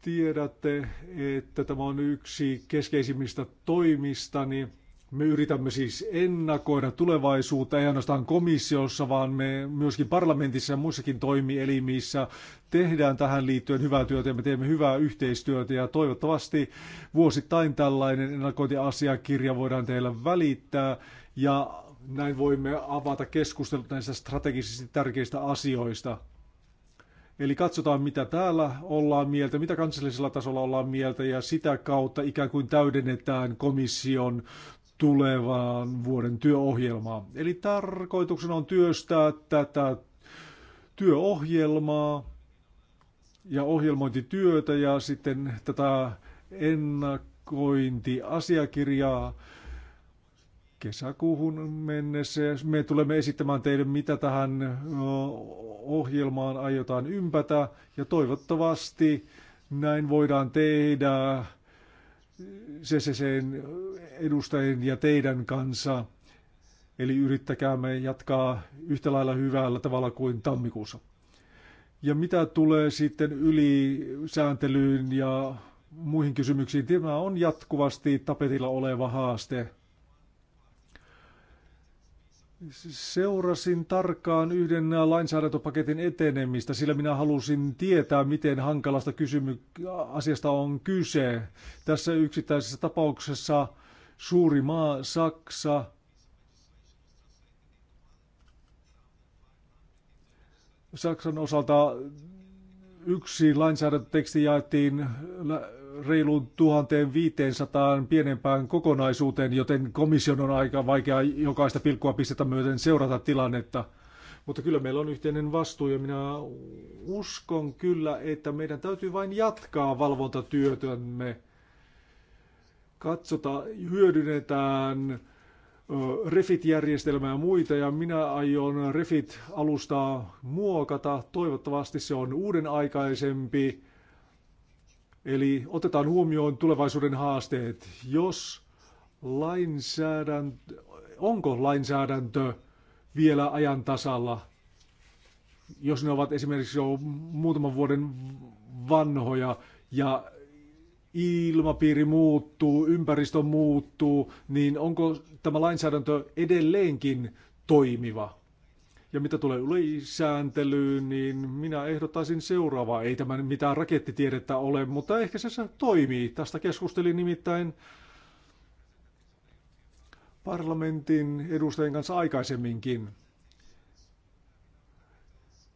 Tiedätte, että tämä on yksi keskeisimmistä toimistani. Niin me yritämme siis ennakoida tulevaisuutta, ei ainoastaan komissiossa, vaan me myöskin parlamentissa ja muissakin toimielimissä tehdään tähän liittyen hyvää työtä ja me teemme hyvää yhteistyötä ja toivottavasti vuosittain tällainen ennakointiasiakirja voidaan teillä välittää ja näin voimme avata keskustelut näistä strategisesti tärkeistä asioista. Eli katsotaan, mitä täällä ollaan mieltä, mitä kansallisella tasolla ollaan mieltä, ja sitä kautta ikään kuin täydennetään komission tulevaan vuoden työohjelmaa. Eli tarkoituksena on työstää tätä työohjelmaa ja ohjelmointityötä ja sitten tätä ennakointiasiakirjaa kesäkuuhun mennessä. Me tulemme esittämään teille, mitä tähän ohjelmaan aiotaan ympätä ja toivottavasti näin voidaan tehdä CCCn edustajien ja teidän kanssa. Eli yrittäkäämme jatkaa yhtä lailla hyvällä tavalla kuin tammikuussa. Ja mitä tulee sitten sääntelyyn ja muihin kysymyksiin, tämä on jatkuvasti tapetilla oleva haaste – Siis seurasin tarkkaan yhden lainsäädäntöpaketin etenemistä, sillä minä halusin tietää, miten hankalasta kysymyk- asiasta on kyse. Tässä yksittäisessä tapauksessa suuri maa Saksa Saksan osalta yksi lainsäädäntöteksti jaettiin reiluun 1500 pienempään kokonaisuuteen, joten komission on aika vaikea jokaista pilkkua pistetä myöten seurata tilannetta. Mutta kyllä meillä on yhteinen vastuu ja minä uskon kyllä, että meidän täytyy vain jatkaa valvontatyötämme. Katsota, hyödynnetään Refit-järjestelmää ja muita, ja minä aion Refit-alustaa muokata. Toivottavasti se on uuden aikaisempi Eli otetaan huomioon tulevaisuuden haasteet. Jos lainsäädäntö, onko lainsäädäntö vielä ajan tasalla, jos ne ovat esimerkiksi jo muutaman vuoden vanhoja ja ilmapiiri muuttuu, ympäristö muuttuu, niin onko tämä lainsäädäntö edelleenkin toimiva? Ja mitä tulee yleisääntelyyn, niin minä ehdottaisin seuraavaa. Ei tämä mitään rakettitiedettä ole, mutta ehkä se toimii. Tästä keskustelin nimittäin parlamentin edustajien kanssa aikaisemminkin.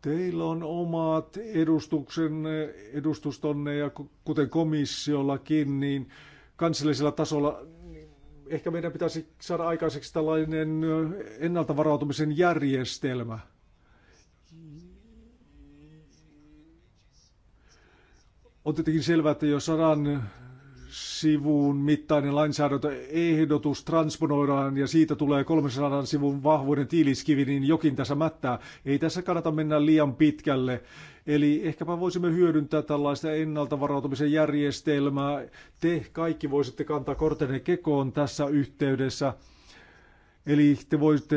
Teillä on omat edustuksen, edustustonne ja kuten komissiollakin, niin kansallisella tasolla ehkä meidän pitäisi saada aikaiseksi tällainen ennalta varautumisen järjestelmä. On tietenkin selvää, että jos saadaan sivun mittainen lainsäädäntöehdotus transponoidaan ja siitä tulee 300 sivun vahvuuden tiiliskivi, niin jokin tässä mättää. Ei tässä kannata mennä liian pitkälle. Eli ehkäpä voisimme hyödyntää tällaista ennalta varautumisen järjestelmää. Te kaikki voisitte kantaa kortenne kekoon tässä yhteydessä. Eli te voisitte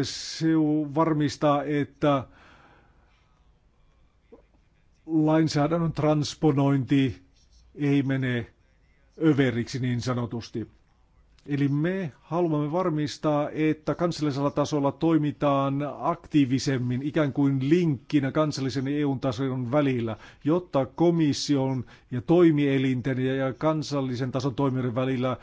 varmistaa, että lainsäädännön transponointi ei mene överiksi niin sanotusti. Eli me haluamme varmistaa, että kansallisella tasolla toimitaan aktiivisemmin ikään kuin linkkinä kansallisen EU-tason välillä, jotta komission ja toimielinten ja kansallisen tason toimijoiden välillä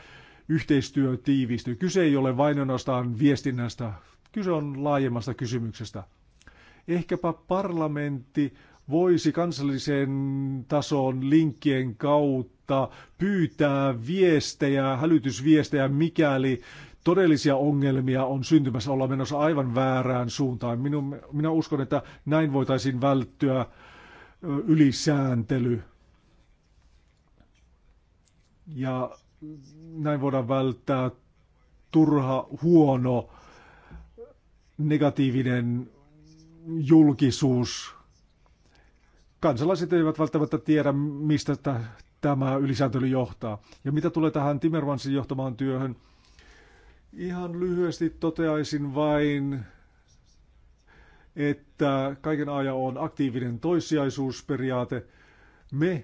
yhteistyö tiivistyy. Kyse ei ole vain ainoastaan viestinnästä, kyse on laajemmasta kysymyksestä. Ehkäpä parlamentti voisi kansallisen tason linkkien kautta pyytää viestejä, hälytysviestejä, mikäli todellisia ongelmia on syntymässä, olla menossa aivan väärään suuntaan. Minun, minä uskon, että näin voitaisiin välttyä ylisääntely. Ja näin voidaan välttää turha, huono, negatiivinen julkisuus kansalaiset eivät välttämättä tiedä, mistä tämä ylisääntely johtaa. Ja mitä tulee tähän Timmermansin johtamaan työhön, ihan lyhyesti toteaisin vain, että kaiken ajan on aktiivinen toissijaisuusperiaate. Me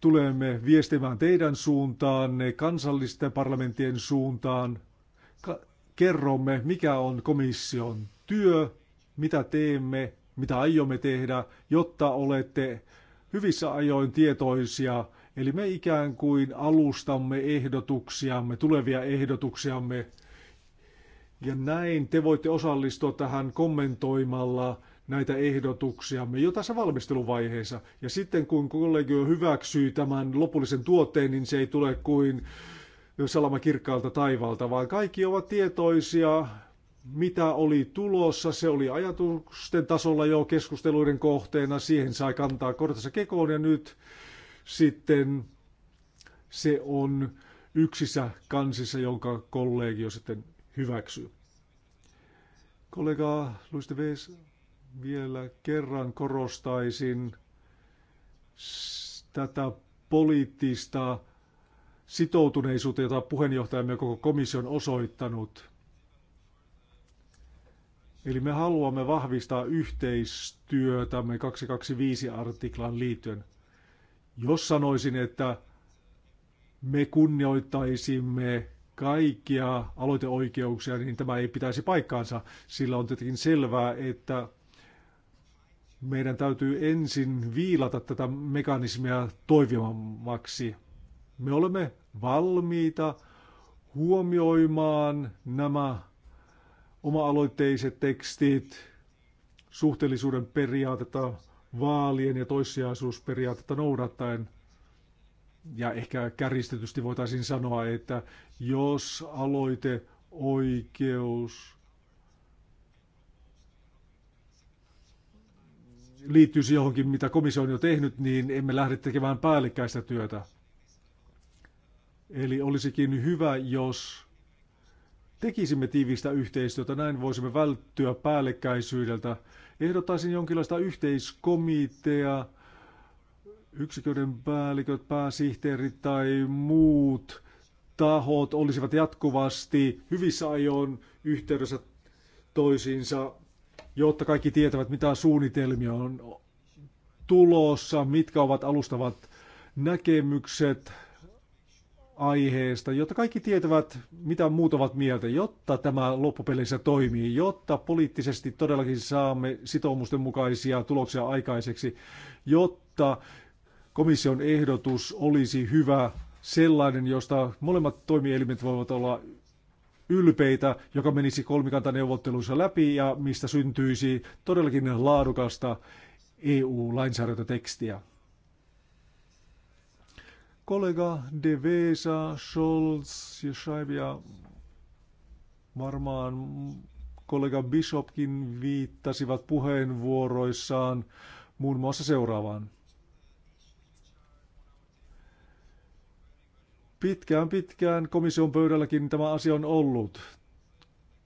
tulemme viestimään teidän ne kansallisten parlamenttien suuntaan. Ka- kerromme, mikä on komission työ, mitä teemme mitä aiomme tehdä, jotta olette hyvissä ajoin tietoisia. Eli me ikään kuin alustamme ehdotuksiamme, tulevia ehdotuksiamme. Ja näin te voitte osallistua tähän kommentoimalla näitä ehdotuksiamme jo tässä valmisteluvaiheessa. Ja sitten kun kollegio hyväksyy tämän lopullisen tuotteen, niin se ei tule kuin salama kirkkaalta taivaalta, vaan kaikki ovat tietoisia mitä oli tulossa, se oli ajatusten tasolla jo keskusteluiden kohteena, siihen sai kantaa kortensa kekoon ja nyt sitten se on yksissä kansissa, jonka kollegio sitten hyväksyy. Kollega Luis de Vees, vielä kerran korostaisin tätä poliittista sitoutuneisuutta, jota puheenjohtajamme koko komission osoittanut – Eli me haluamme vahvistaa yhteistyötämme 225 artiklan liittyen. Jos sanoisin, että me kunnioittaisimme kaikkia aloiteoikeuksia, niin tämä ei pitäisi paikkaansa. Sillä on tietenkin selvää, että meidän täytyy ensin viilata tätä mekanismia toivivammaksi. Me olemme valmiita huomioimaan nämä oma-aloitteiset tekstit, suhteellisuuden periaatetta vaalien ja toissijaisuusperiaatetta noudattaen. Ja ehkä kärjistetysti voitaisiin sanoa, että jos aloite oikeus liittyisi johonkin, mitä komissio on jo tehnyt, niin emme lähde tekemään päällekkäistä työtä. Eli olisikin hyvä, jos tekisimme tiivistä yhteistyötä, näin voisimme välttyä päällekkäisyydeltä. Ehdottaisin jonkinlaista yhteiskomiteaa, yksiköiden päälliköt, pääsihteerit tai muut tahot olisivat jatkuvasti hyvissä ajoin yhteydessä toisiinsa, jotta kaikki tietävät, mitä suunnitelmia on tulossa, mitkä ovat alustavat näkemykset, aiheesta, jotta kaikki tietävät, mitä muut ovat mieltä, jotta tämä loppupeleissä toimii, jotta poliittisesti todellakin saamme sitoumusten mukaisia tuloksia aikaiseksi, jotta komission ehdotus olisi hyvä sellainen, josta molemmat toimielimet voivat olla ylpeitä, joka menisi kolmikantaneuvotteluissa läpi ja mistä syntyisi todellakin laadukasta EU-lainsäädäntötekstiä. Kollega Devesa, Vesa, Scholz ja varmaan kollega Bishopkin viittasivat puheenvuoroissaan muun muassa seuraavaan. Pitkään pitkään komission pöydälläkin tämä asia on ollut.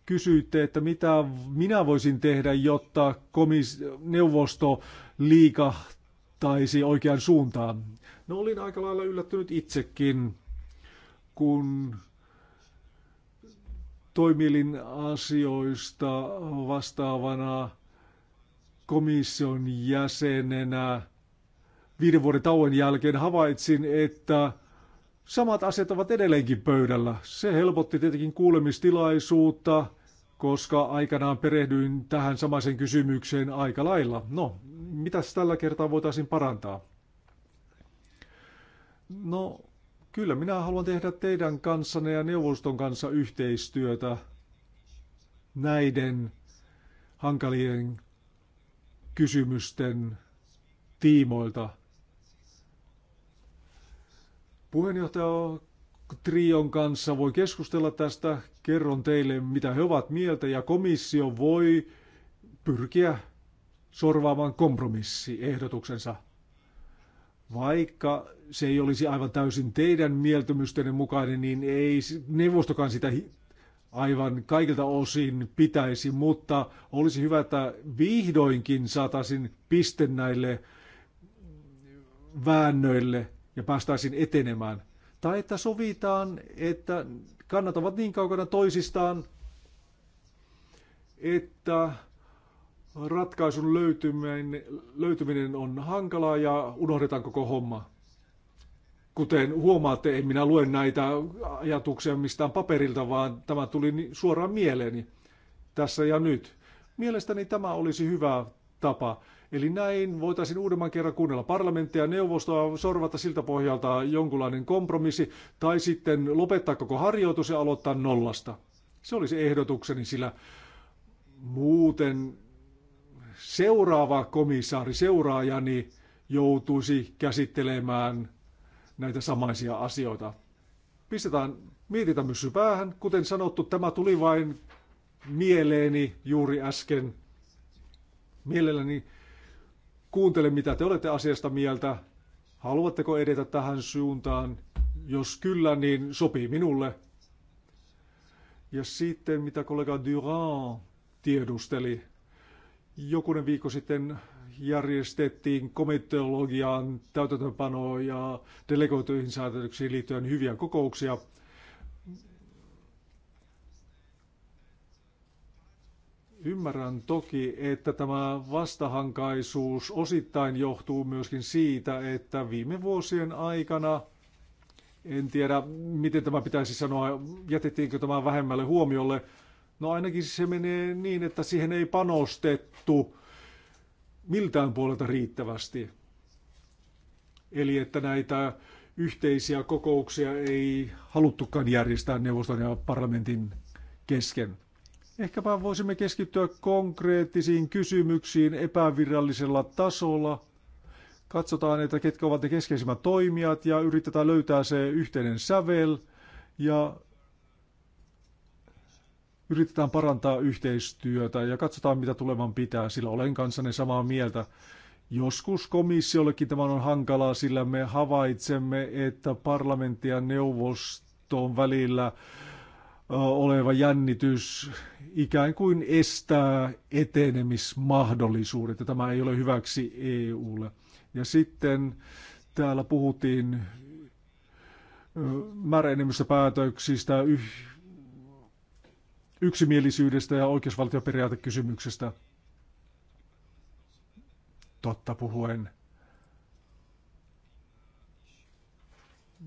Kysyitte, että mitä minä voisin tehdä, jotta komis- neuvosto liikahtaisi oikeaan suuntaan. No olin aika lailla yllättynyt itsekin, kun toimielin asioista vastaavana komission jäsenenä viiden vuoden tauon jälkeen havaitsin, että samat asiat ovat edelleenkin pöydällä. Se helpotti tietenkin kuulemistilaisuutta, koska aikanaan perehdyin tähän samaiseen kysymykseen aika lailla. No, mitäs tällä kertaa voitaisiin parantaa? No, kyllä minä haluan tehdä teidän kanssanne ja neuvoston kanssa yhteistyötä näiden hankalien kysymysten tiimoilta. Puheenjohtaja Trion kanssa voi keskustella tästä, kerron teille mitä he ovat mieltä ja komissio voi pyrkiä sorvaamaan kompromissiehdotuksensa. Vaikka se ei olisi aivan täysin teidän mieltymystenne mukainen, niin ei neuvostokaan sitä aivan kaikilta osin pitäisi, mutta olisi hyvä, että vihdoinkin saataisiin piste näille väännöille ja päästäisiin etenemään. Tai että sovitaan, että kannat ovat niin kaukana toisistaan, että ratkaisun löytyminen, löytyminen on hankalaa ja unohdetaan koko homma. Kuten huomaatte, en minä lue näitä ajatuksia mistään paperilta, vaan tämä tuli suoraan mieleeni tässä ja nyt. Mielestäni tämä olisi hyvä tapa. Eli näin voitaisiin uudemman kerran kuunnella parlamenttia ja neuvostoa, sorvata siltä pohjalta jonkunlainen kompromissi, tai sitten lopettaa koko harjoitus ja aloittaa nollasta. Se olisi ehdotukseni, sillä muuten seuraava komissaari, seuraajani joutuisi käsittelemään näitä samaisia asioita. Pistetään mietitämyssy päähän. Kuten sanottu, tämä tuli vain mieleeni juuri äsken. Mielelläni kuuntele, mitä te olette asiasta mieltä. Haluatteko edetä tähän suuntaan? Jos kyllä, niin sopii minulle. Ja sitten, mitä kollega Durand tiedusteli, Jokunen viikko sitten järjestettiin komiteologian täytäntöönpanoon ja delegoituihin säätelyksiin liittyen hyviä kokouksia. Ymmärrän toki, että tämä vastahankaisuus osittain johtuu myöskin siitä, että viime vuosien aikana, en tiedä miten tämä pitäisi sanoa, jätettiinkö tämä vähemmälle huomiolle, No ainakin se menee niin, että siihen ei panostettu miltään puolelta riittävästi. Eli että näitä yhteisiä kokouksia ei haluttukaan järjestää neuvoston ja parlamentin kesken. Ehkäpä voisimme keskittyä konkreettisiin kysymyksiin epävirallisella tasolla. Katsotaan, että ketkä ovat ne keskeisimmät toimijat ja yritetään löytää se yhteinen sävel ja yritetään parantaa yhteistyötä ja katsotaan, mitä tulevan pitää, sillä olen kanssanne samaa mieltä. Joskus komissiollekin tämä on hankalaa, sillä me havaitsemme, että parlamentti ja neuvoston välillä oleva jännitys ikään kuin estää etenemismahdollisuudet, ja tämä ei ole hyväksi EUlle. Ja sitten täällä puhuttiin määräenemmistöpäätöksistä, päätöksistä yksimielisyydestä ja oikeusvaltioperiaatekysymyksestä. Totta puhuen,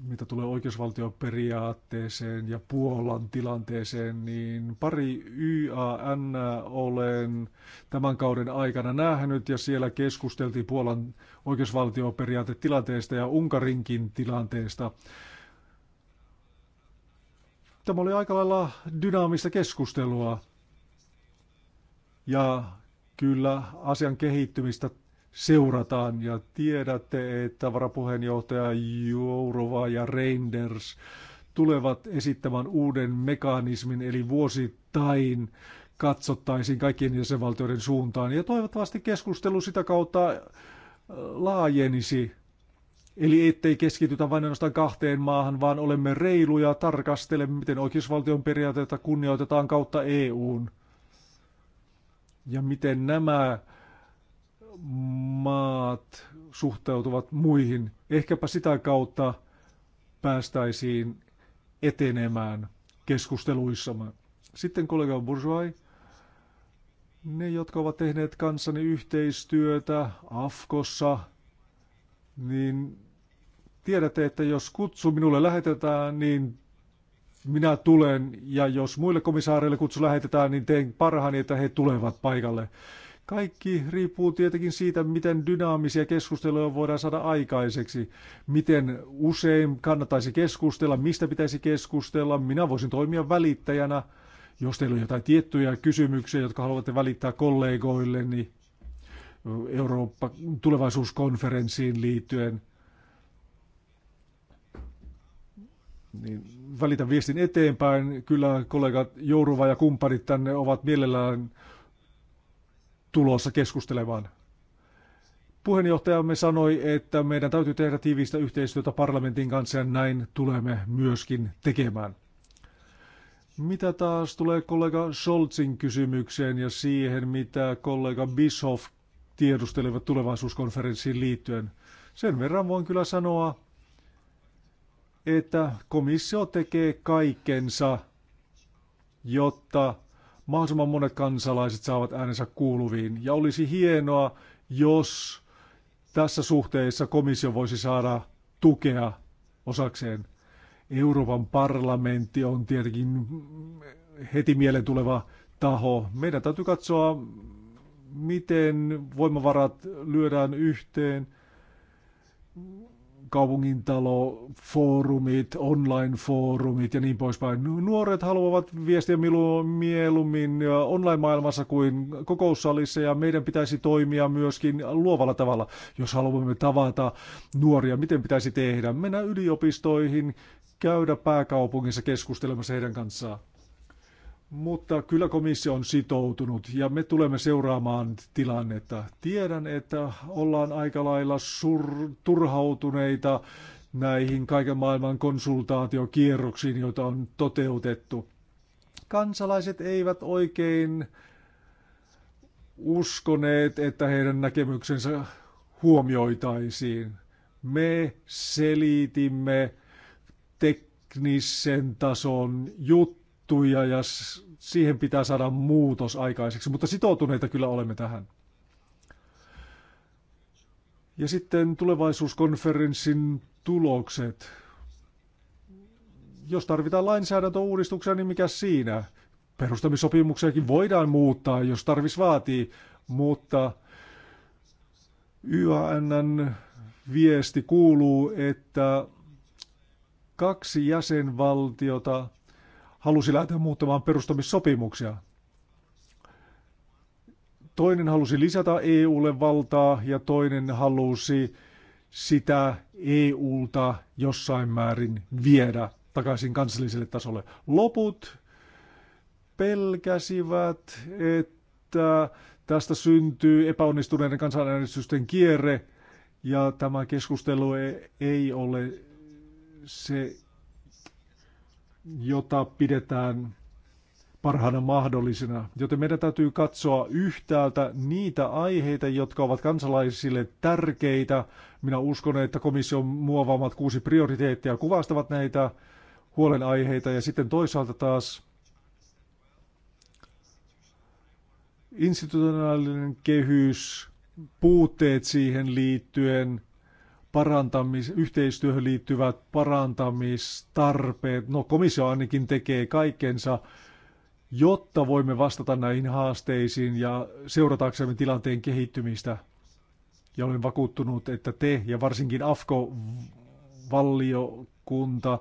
mitä tulee oikeusvaltioperiaatteeseen ja Puolan tilanteeseen, niin pari YAN olen tämän kauden aikana nähnyt ja siellä keskusteltiin Puolan oikeusvaltioperiaatetilanteesta ja Unkarinkin tilanteesta. Tämä oli aika lailla dynaamista keskustelua. Ja kyllä asian kehittymistä seurataan ja tiedätte, että varapuheenjohtaja Jourova ja Reinders tulevat esittämään uuden mekanismin, eli vuosittain katsottaisiin kaikkien jäsenvaltioiden suuntaan. Ja toivottavasti keskustelu sitä kautta laajenisi Eli ettei keskitytä vain ainoastaan kahteen maahan, vaan olemme reiluja, tarkastelemme, miten oikeusvaltion periaatteita kunnioitetaan kautta EUn. Ja miten nämä maat suhteutuvat muihin. Ehkäpä sitä kautta päästäisiin etenemään keskusteluissamme. Sitten kollega Bourgeois, ne jotka ovat tehneet kanssani yhteistyötä AFKossa, niin tiedätte, että jos kutsu minulle lähetetään, niin minä tulen, ja jos muille komissaareille kutsu lähetetään, niin teen parhaani, että he tulevat paikalle. Kaikki riippuu tietenkin siitä, miten dynaamisia keskusteluja voidaan saada aikaiseksi, miten usein kannattaisi keskustella, mistä pitäisi keskustella. Minä voisin toimia välittäjänä. Jos teillä on jotain tiettyjä kysymyksiä, jotka haluatte välittää kollegoille, niin Eurooppa tulevaisuuskonferenssiin liittyen – niin välitä viestin eteenpäin. Kyllä kollegat Jouruva ja kumppanit tänne ovat mielellään tulossa keskustelemaan. Puheenjohtajamme sanoi, että meidän täytyy tehdä tiivistä yhteistyötä parlamentin kanssa ja näin tulemme myöskin tekemään. Mitä taas tulee kollega Scholzin kysymykseen ja siihen, mitä kollega Bischoff tiedustelevat tulevaisuuskonferenssiin liittyen? Sen verran voin kyllä sanoa, että komissio tekee kaikkensa, jotta mahdollisimman monet kansalaiset saavat äänensä kuuluviin. Ja olisi hienoa, jos tässä suhteessa komissio voisi saada tukea osakseen. Euroopan parlamentti on tietenkin heti mieleen tuleva taho. Meidän täytyy katsoa, miten voimavarat lyödään yhteen kaupungintalo, foorumit, online-foorumit ja niin poispäin. Nuoret haluavat viestiä mieluummin online-maailmassa kuin kokoussalissa ja meidän pitäisi toimia myöskin luovalla tavalla. Jos haluamme tavata nuoria, miten pitäisi tehdä? Mennä yliopistoihin, käydä pääkaupungissa keskustelemassa heidän kanssaan. Mutta kyllä komissio on sitoutunut ja me tulemme seuraamaan tilannetta. Tiedän, että ollaan aika lailla sur- turhautuneita näihin kaiken maailman konsultaatiokierroksiin, joita on toteutettu. Kansalaiset eivät oikein uskoneet, että heidän näkemyksensä huomioitaisiin. Me selitimme teknisen tason juttu juttuja ja siihen pitää saada muutos aikaiseksi, mutta sitoutuneita kyllä olemme tähän. Ja sitten tulevaisuuskonferenssin tulokset. Jos tarvitaan lainsäädäntöuudistuksia, niin mikä siinä? Perustamissopimuksiakin voidaan muuttaa, jos tarvis vaatii, mutta YANn viesti kuuluu, että kaksi jäsenvaltiota – halusi lähteä muuttamaan perustamissopimuksia. Toinen halusi lisätä EUlle valtaa ja toinen halusi sitä EUlta jossain määrin viedä takaisin kansalliselle tasolle. Loput pelkäsivät, että tästä syntyy epäonnistuneiden kansanäänestysten kierre ja tämä keskustelu ei ole se jota pidetään parhaana mahdollisena. Joten meidän täytyy katsoa yhtäältä niitä aiheita, jotka ovat kansalaisille tärkeitä. Minä uskon, että komission muovaamat kuusi prioriteettia kuvastavat näitä huolenaiheita. Ja sitten toisaalta taas institutionaalinen kehys, puutteet siihen liittyen – parantamis, yhteistyöhön liittyvät parantamistarpeet. No komissio ainakin tekee kaikkensa, jotta voimme vastata näihin haasteisiin ja seurataksemme tilanteen kehittymistä. Ja olen vakuuttunut, että te ja varsinkin AFKO-valliokunta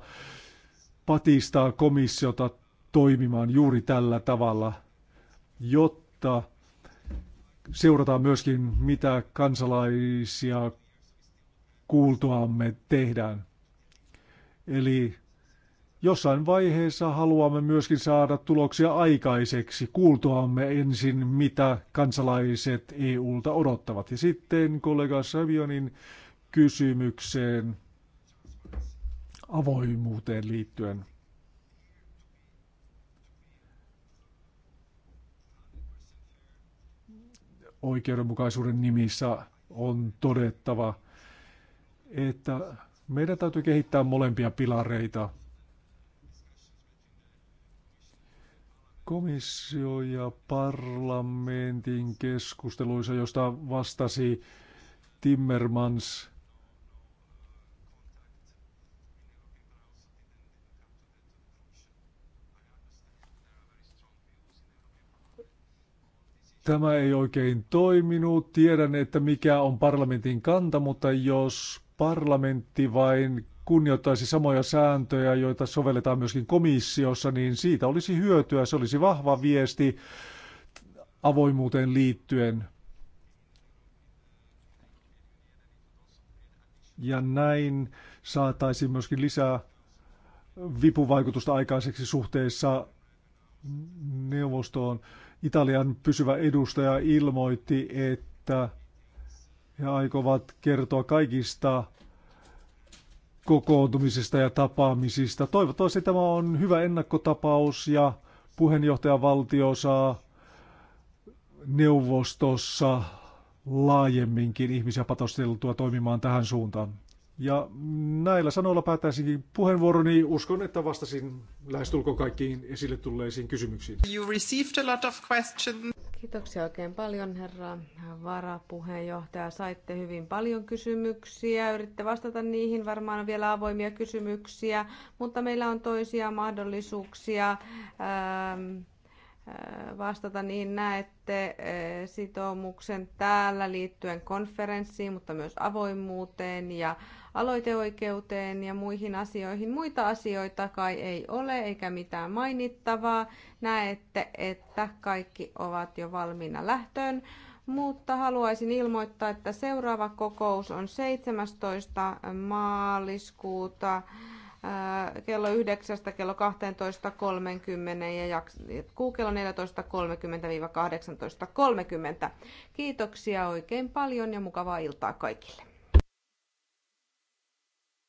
patistaa komissiota toimimaan juuri tällä tavalla, jotta seurataan myöskin, mitä kansalaisia kuultuamme tehdään. Eli jossain vaiheessa haluamme myöskin saada tuloksia aikaiseksi, kuultuamme ensin, mitä kansalaiset EUlta odottavat. Ja sitten kollega Savionin kysymykseen avoimuuteen liittyen. Oikeudenmukaisuuden nimissä on todettava, että meidän täytyy kehittää molempia pilareita. Komissio ja parlamentin keskusteluissa, josta vastasi Timmermans, Tämä ei oikein toiminut. Tiedän, että mikä on parlamentin kanta, mutta jos parlamentti vain kunnioittaisi samoja sääntöjä, joita sovelletaan myöskin komissiossa, niin siitä olisi hyötyä. Se olisi vahva viesti avoimuuteen liittyen. Ja näin saataisiin myöskin lisää vipuvaikutusta aikaiseksi suhteessa neuvostoon. Italian pysyvä edustaja ilmoitti, että he aikovat kertoa kaikista kokoontumisista ja tapaamisista. Toivottavasti tämä on hyvä ennakkotapaus ja puheenjohtajavaltio saa neuvostossa laajemminkin ihmisiä patosteltua toimimaan tähän suuntaan. Ja näillä sanoilla päättäisinkin puheenvuoroni. Uskon, että vastasin lähestulkoon kaikkiin esille tulleisiin kysymyksiin. You received a lot of questions. Kiitoksia oikein paljon, herra varapuheenjohtaja. Saitte hyvin paljon kysymyksiä. Yritte vastata niihin. Varmaan on vielä avoimia kysymyksiä, mutta meillä on toisia mahdollisuuksia ähm, äh, vastata niin näette äh, sitoumuksen täällä liittyen konferenssiin, mutta myös avoimuuteen ja aloiteoikeuteen ja muihin asioihin. Muita asioita kai ei ole eikä mitään mainittavaa. Näette, että kaikki ovat jo valmiina lähtöön. Mutta haluaisin ilmoittaa, että seuraava kokous on 17. maaliskuuta äh, kello 9 kello 12.30 ja jatkuu kello 14.30-18.30. Kiitoksia oikein paljon ja mukavaa iltaa kaikille.